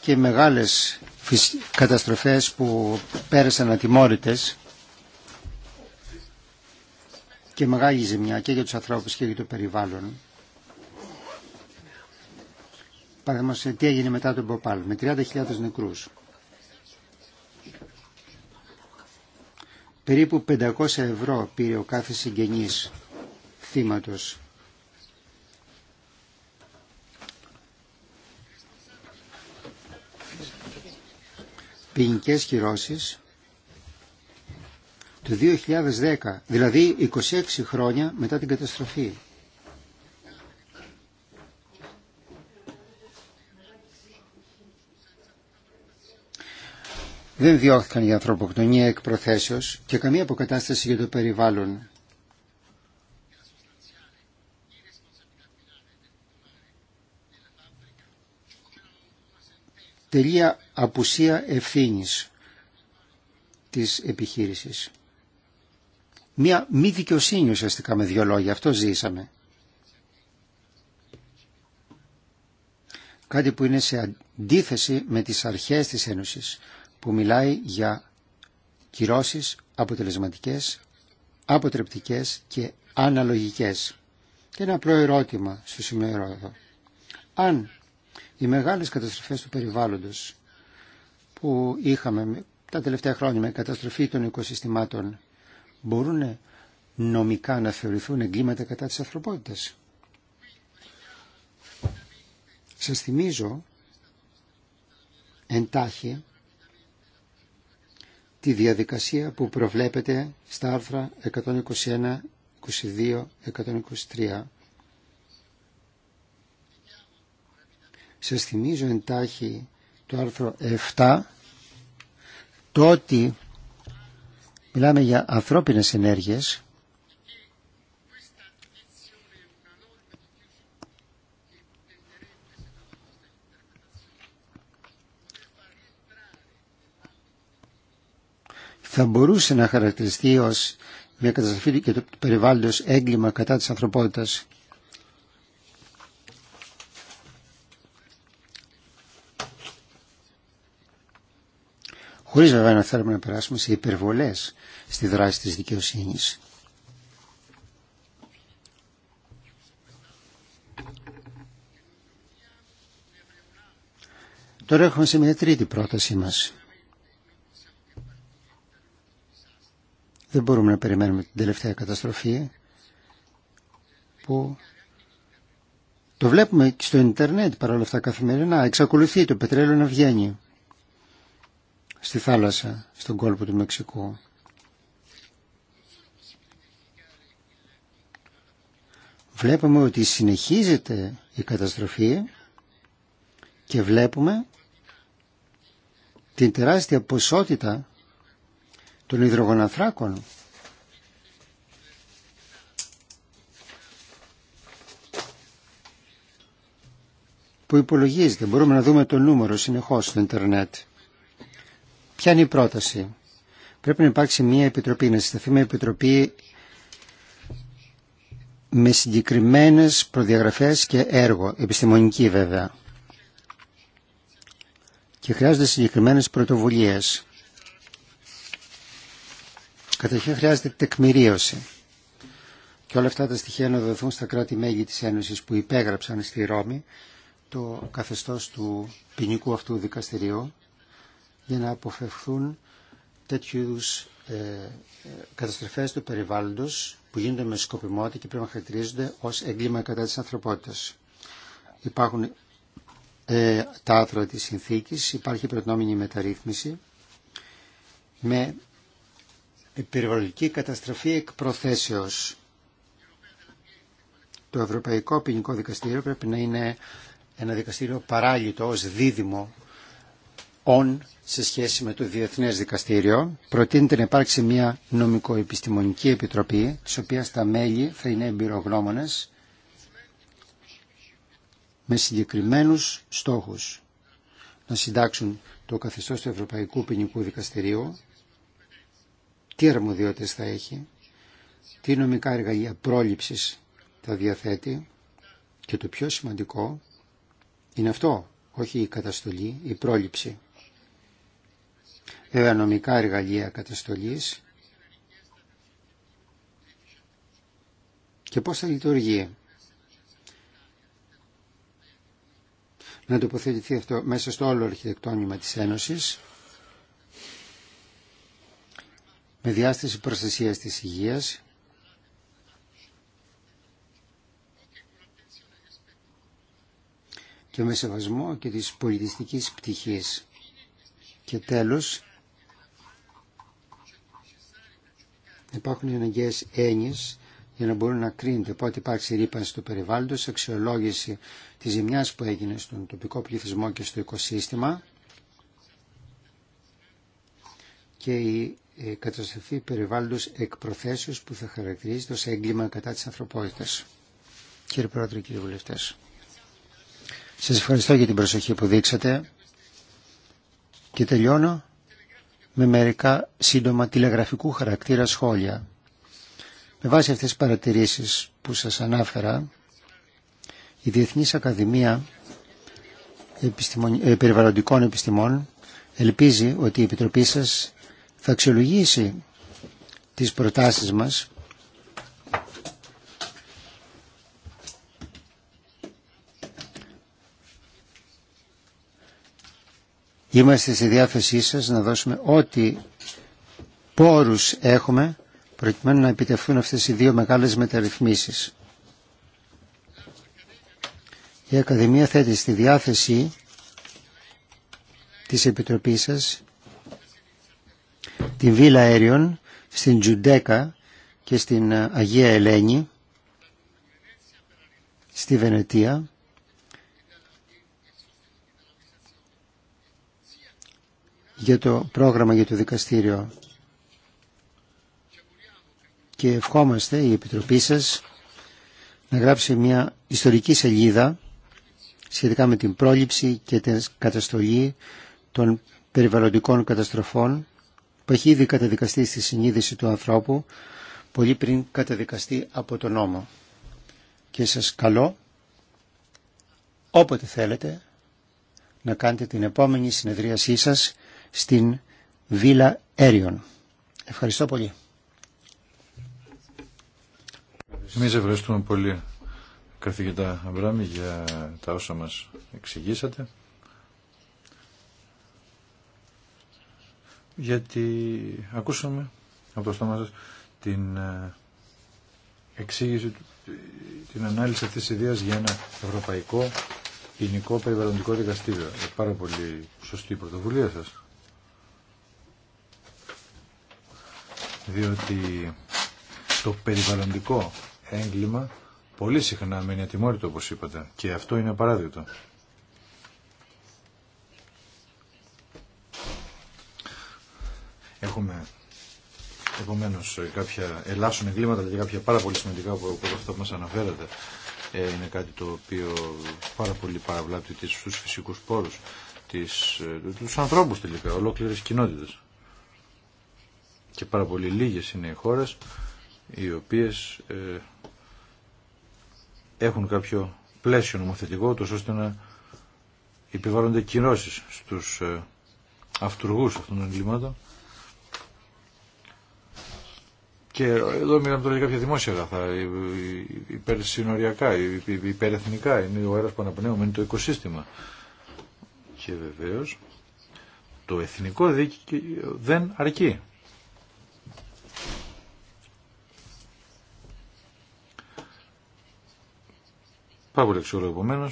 και μεγάλες καταστροφές που πέρασαν ατιμόρυτες και μεγάλη ζημιά και για τους ανθρώπους και για το περιβάλλον. Παραδείγματος, τι έγινε μετά τον Ποπάλ, με 30.000 νεκρούς. Περίπου 500 ευρώ πήρε ο κάθε συγγενής θύματος. Ποινικές κυρώσεις το 2010, δηλαδή 26 χρόνια μετά την καταστροφή. Δεν διώχθηκαν οι ανθρωποκτονία εκ προθέσεως και καμία αποκατάσταση για το περιβάλλον. Τελεία απουσία ευθύνης της επιχείρησης. Μία μη δικαιοσύνη ουσιαστικά με δύο λόγια. Αυτό ζήσαμε. Κάτι που είναι σε αντίθεση με τις αρχές της Ένωσης που μιλάει για κυρώσεις αποτελεσματικές, αποτρεπτικές και αναλογικές. Και ένα απλό ερώτημα στο σημείο εδώ. Αν οι μεγάλες καταστροφές του περιβάλλοντος που είχαμε τα τελευταία χρόνια με καταστροφή των οικοσυστημάτων μπορούν νομικά να θεωρηθούν εγκλήματα κατά της ανθρωπότητας. Σας θυμίζω εντάχει τη διαδικασία που προβλέπεται στα άρθρα 121, 22, 123. Σας θυμίζω εντάχει το άρθρο 7 το ότι Μιλάμε για ανθρώπινες ενέργειες θα μπορούσε να χαρακτηριστεί ως μια καταστροφή και το περιβάλλοντος έγκλημα κατά της ανθρωπότητας. χωρίς βέβαια να θέλουμε να περάσουμε σε υπερβολές στη δράση της δικαιοσύνης. Τώρα έχουμε σε μια τρίτη πρόταση μας. Δεν μπορούμε να περιμένουμε την τελευταία καταστροφή που το βλέπουμε και στο ίντερνετ παρόλα αυτά καθημερινά. Εξακολουθεί το πετρέλαιο να βγαίνει στη θάλασσα, στον κόλπο του Μεξικού. Βλέπουμε ότι συνεχίζεται η καταστροφή και βλέπουμε την τεράστια ποσότητα των υδρογοναθράκων που υπολογίζεται. Μπορούμε να δούμε το νούμερο συνεχώς στο Ιντερνετ. Ποια είναι η πρόταση. Πρέπει να υπάρξει μια επιτροπή, να συσταθεί μια επιτροπή με συγκεκριμένες προδιαγραφές και έργο, επιστημονική βέβαια. Και χρειάζονται συγκεκριμένες πρωτοβουλίες. Καταρχήν χρειάζεται τεκμηρίωση. Και όλα αυτά τα στοιχεία να δοθούν στα κράτη-μέγη της Ένωσης που υπέγραψαν στη Ρώμη το καθεστώς του ποινικού αυτού δικαστηρίου για να αποφευχθούν τέτοιου είδου ε, ε, καταστροφές του περιβάλλοντος που γίνονται με σκοπιμότητα και πρέπει να χαρακτηρίζονται ως έγκλημα κατά τη ανθρωπότητας. Υπάρχουν ε, τα άθρα της συνθήκης, υπάρχει προτινόμενη μεταρρύθμιση με περιβαλλοντική καταστροφή εκ προθέσεως. Το Ευρωπαϊκό Ποινικό Δικαστήριο πρέπει να είναι ένα δικαστήριο παράλληλο ως δίδυμο ΟΝ σε σχέση με το Διεθνές Δικαστήριο προτείνεται να υπάρξει μια νομικοεπιστημονική επιτροπή της οποία τα μέλη θα είναι εμπειρογνώμονε με συγκεκριμένους στόχους να συντάξουν το καθεστώ του Ευρωπαϊκού Ποινικού Δικαστηρίου τι αρμοδιότητε θα έχει τι νομικά εργαλεία πρόληψης θα διαθέτει και το πιο σημαντικό είναι αυτό, όχι η καταστολή, η πρόληψη ευανομικά εργαλεία καταστολής και πώς θα λειτουργεί. Να τοποθετηθεί αυτό μέσα στο όλο αρχιτεκτόνιμα της Ένωσης με διάσταση προστασίας της υγείας και με σεβασμό και της πολιτιστικής πτυχής. Και τέλος, Υπάρχουν οι αναγκαίε έννοιε για να μπορούν να κρίνονται πότε υπάρξει ρήπανση του περιβάλλοντο, αξιολόγηση τη ζημιά που έγινε στον τοπικό πληθυσμό και στο οικοσύστημα και η ε, καταστροφή περιβάλλοντος εκ προθέσεως που θα χαρακτηρίζεται ως έγκλημα κατά της ανθρωπότητας. Κύριε Πρόεδρε, κύριε Βουλευτές, σας ευχαριστώ για την προσοχή που δείξατε και τελειώνω με μερικά σύντομα τηλεγραφικού χαρακτήρα σχόλια. Με βάση αυτές τις παρατηρήσεις που σας ανάφερα, η Διεθνής Ακαδημία ε, Περιβαλλοντικών Επιστημών ελπίζει ότι η Επιτροπή σας θα αξιολογήσει τις προτάσεις μας Είμαστε στη διάθεσή σας να δώσουμε ό,τι πόρους έχουμε προκειμένου να επιτευχθούν αυτές οι δύο μεγάλες μεταρρυθμίσεις. Η Ακαδημία θέτει στη διάθεση της Επιτροπής σας την Βίλα Έριον στην Τζουντέκα και στην Αγία Ελένη, στη Βενετία, για το πρόγραμμα για το δικαστήριο και ευχόμαστε η Επιτροπή σας να γράψει μια ιστορική σελίδα σχετικά με την πρόληψη και την καταστολή των περιβαλλοντικών καταστροφών που έχει ήδη καταδικαστεί στη συνείδηση του ανθρώπου πολύ πριν καταδικαστεί από τον νόμο. Και σας καλώ όποτε θέλετε να κάνετε την επόμενη συνεδρίασή σας στην Βίλα Έριον. Ευχαριστώ πολύ. Εμείς ευχαριστούμε πολύ καθηγητά Αμπράμι για τα όσα μας εξηγήσατε. Γιατί ακούσαμε από το στόμα σας την ε, εξήγηση, την ανάλυση αυτής της ιδέας για ένα ευρωπαϊκό ποινικό περιβαλλοντικό δικαστήριο. Πάρα πολύ σωστή η πρωτοβουλία σας. διότι το περιβαλλοντικό έγκλημα πολύ συχνά μένει ατιμόρυτο όπως είπατε και αυτό είναι απαράδεκτο. Έχουμε επομένω κάποια ελάσσον εγκλήματα και δηλαδή κάποια πάρα πολύ σημαντικά από αυτό που μας αναφέρατε ε, είναι κάτι το οποίο πάρα πολύ παραβλάπτει τους φυσικούς πόρους, τις, ε, τους ανθρώπους τελικά, ολόκληρες κοινότητες και πάρα πολύ λίγες είναι οι χώρες οι οποίες ε, έχουν κάποιο πλαίσιο νομοθετικό τόσο ώστε να επιβάλλονται κυρώσεις στους ε, αυτούργους αυτών των εγκλημάτων και εδώ μιλάμε τώρα για κάποια δημόσια αγαθά, ε, υπερσυνοριακά, ε, υπερεθνικά, είναι ο αέρας που αναπνέουμε, είναι το οικοσύστημα. Και βεβαίως το εθνικό δίκαιο δεν αρκεί. Πάρα πολύ επομένω.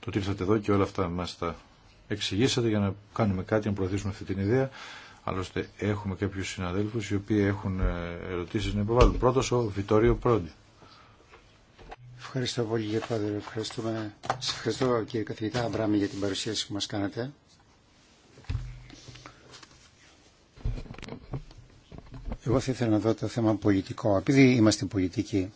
Το ότι ήρθατε εδώ και όλα αυτά μα τα εξηγήσατε για να κάνουμε κάτι, να προωθήσουμε αυτή την ιδέα. Άλλωστε έχουμε κάποιου συναδέλφου οι οποίοι έχουν ε, ερωτήσει να υποβάλουν. Πρώτο ο Βιτόριο Πρόντι. Ευχαριστώ πολύ κύριε Πρόεδρε. Ευχαριστούμε. ευχαριστώ κύριε καθηγητά Αμπράμι για την παρουσίαση που μα κάνατε. Εγώ θα ήθελα να δω το θέμα πολιτικό, επειδή είμαστε πολιτικοί.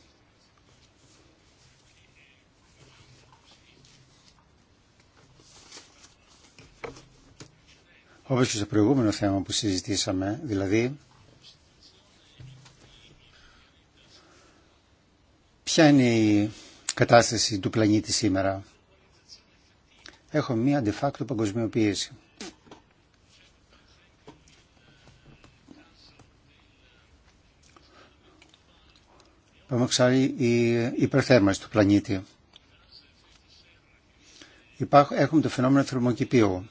όχι το στο προηγούμενο θέμα που συζητήσαμε, δηλαδή ποια είναι η κατάσταση του πλανήτη σήμερα. Έχουμε μία de facto παγκοσμιοποίηση. Πάμε ξάρει η υπερθέρμανση του πλανήτη. έχουμε το φαινόμενο θερμοκηπίου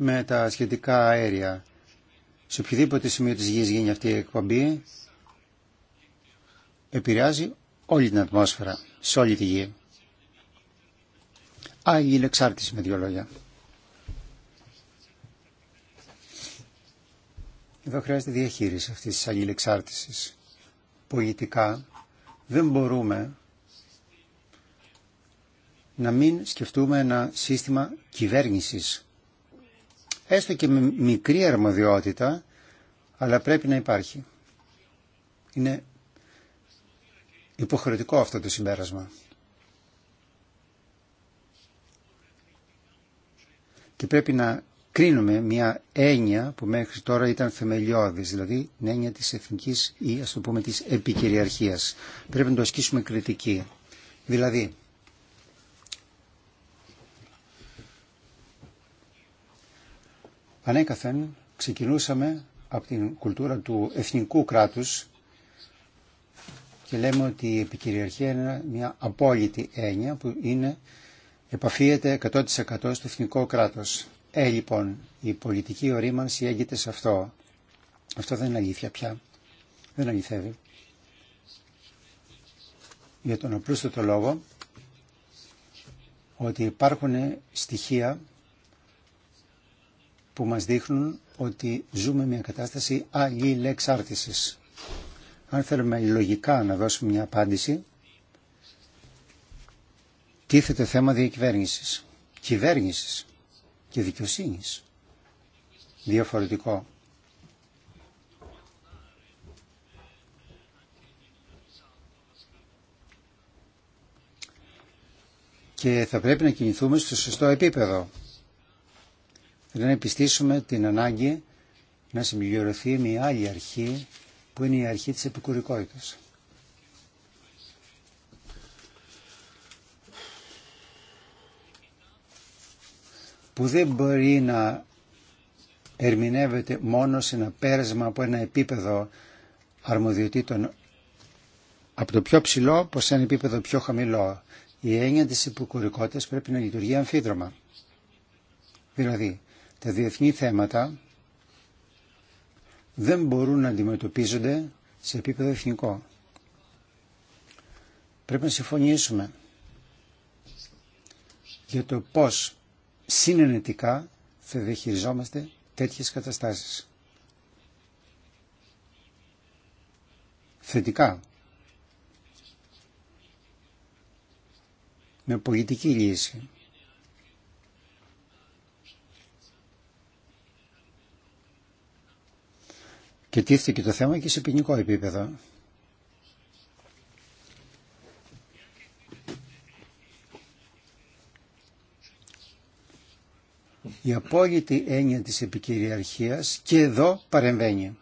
με τα σχετικά αέρια. Σε οποιοδήποτε σημείο της γης γίνει αυτή η εκπομπή, επηρεάζει όλη την ατμόσφαιρα, σε όλη τη γη. Άγιοι με δύο λόγια. Εδώ χρειάζεται διαχείριση αυτής της αλληλεξάρτησης. Πολιτικά δεν μπορούμε να μην σκεφτούμε ένα σύστημα κυβέρνησης έστω και με μικρή αρμοδιότητα, αλλά πρέπει να υπάρχει. Είναι υποχρεωτικό αυτό το συμπέρασμα. Και πρέπει να κρίνουμε μια έννοια που μέχρι τώρα ήταν θεμελιώδης, δηλαδή την έννοια της εθνικής ή ας το πούμε της επικυριαρχίας. Πρέπει να το ασκήσουμε κριτική. Δηλαδή, Ανέκαθεν ξεκινούσαμε από την κουλτούρα του εθνικού κράτους και λέμε ότι η επικυριαρχία είναι μια απόλυτη έννοια που είναι επαφίεται 100% στο εθνικό κράτος. Ε, λοιπόν, η πολιτική ορίμανση έγκυται σε αυτό. Αυτό δεν είναι αλήθεια πια. Δεν αληθεύει. Για τον το λόγο ότι υπάρχουν στοιχεία που μας δείχνουν ότι ζούμε μια κατάσταση αλληλεξάρτησης. Αν θέλουμε λογικά να δώσουμε μια απάντηση, τίθεται θέμα διακυβέρνησης, κυβέρνησης και δικαιοσύνης. Διαφορετικό. Και θα πρέπει να κινηθούμε στο σωστό επίπεδο Θέλω να επιστήσουμε την ανάγκη να συμπληρωθεί μια άλλη αρχή που είναι η αρχή της επικουρικότητας. που δεν μπορεί να ερμηνεύεται μόνο σε ένα πέρασμα από ένα επίπεδο αρμοδιοτήτων από το πιο ψηλό προς ένα επίπεδο πιο χαμηλό. Η έννοια της υποκουρικότητας πρέπει να λειτουργεί αμφίδρομα. Δηλαδή, τα διεθνή θέματα δεν μπορούν να αντιμετωπίζονται σε επίπεδο εθνικό. Πρέπει να συμφωνήσουμε για το πώς συνενετικά θα διαχειριζόμαστε τέτοιες καταστάσεις. Θετικά. Με πολιτική λύση. Και τίθηκε το θέμα και σε ποινικό επίπεδο. Η απόλυτη έννοια της επικυριαρχίας και εδώ παρεμβαίνει.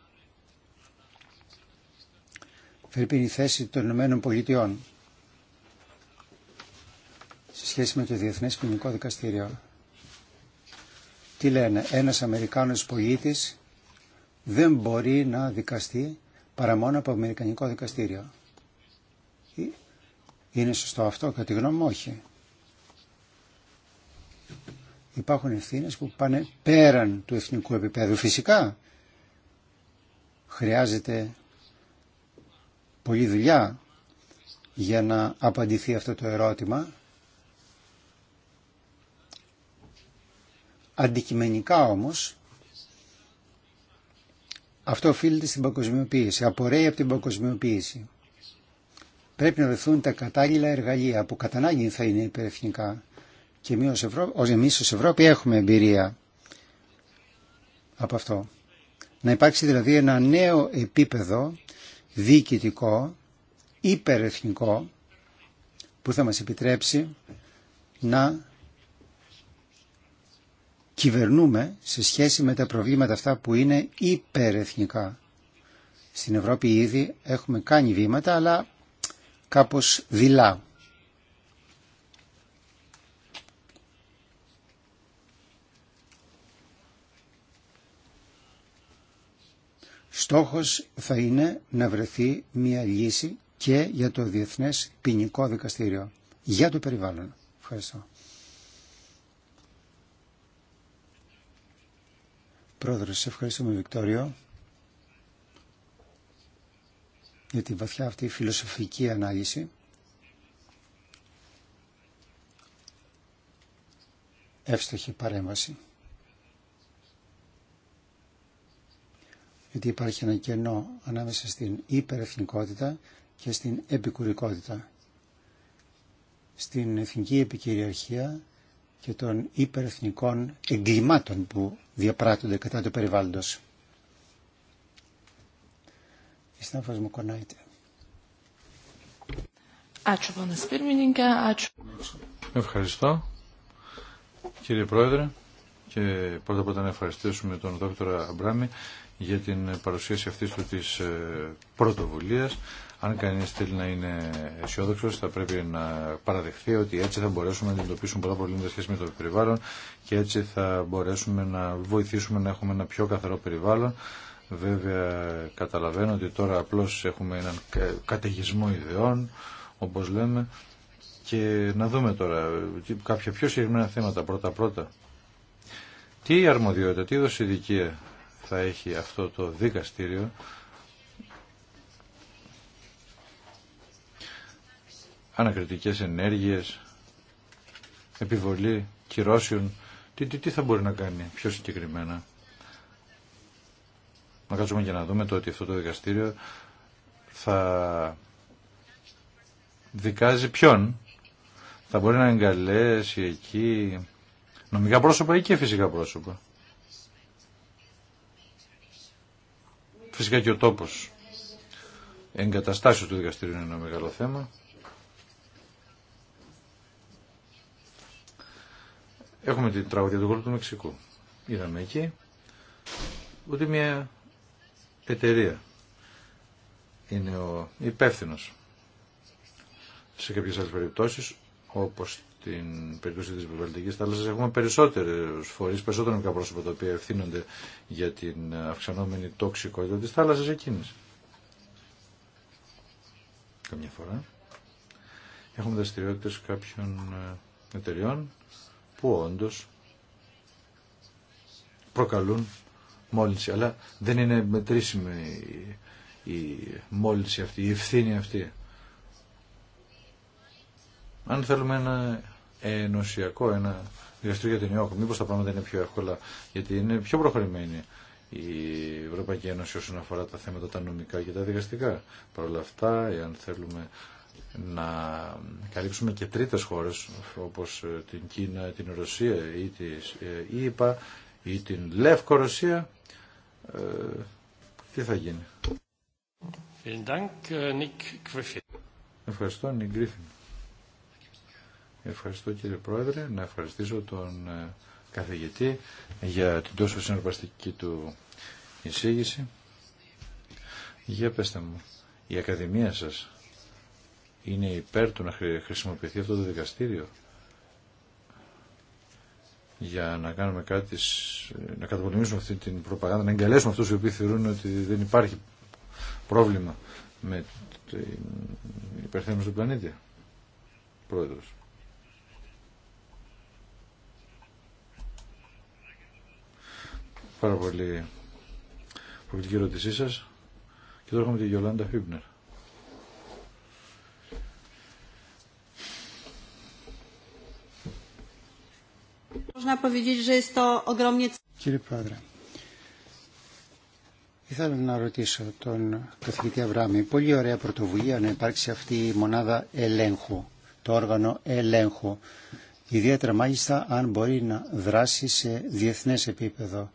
Φερπίνη η θέση των Ηνωμένων Πολιτειών σε σχέση με το Διεθνές Ποινικό Δικαστήριο. Τι λένε, ένας Αμερικάνος πολίτης δεν μπορεί να δικαστεί παρά μόνο από Αμερικανικό δικαστήριο. Ε, είναι σωστό αυτό, κατά τη γνώμη μου, όχι. Υπάρχουν ευθύνε που πάνε πέραν του εθνικού επίπεδου. Φυσικά χρειάζεται πολλή δουλειά για να απαντηθεί αυτό το ερώτημα. Αντικειμενικά όμως αυτό οφείλεται στην παγκοσμιοποίηση, απορρέει από την παγκοσμιοποίηση. Πρέπει να δοθούν τα κατάλληλα εργαλεία που κατά θα είναι υπερεθνικά. Και εμεί ω Ευρώπη έχουμε εμπειρία από αυτό. Να υπάρξει δηλαδή ένα νέο επίπεδο διοικητικό, υπερεθνικό, που θα μας επιτρέψει να κυβερνούμε σε σχέση με τα προβλήματα αυτά που είναι υπερεθνικά. Στην Ευρώπη ήδη έχουμε κάνει βήματα, αλλά κάπως δειλά. Στόχος θα είναι να βρεθεί μια λύση και για το Διεθνές Ποινικό Δικαστήριο, για το περιβάλλον. Ευχαριστώ. σε ευχαριστούμε Βικτόριο για τη βαθιά αυτή φιλοσοφική ανάλυση. Εύστοχη παρέμβαση. Γιατί υπάρχει ένα κενό ανάμεσα στην υπερεθνικότητα και στην επικουρικότητα. Στην εθνική επικυριαρχία και των υπερεθνικών εγκλημάτων που διαπράττονται κατά το περιβάλλοντος. Ευχαριστώ κύριε Πρόεδρε και πρώτα απ' όλα να ευχαριστήσουμε τον δόκτωρα Αμπράμι για την παρουσίαση αυτής του της ε, πρωτοβουλίας αν κανείς θέλει να είναι αισιόδοξο, θα πρέπει να παραδεχθεί ότι έτσι θα μπορέσουμε να αντιμετωπίσουμε πολλά προβλήματα σχέση με το περιβάλλον και έτσι θα μπορέσουμε να βοηθήσουμε να έχουμε ένα πιο καθαρό περιβάλλον. Βέβαια καταλαβαίνω ότι τώρα απλώς έχουμε έναν καταιγισμό ιδεών, όπως λέμε, και να δούμε τώρα κάποια πιο συγκεκριμένα θέματα πρώτα-πρώτα. Τι αρμοδιότητα, τι ειδικία θα έχει αυτό το δικαστήριο ανακριτικές ενέργειες, επιβολή κυρώσεων. Τι, τι, τι θα μπορεί να κάνει πιο συγκεκριμένα. Να κάτσουμε και να δούμε το ότι αυτό το δικαστήριο θα δικάζει ποιον. Θα μπορεί να εγκαλέσει εκεί νομικά πρόσωπα ή και φυσικά πρόσωπα. Φυσικά και ο τόπος εγκαταστάσεως του δικαστήριου είναι ένα μεγάλο θέμα. Έχουμε την τραγωδία του Γκολ του Μεξικού. Είδαμε εκεί ότι μια εταιρεία είναι ο υπεύθυνο. Σε κάποιε άλλε περιπτώσει, όπω στην περίπτωση τη Βαλτική θάλασσα, έχουμε περισσότερε φορεί, περισσότερα μικρά πρόσωπα τα οποία ευθύνονται για την αυξανόμενη τοξικότητα τη θάλασσα εκείνη. Καμιά φορά έχουμε δραστηριότητε κάποιων ε, εταιρεών που όντως προκαλούν μόλυνση. Αλλά δεν είναι μετρήσιμη η μόλυνση αυτή, η ευθύνη αυτή. Αν θέλουμε ένα ενωσιακό, ένα δικαστήριο για την ΙΟΚ, μήπως τα πράγματα είναι πιο εύκολα, γιατί είναι πιο προχωρημένη η Ευρωπαϊκή Ένωση όσον αφορά τα θέματα τα νομικά και τα δικαστικά. Παρ' όλα αυτά, εάν θέλουμε να καλύψουμε και τρίτες χώρες όπως την Κίνα, την Ρωσία ή την ε, ΙΠΑ ή την Λευκο-Ρωσία ε, τι θα γίνει. Äh, Ευχαριστώ, Νικ Γκρίφιν. Ευχαριστώ κύριε Πρόεδρε, να ευχαριστήσω τον ε, καθηγητή για την τόσο συναρπαστική του εισήγηση. Για πέστε μου, η Ακαδημία σας είναι υπέρ του να χρησιμοποιηθεί αυτό το δικαστήριο για να κάνουμε κάτι, να καταπολεμήσουμε αυτή την προπαγάνδα, να εγκαλέσουμε αυτούς οι οποίοι θεωρούν ότι δεν υπάρχει πρόβλημα με την υπερθέμιση του πλανήτη. Πρόεδρος. Πάρα πολύ προκλητική ερώτησή σας. Και τώρα έχουμε τη Γιολάντα Φίπνερ. Κύριε Πρόεδρε, ήθελα να ρωτήσω τον καθηγητή Αβράμη. Πολύ ωραία πρωτοβουλία να υπάρξει αυτή η μονάδα ελέγχου, το όργανο ελέγχου. Ιδιαίτερα μάλιστα αν μπορεί να δράσει σε διεθνές επίπεδο.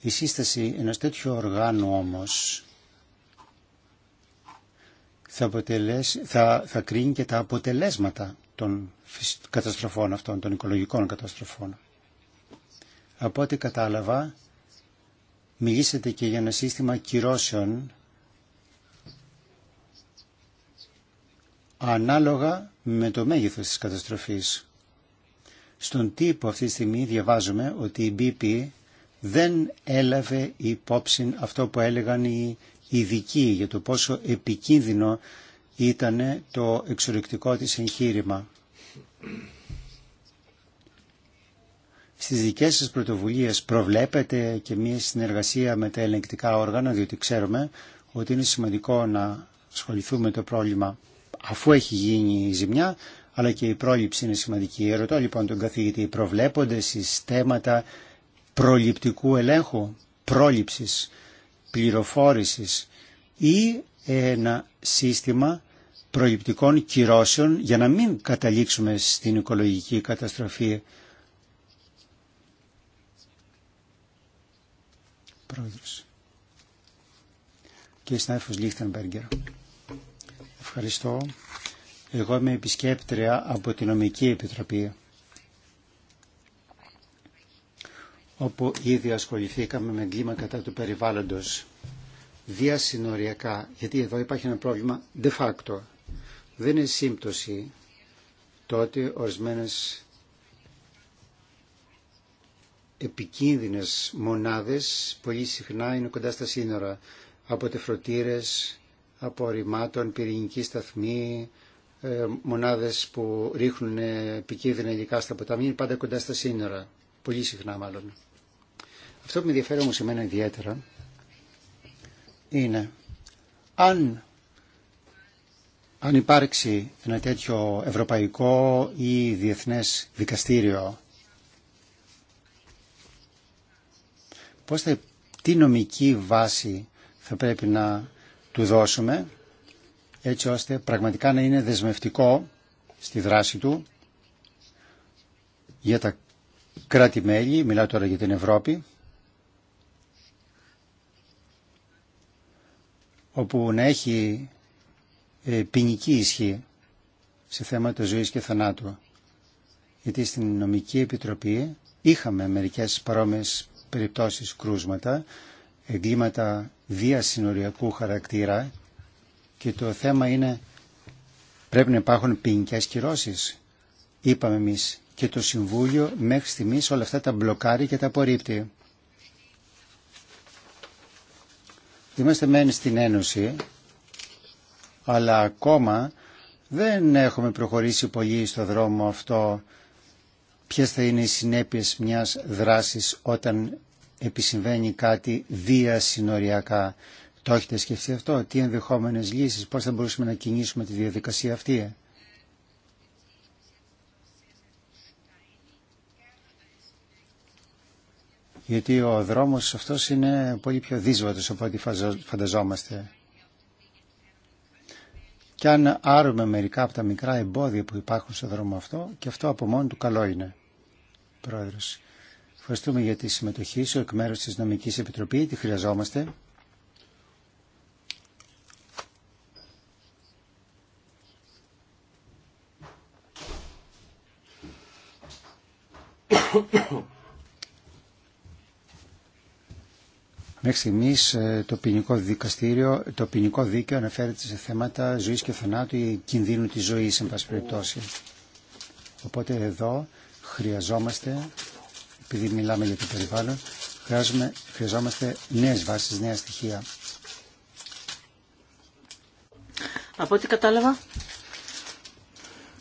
Η σύσταση ενός τέτοιου οργάνου όμως θα, θα, θα κρίνει και τα αποτελέσματα των καταστροφών αυτών, των οικολογικών καταστροφών. Από ό,τι κατάλαβα, μιλήσατε και για ένα σύστημα κυρώσεων ανάλογα με το μέγεθος της καταστροφής. Στον τύπο αυτή τη στιγμή διαβάζουμε ότι η BP δεν έλαβε υπόψη αυτό που έλεγαν οι ειδικοί για το πόσο επικίνδυνο ήταν το εξορρυκτικό της εγχείρημα στις δικές σας πρωτοβουλίες προβλέπετε και μία συνεργασία με τα ελεγκτικά όργανα, διότι ξέρουμε ότι είναι σημαντικό να ασχοληθούμε το πρόβλημα αφού έχει γίνει η ζημιά, αλλά και η πρόληψη είναι σημαντική. Ερωτώ λοιπόν τον καθηγητή, προβλέπονται συστήματα προληπτικού ελέγχου, πρόληψης, πληροφόρησης ή ένα σύστημα προληπτικών κυρώσεων για να μην καταλήξουμε στην οικολογική καταστροφή Πρόεδρος. Και συνάδελφος Λίχτενμπεργκερ. Ευχαριστώ. Εγώ είμαι επισκέπτρια από την Νομική Επιτροπή όπου ήδη ασχοληθήκαμε με κλίμα κατά του περιβάλλοντος διασυνοριακά, γιατί εδώ υπάρχει ένα πρόβλημα de facto. Δεν είναι σύμπτωση τότε ορισμένες επικίνδυνες μονάδες πολύ συχνά είναι κοντά στα σύνορα από τεφροτήρες, από ρημάτων, πυρηνική σταθμή, ε, μονάδες που ρίχνουν επικίνδυνα υλικά στα ποτάμια είναι πάντα κοντά στα σύνορα, πολύ συχνά μάλλον. Αυτό που με ενδιαφέρει όμως εμένα ιδιαίτερα είναι αν, αν υπάρξει ένα τέτοιο ευρωπαϊκό ή διεθνές δικαστήριο πώς θα, τι νομική βάση θα πρέπει να του δώσουμε έτσι ώστε πραγματικά να είναι δεσμευτικό στη δράση του για τα κράτη-μέλη, μιλάω τώρα για την Ευρώπη, όπου να έχει ε, ποινική ισχύ σε θέματα ζωής και θανάτου. Γιατί στην Νομική Επιτροπή είχαμε μερικές παρόμοιες περιπτώσεις κρούσματα, εγκλήματα διασυνοριακού χαρακτήρα και το θέμα είναι πρέπει να υπάρχουν ποινικέ κυρώσει. Είπαμε εμεί και το Συμβούλιο μέχρι στιγμής όλα αυτά τα μπλοκάρει και τα απορρίπτει. Είμαστε μένει στην Ένωση, αλλά ακόμα δεν έχουμε προχωρήσει πολύ στο δρόμο αυτό ποιες θα είναι οι συνέπειες μιας δράσης όταν επισυμβαίνει κάτι διασυνοριακά. Το έχετε σκεφτεί αυτό, τι ενδεχόμενες λύσεις, πώς θα μπορούσαμε να κινήσουμε τη διαδικασία αυτή. Ε? Γιατί ο δρόμος αυτός είναι πολύ πιο δύσβατος από ό,τι φανταζόμαστε. Και αν άρουμε μερικά από τα μικρά εμπόδια που υπάρχουν στο δρόμο αυτό, και αυτό από μόνο του καλό είναι. Πρόεδρος. Ευχαριστούμε για τη συμμετοχή σου εκ μέρου της Νομική Επιτροπή. Τη χρειαζόμαστε. Μέχρι στιγμή ε, το ποινικό δικαστήριο, το ποινικό δίκαιο αναφέρεται σε θέματα ζωή και θανάτου ή κινδύνου τη ζωή, εν πάση περιπτώσει. Οπότε εδώ χρειαζόμαστε, επειδή μιλάμε για το περιβάλλον, χρειαζόμαστε νέες βάσεις, νέα στοιχεία. Από ό,τι κατάλαβα,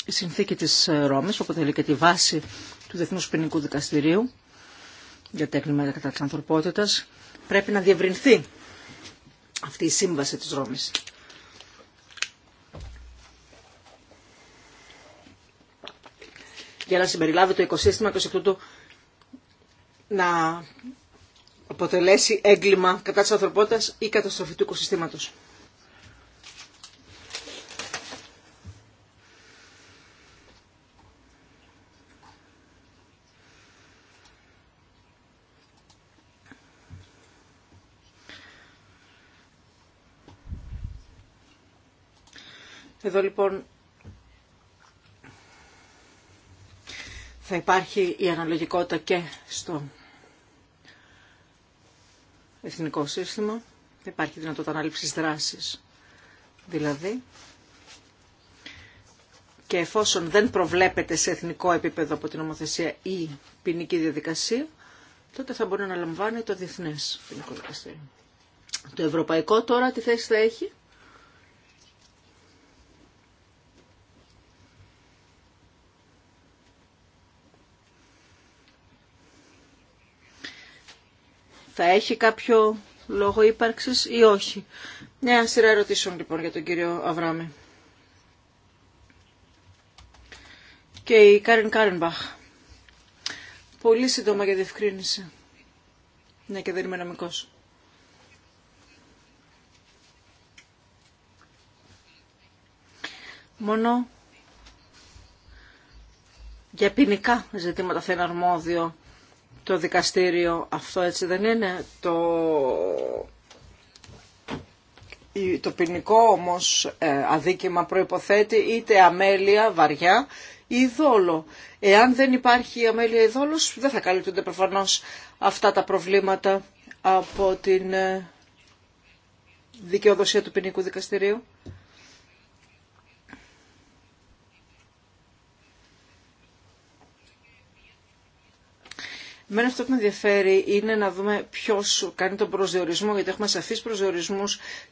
η συνθήκη της Ρώμης, που αποτελεί και τη βάση του Διεθνούς Ποινικού Δικαστηρίου για τα κατά της ανθρωπότητας, πρέπει να διευρυνθεί αυτή η σύμβαση της Ρώμης. για να συμπεριλάβει το οικοσύστημα και ως εκ τούτου να αποτελέσει έγκλημα κατά της ανθρωπότητας ή καταστροφή του οικοσυστήματος. Εδώ λοιπόν θα υπάρχει η αναλογικότητα και στο εθνικό σύστημα. Θα υπάρχει δυνατότητα ανάληψης δράσης. Δηλαδή, και εφόσον δεν προβλέπεται σε εθνικό επίπεδο από την νομοθεσία η ποινική διαδικασία, τότε θα μπορεί να λαμβάνει το διεθνές ποινικό δικαστήριο. Το ευρωπαϊκό τώρα τι θέση θα έχει. θα έχει κάποιο λόγο ύπαρξης ή όχι. Μια σειρά ερωτήσεων λοιπόν για τον κύριο Αβράμι. Και η Κάριν Κάρενμπαχ. Πολύ σύντομα για διευκρίνηση. Ναι και δεν είμαι νομικός. Μόνο για ποινικά ζητήματα θα είναι αρμόδιο το δικαστήριο αυτό έτσι δεν είναι το το ποινικό όμως ε, αδίκημα προϋποθέτει είτε αμέλεια βαριά ή δόλο. Εάν δεν υπάρχει αμέλεια ή δόλος δεν θα καλύπτονται προφανώς αυτά τα προβλήματα από την ε, δικαιοδοσία του ποινικού δικαστηρίου. Μένα αυτό που με ενδιαφέρει είναι να δούμε ποιο κάνει τον προσδιορισμό, γιατί έχουμε σαφεί προσδιορισμού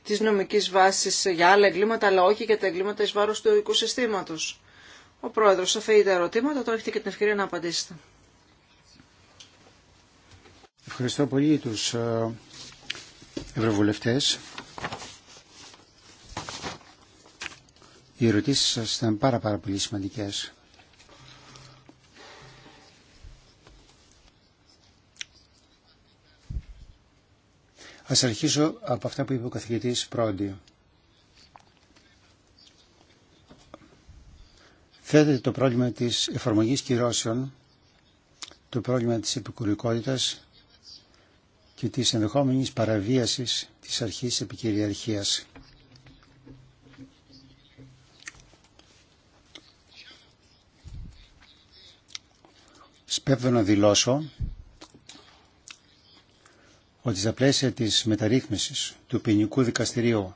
τη νομική βάση για άλλα εγκλήματα, αλλά όχι για τα εγκλήματα ει βάρο του οικοσυστήματο. Ο πρόεδρο αφαιρεί τα ερωτήματα, τώρα έχετε και την ευκαιρία να απαντήσετε. Ευχαριστώ πολύ του ε, ευρωβουλευτέ. Οι ερωτήσει σα ήταν πάρα, πάρα πολύ σημαντικέ. Ας αρχίσω από αυτά που είπε ο καθηγητής Πρόντι. Θέτεται το πρόβλημα της εφαρμογής κυρώσεων, το πρόβλημα της επικουρικότητας και της ενδεχόμενης παραβίασης της αρχής επικυριαρχίας. Σπέβδω να δηλώσω ότι στα πλαίσια της μεταρρύθμισης του ποινικού δικαστηρίου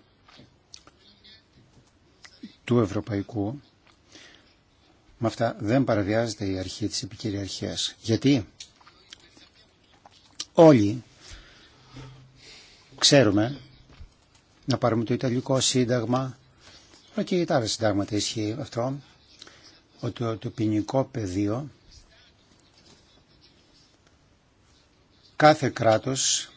του Ευρωπαϊκού με αυτά δεν παραβιάζεται η αρχή της επικυριαρχίας. Γιατί όλοι ξέρουμε να πάρουμε το Ιταλικό Σύνταγμα αλλά και τα άλλα συντάγματα ισχύει αυτό ότι το, το ποινικό πεδίο κάθε κράτος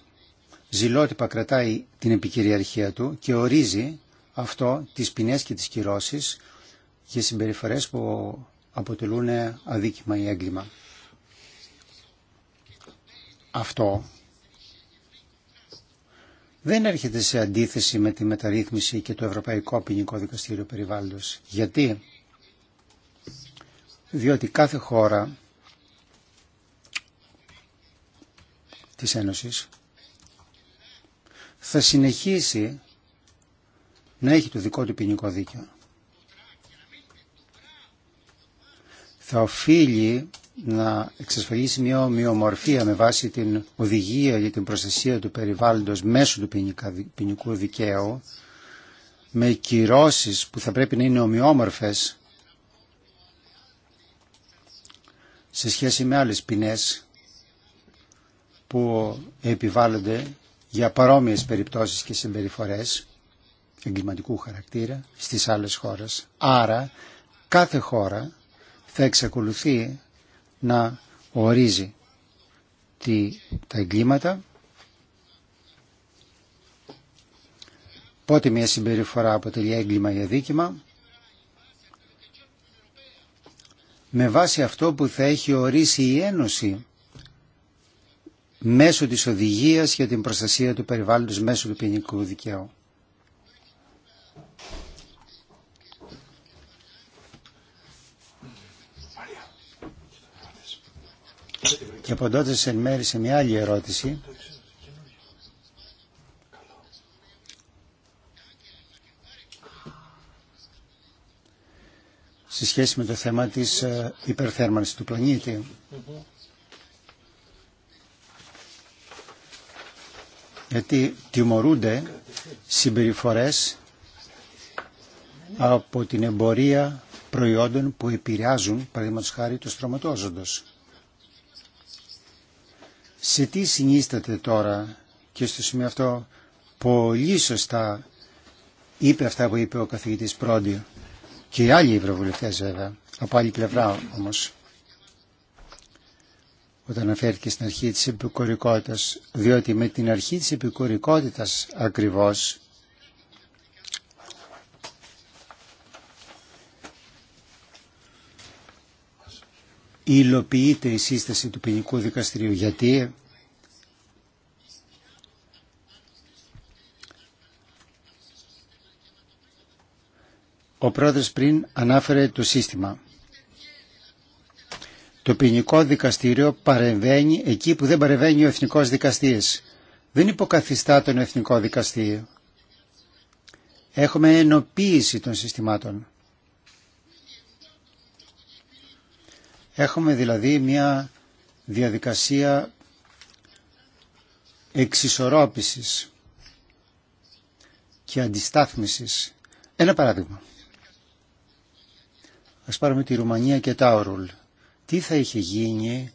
ζηλότυπα κρατάει την επικυριαρχία του και ορίζει αυτό τις ποινές και τις κυρώσεις για συμπεριφορές που αποτελούν αδίκημα ή έγκλημα. Αυτό δεν έρχεται σε αντίθεση με τη μεταρρύθμιση και το Ευρωπαϊκό Ποινικό Δικαστήριο Περιβάλλοντος. Γιατί? Διότι κάθε χώρα της Ένωσης θα συνεχίσει να έχει το δικό του ποινικό δίκαιο. Θα οφείλει να εξασφαλίσει μια ομοιομορφία με βάση την οδηγία για την προστασία του περιβάλλοντος μέσω του ποινικού δικαίου με κυρώσεις που θα πρέπει να είναι ομοιόμορφες σε σχέση με άλλες ποινές που επιβάλλονται για παρόμοιες περιπτώσεις και συμπεριφορές εγκληματικού χαρακτήρα στις άλλες χώρες. Άρα κάθε χώρα θα εξακολουθεί να ορίζει τα εγκλήματα πότε μια συμπεριφορά αποτελεί έγκλημα ή αδίκημα με βάση αυτό που θα έχει ορίσει η Ένωση μέσω της οδηγίας για την προστασία του περιβάλλοντος μέσω του ποινικού δικαίου. Και από εν μέρη σε μια άλλη ερώτηση, σε σχέση με το θέμα της ε, υπερθέρμανσης του πλανήτη. γιατί τιμωρούνται συμπεριφορές από την εμπορία προϊόντων που επηρεάζουν, παραδείγματος χάρη, το στρωματόζοντος. Σε τι συνίσταται τώρα και στο σημείο αυτό πολύ σωστά είπε αυτά που είπε ο καθηγητής Πρόντιο και οι άλλοι ευρωβουλευτές βέβαια, από άλλη πλευρά όμως όταν αναφέρθηκε στην αρχή της επικορικότητας, διότι με την αρχή της επικορικότητας ακριβώς υλοποιείται η σύσταση του ποινικού δικαστηρίου. Γιατί ο πρόεδρος πριν ανάφερε το σύστημα το ποινικό δικαστήριο παρεμβαίνει εκεί που δεν παρεμβαίνει ο εθνικός δικαστής. Δεν υποκαθιστά τον εθνικό δικαστή. Έχουμε ενοποίηση των συστημάτων. Έχουμε δηλαδή μια διαδικασία εξισορρόπησης και αντιστάθμισης. Ένα παράδειγμα. Ας πάρουμε τη Ρουμανία και τα Ορουλ τι θα είχε γίνει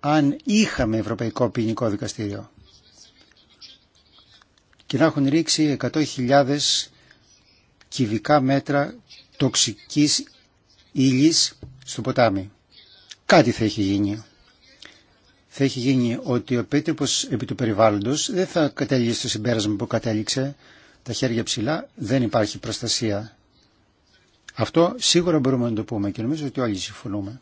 αν είχαμε Ευρωπαϊκό Ποινικό Δικαστήριο και να έχουν ρίξει 100.000 κυβικά μέτρα τοξικής ύλης στο ποτάμι. Κάτι θα είχε γίνει. Θα είχε γίνει ότι ο Πέτρος, επί του περιβάλλοντος δεν θα κατέληγε στο συμπέρασμα που κατέληξε τα χέρια ψηλά, δεν υπάρχει προστασία. Αυτό σίγουρα μπορούμε να το πούμε και νομίζω ότι όλοι συμφωνούμε.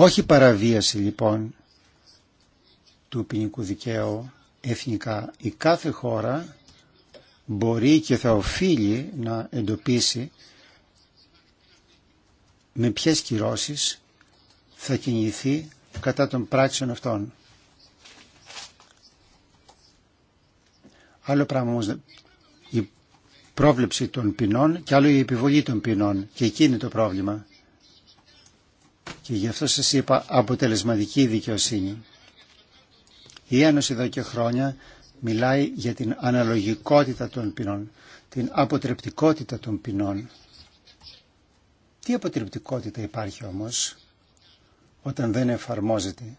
Όχι παραβίαση λοιπόν του ποινικού δικαίου εθνικά. Η κάθε χώρα μπορεί και θα οφείλει να εντοπίσει με ποιες κυρώσεις θα κινηθεί κατά των πράξεων αυτών. Άλλο πράγμα όμως, η πρόβλεψη των ποινών και άλλο η επιβολή των ποινών. Και εκεί είναι το πρόβλημα. Και γι' αυτό σας είπα αποτελεσματική δικαιοσύνη. Η Ένωση εδώ και χρόνια μιλάει για την αναλογικότητα των ποινών, την αποτρεπτικότητα των ποινών. Τι αποτρεπτικότητα υπάρχει όμως όταν δεν εφαρμόζεται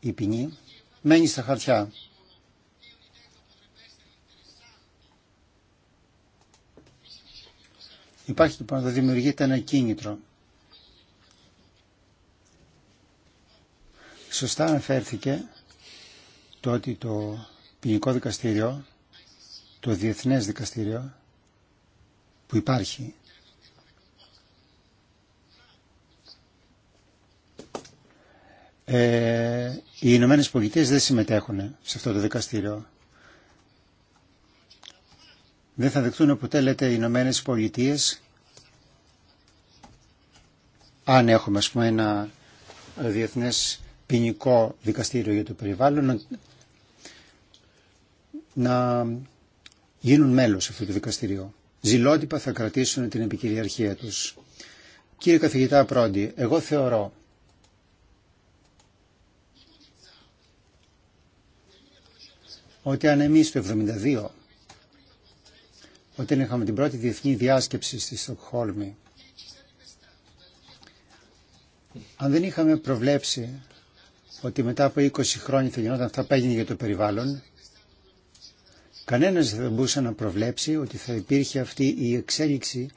η ποινή, μένει στα χαρτιά. Υπάρχει λοιπόν δημιουργείται ένα κίνητρο Σωστά αναφέρθηκε το ότι το ποινικό δικαστήριο, το διεθνές δικαστήριο που υπάρχει, ε, οι Ηνωμένε Πολιτείες δεν συμμετέχουν σε αυτό το δικαστήριο. Δεν θα δεχτούν ποτέ, λέτε, οι Ηνωμένε Πολιτείες αν έχουμε, ας πούμε, ένα διεθνές ποινικό δικαστήριο για το περιβάλλον να, να γίνουν μέλος αυτού του δικαστηρίου. Ζηλότυπα θα κρατήσουν την επικυριαρχία τους. Κύριε καθηγητά Πρόντι, εγώ θεωρώ ότι αν εμείς το 1972, όταν είχαμε την πρώτη διεθνή διάσκεψη στη Στοκχόλμη, αν δεν είχαμε προβλέψει ότι μετά από 20 χρόνια θα γινόταν αυτά που έγινε για το περιβάλλον, κανένας δεν μπορούσε να προβλέψει ότι θα υπήρχε αυτή η εξέλιξη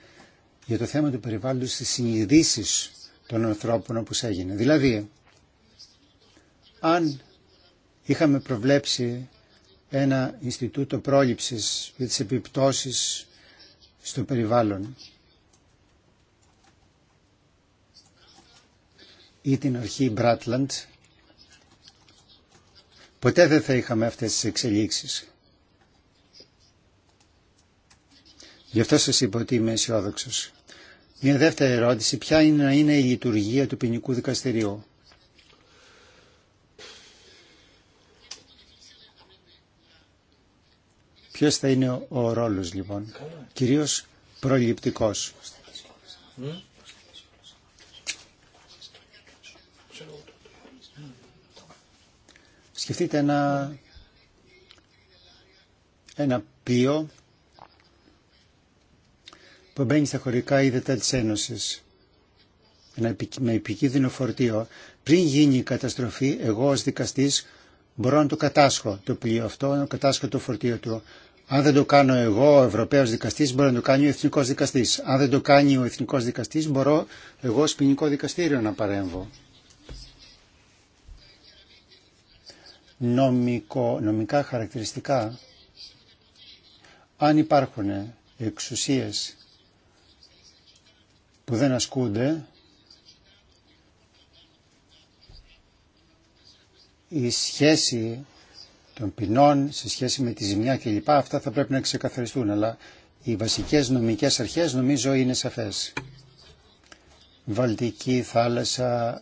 για το θέμα του περιβάλλοντος στις συνειδήσεις των ανθρώπων όπως έγινε. Δηλαδή, αν είχαμε προβλέψει ένα Ινστιτούτο πρόληψης για τις επιπτώσεις στο περιβάλλον ή την αρχή Μπράτλαντ ποτέ δεν θα είχαμε αυτές τις εξελίξεις. Γι' αυτό σας είπα ότι είμαι αισιόδοξο. Μια δεύτερη ερώτηση, ποια είναι είναι η λειτουργία του ποινικού δικαστηριού. Ποιος θα είναι ο ρόλος λοιπόν, κυρίως προληπτικός. σκεφτείτε ένα, ένα που μπαίνει στα χωρικά είδετα της Ένωσης ένα, με επικίνδυνο φορτίο. Πριν γίνει η καταστροφή, εγώ ως δικαστής μπορώ να το κατάσχω το πλοίο αυτό, να κατάσχω το φορτίο του. Αν δεν το κάνω εγώ, ο Ευρωπαίος δικαστής, μπορεί να το κάνει ο Εθνικός Δικαστής. Αν δεν το κάνει ο Εθνικός Δικαστής, μπορώ εγώ ως ποινικό δικαστήριο να παρέμβω. νομικό, νομικά χαρακτηριστικά, αν υπάρχουν εξουσίες που δεν ασκούνται, η σχέση των ποινών σε σχέση με τη ζημιά κλπ. Αυτά θα πρέπει να ξεκαθαριστούν, αλλά οι βασικές νομικές αρχές νομίζω είναι σαφές. Βαλτική θάλασσα,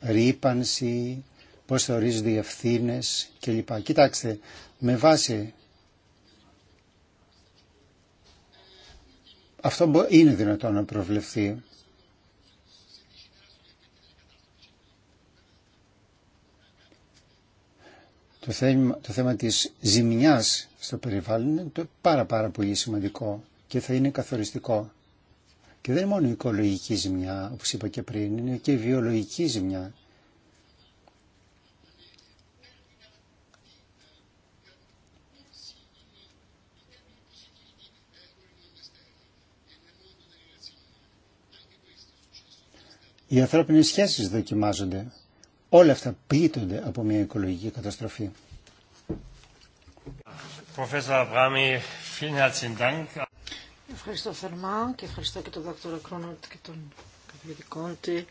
ρήπανση, πώς θεωρίζονται οι ευθύνε κλπ. Κοιτάξτε, με βάση αυτό είναι δυνατόν να προβλεφθεί. Το θέμα, το θέμα της ζημιάς στο περιβάλλον είναι το πάρα πάρα πολύ σημαντικό και θα είναι καθοριστικό. Και δεν είναι μόνο η οικολογική ζημιά, όπως είπα και πριν, είναι και η βιολογική ζημιά. Οι ανθρώπινε σχέσει δοκιμάζονται. Όλα αυτά πλήττονται από μια οικολογική καταστροφή. Ευχαριστώ θερμά και ευχαριστώ και τον Δ. Κρόνοτ και τον καθηγητή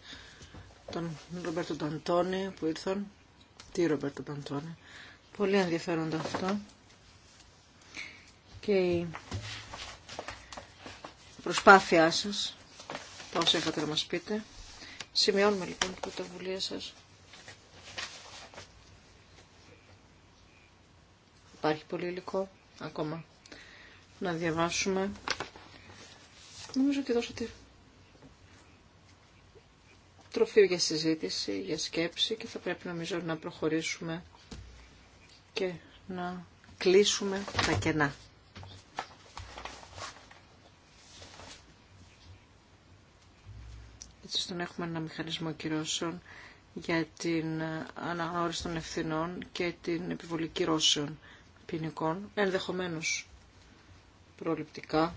τον Ρομπέρτο Ταντόνι που ήρθαν. Τι Ρομπέρτο Ταντόνι. Πολύ ενδιαφέροντα αυτά. Και η προσπάθειά σας, τα όσα είχατε να μας πείτε. Σημειώνουμε λοιπόν την πρωτοβουλία σας. Υπάρχει πολύ υλικό ακόμα να διαβάσουμε. Νομίζω ότι δώσατε τροφή για συζήτηση, για σκέψη και θα πρέπει νομίζω να προχωρήσουμε και να κλείσουμε τα κενά. στον έχουμε ένα μηχανισμό κυρώσεων για την ε, αναγνώριση των ευθυνών και την επιβολή κυρώσεων ποινικών, ενδεχομένως προληπτικά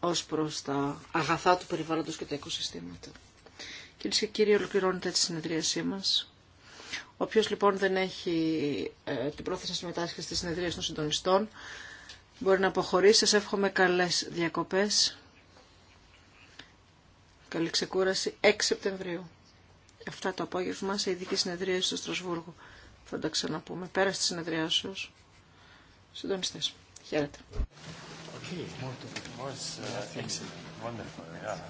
ως προς τα αγαθά του περιβάλλοντος και τα οικοσυστήματα. Κυρίε και κύριοι, ολοκληρώνεται τη συνεδρίασή μας. Όποιος λοιπόν δεν έχει ε, την πρόθεση να συμμετάσχει στη συνεδρία των συντονιστών, μπορεί να αποχωρήσει. Σας εύχομαι καλές διακοπές. Καλή ξεκούραση 6 Σεπτεμβρίου. Αυτά το απόγευμα σε ειδική συνεδρία στο Στρασβούργο. Θα τα ξαναπούμε. Πέρα στη σου. συντονιστέ. Χαίρετε. Okay.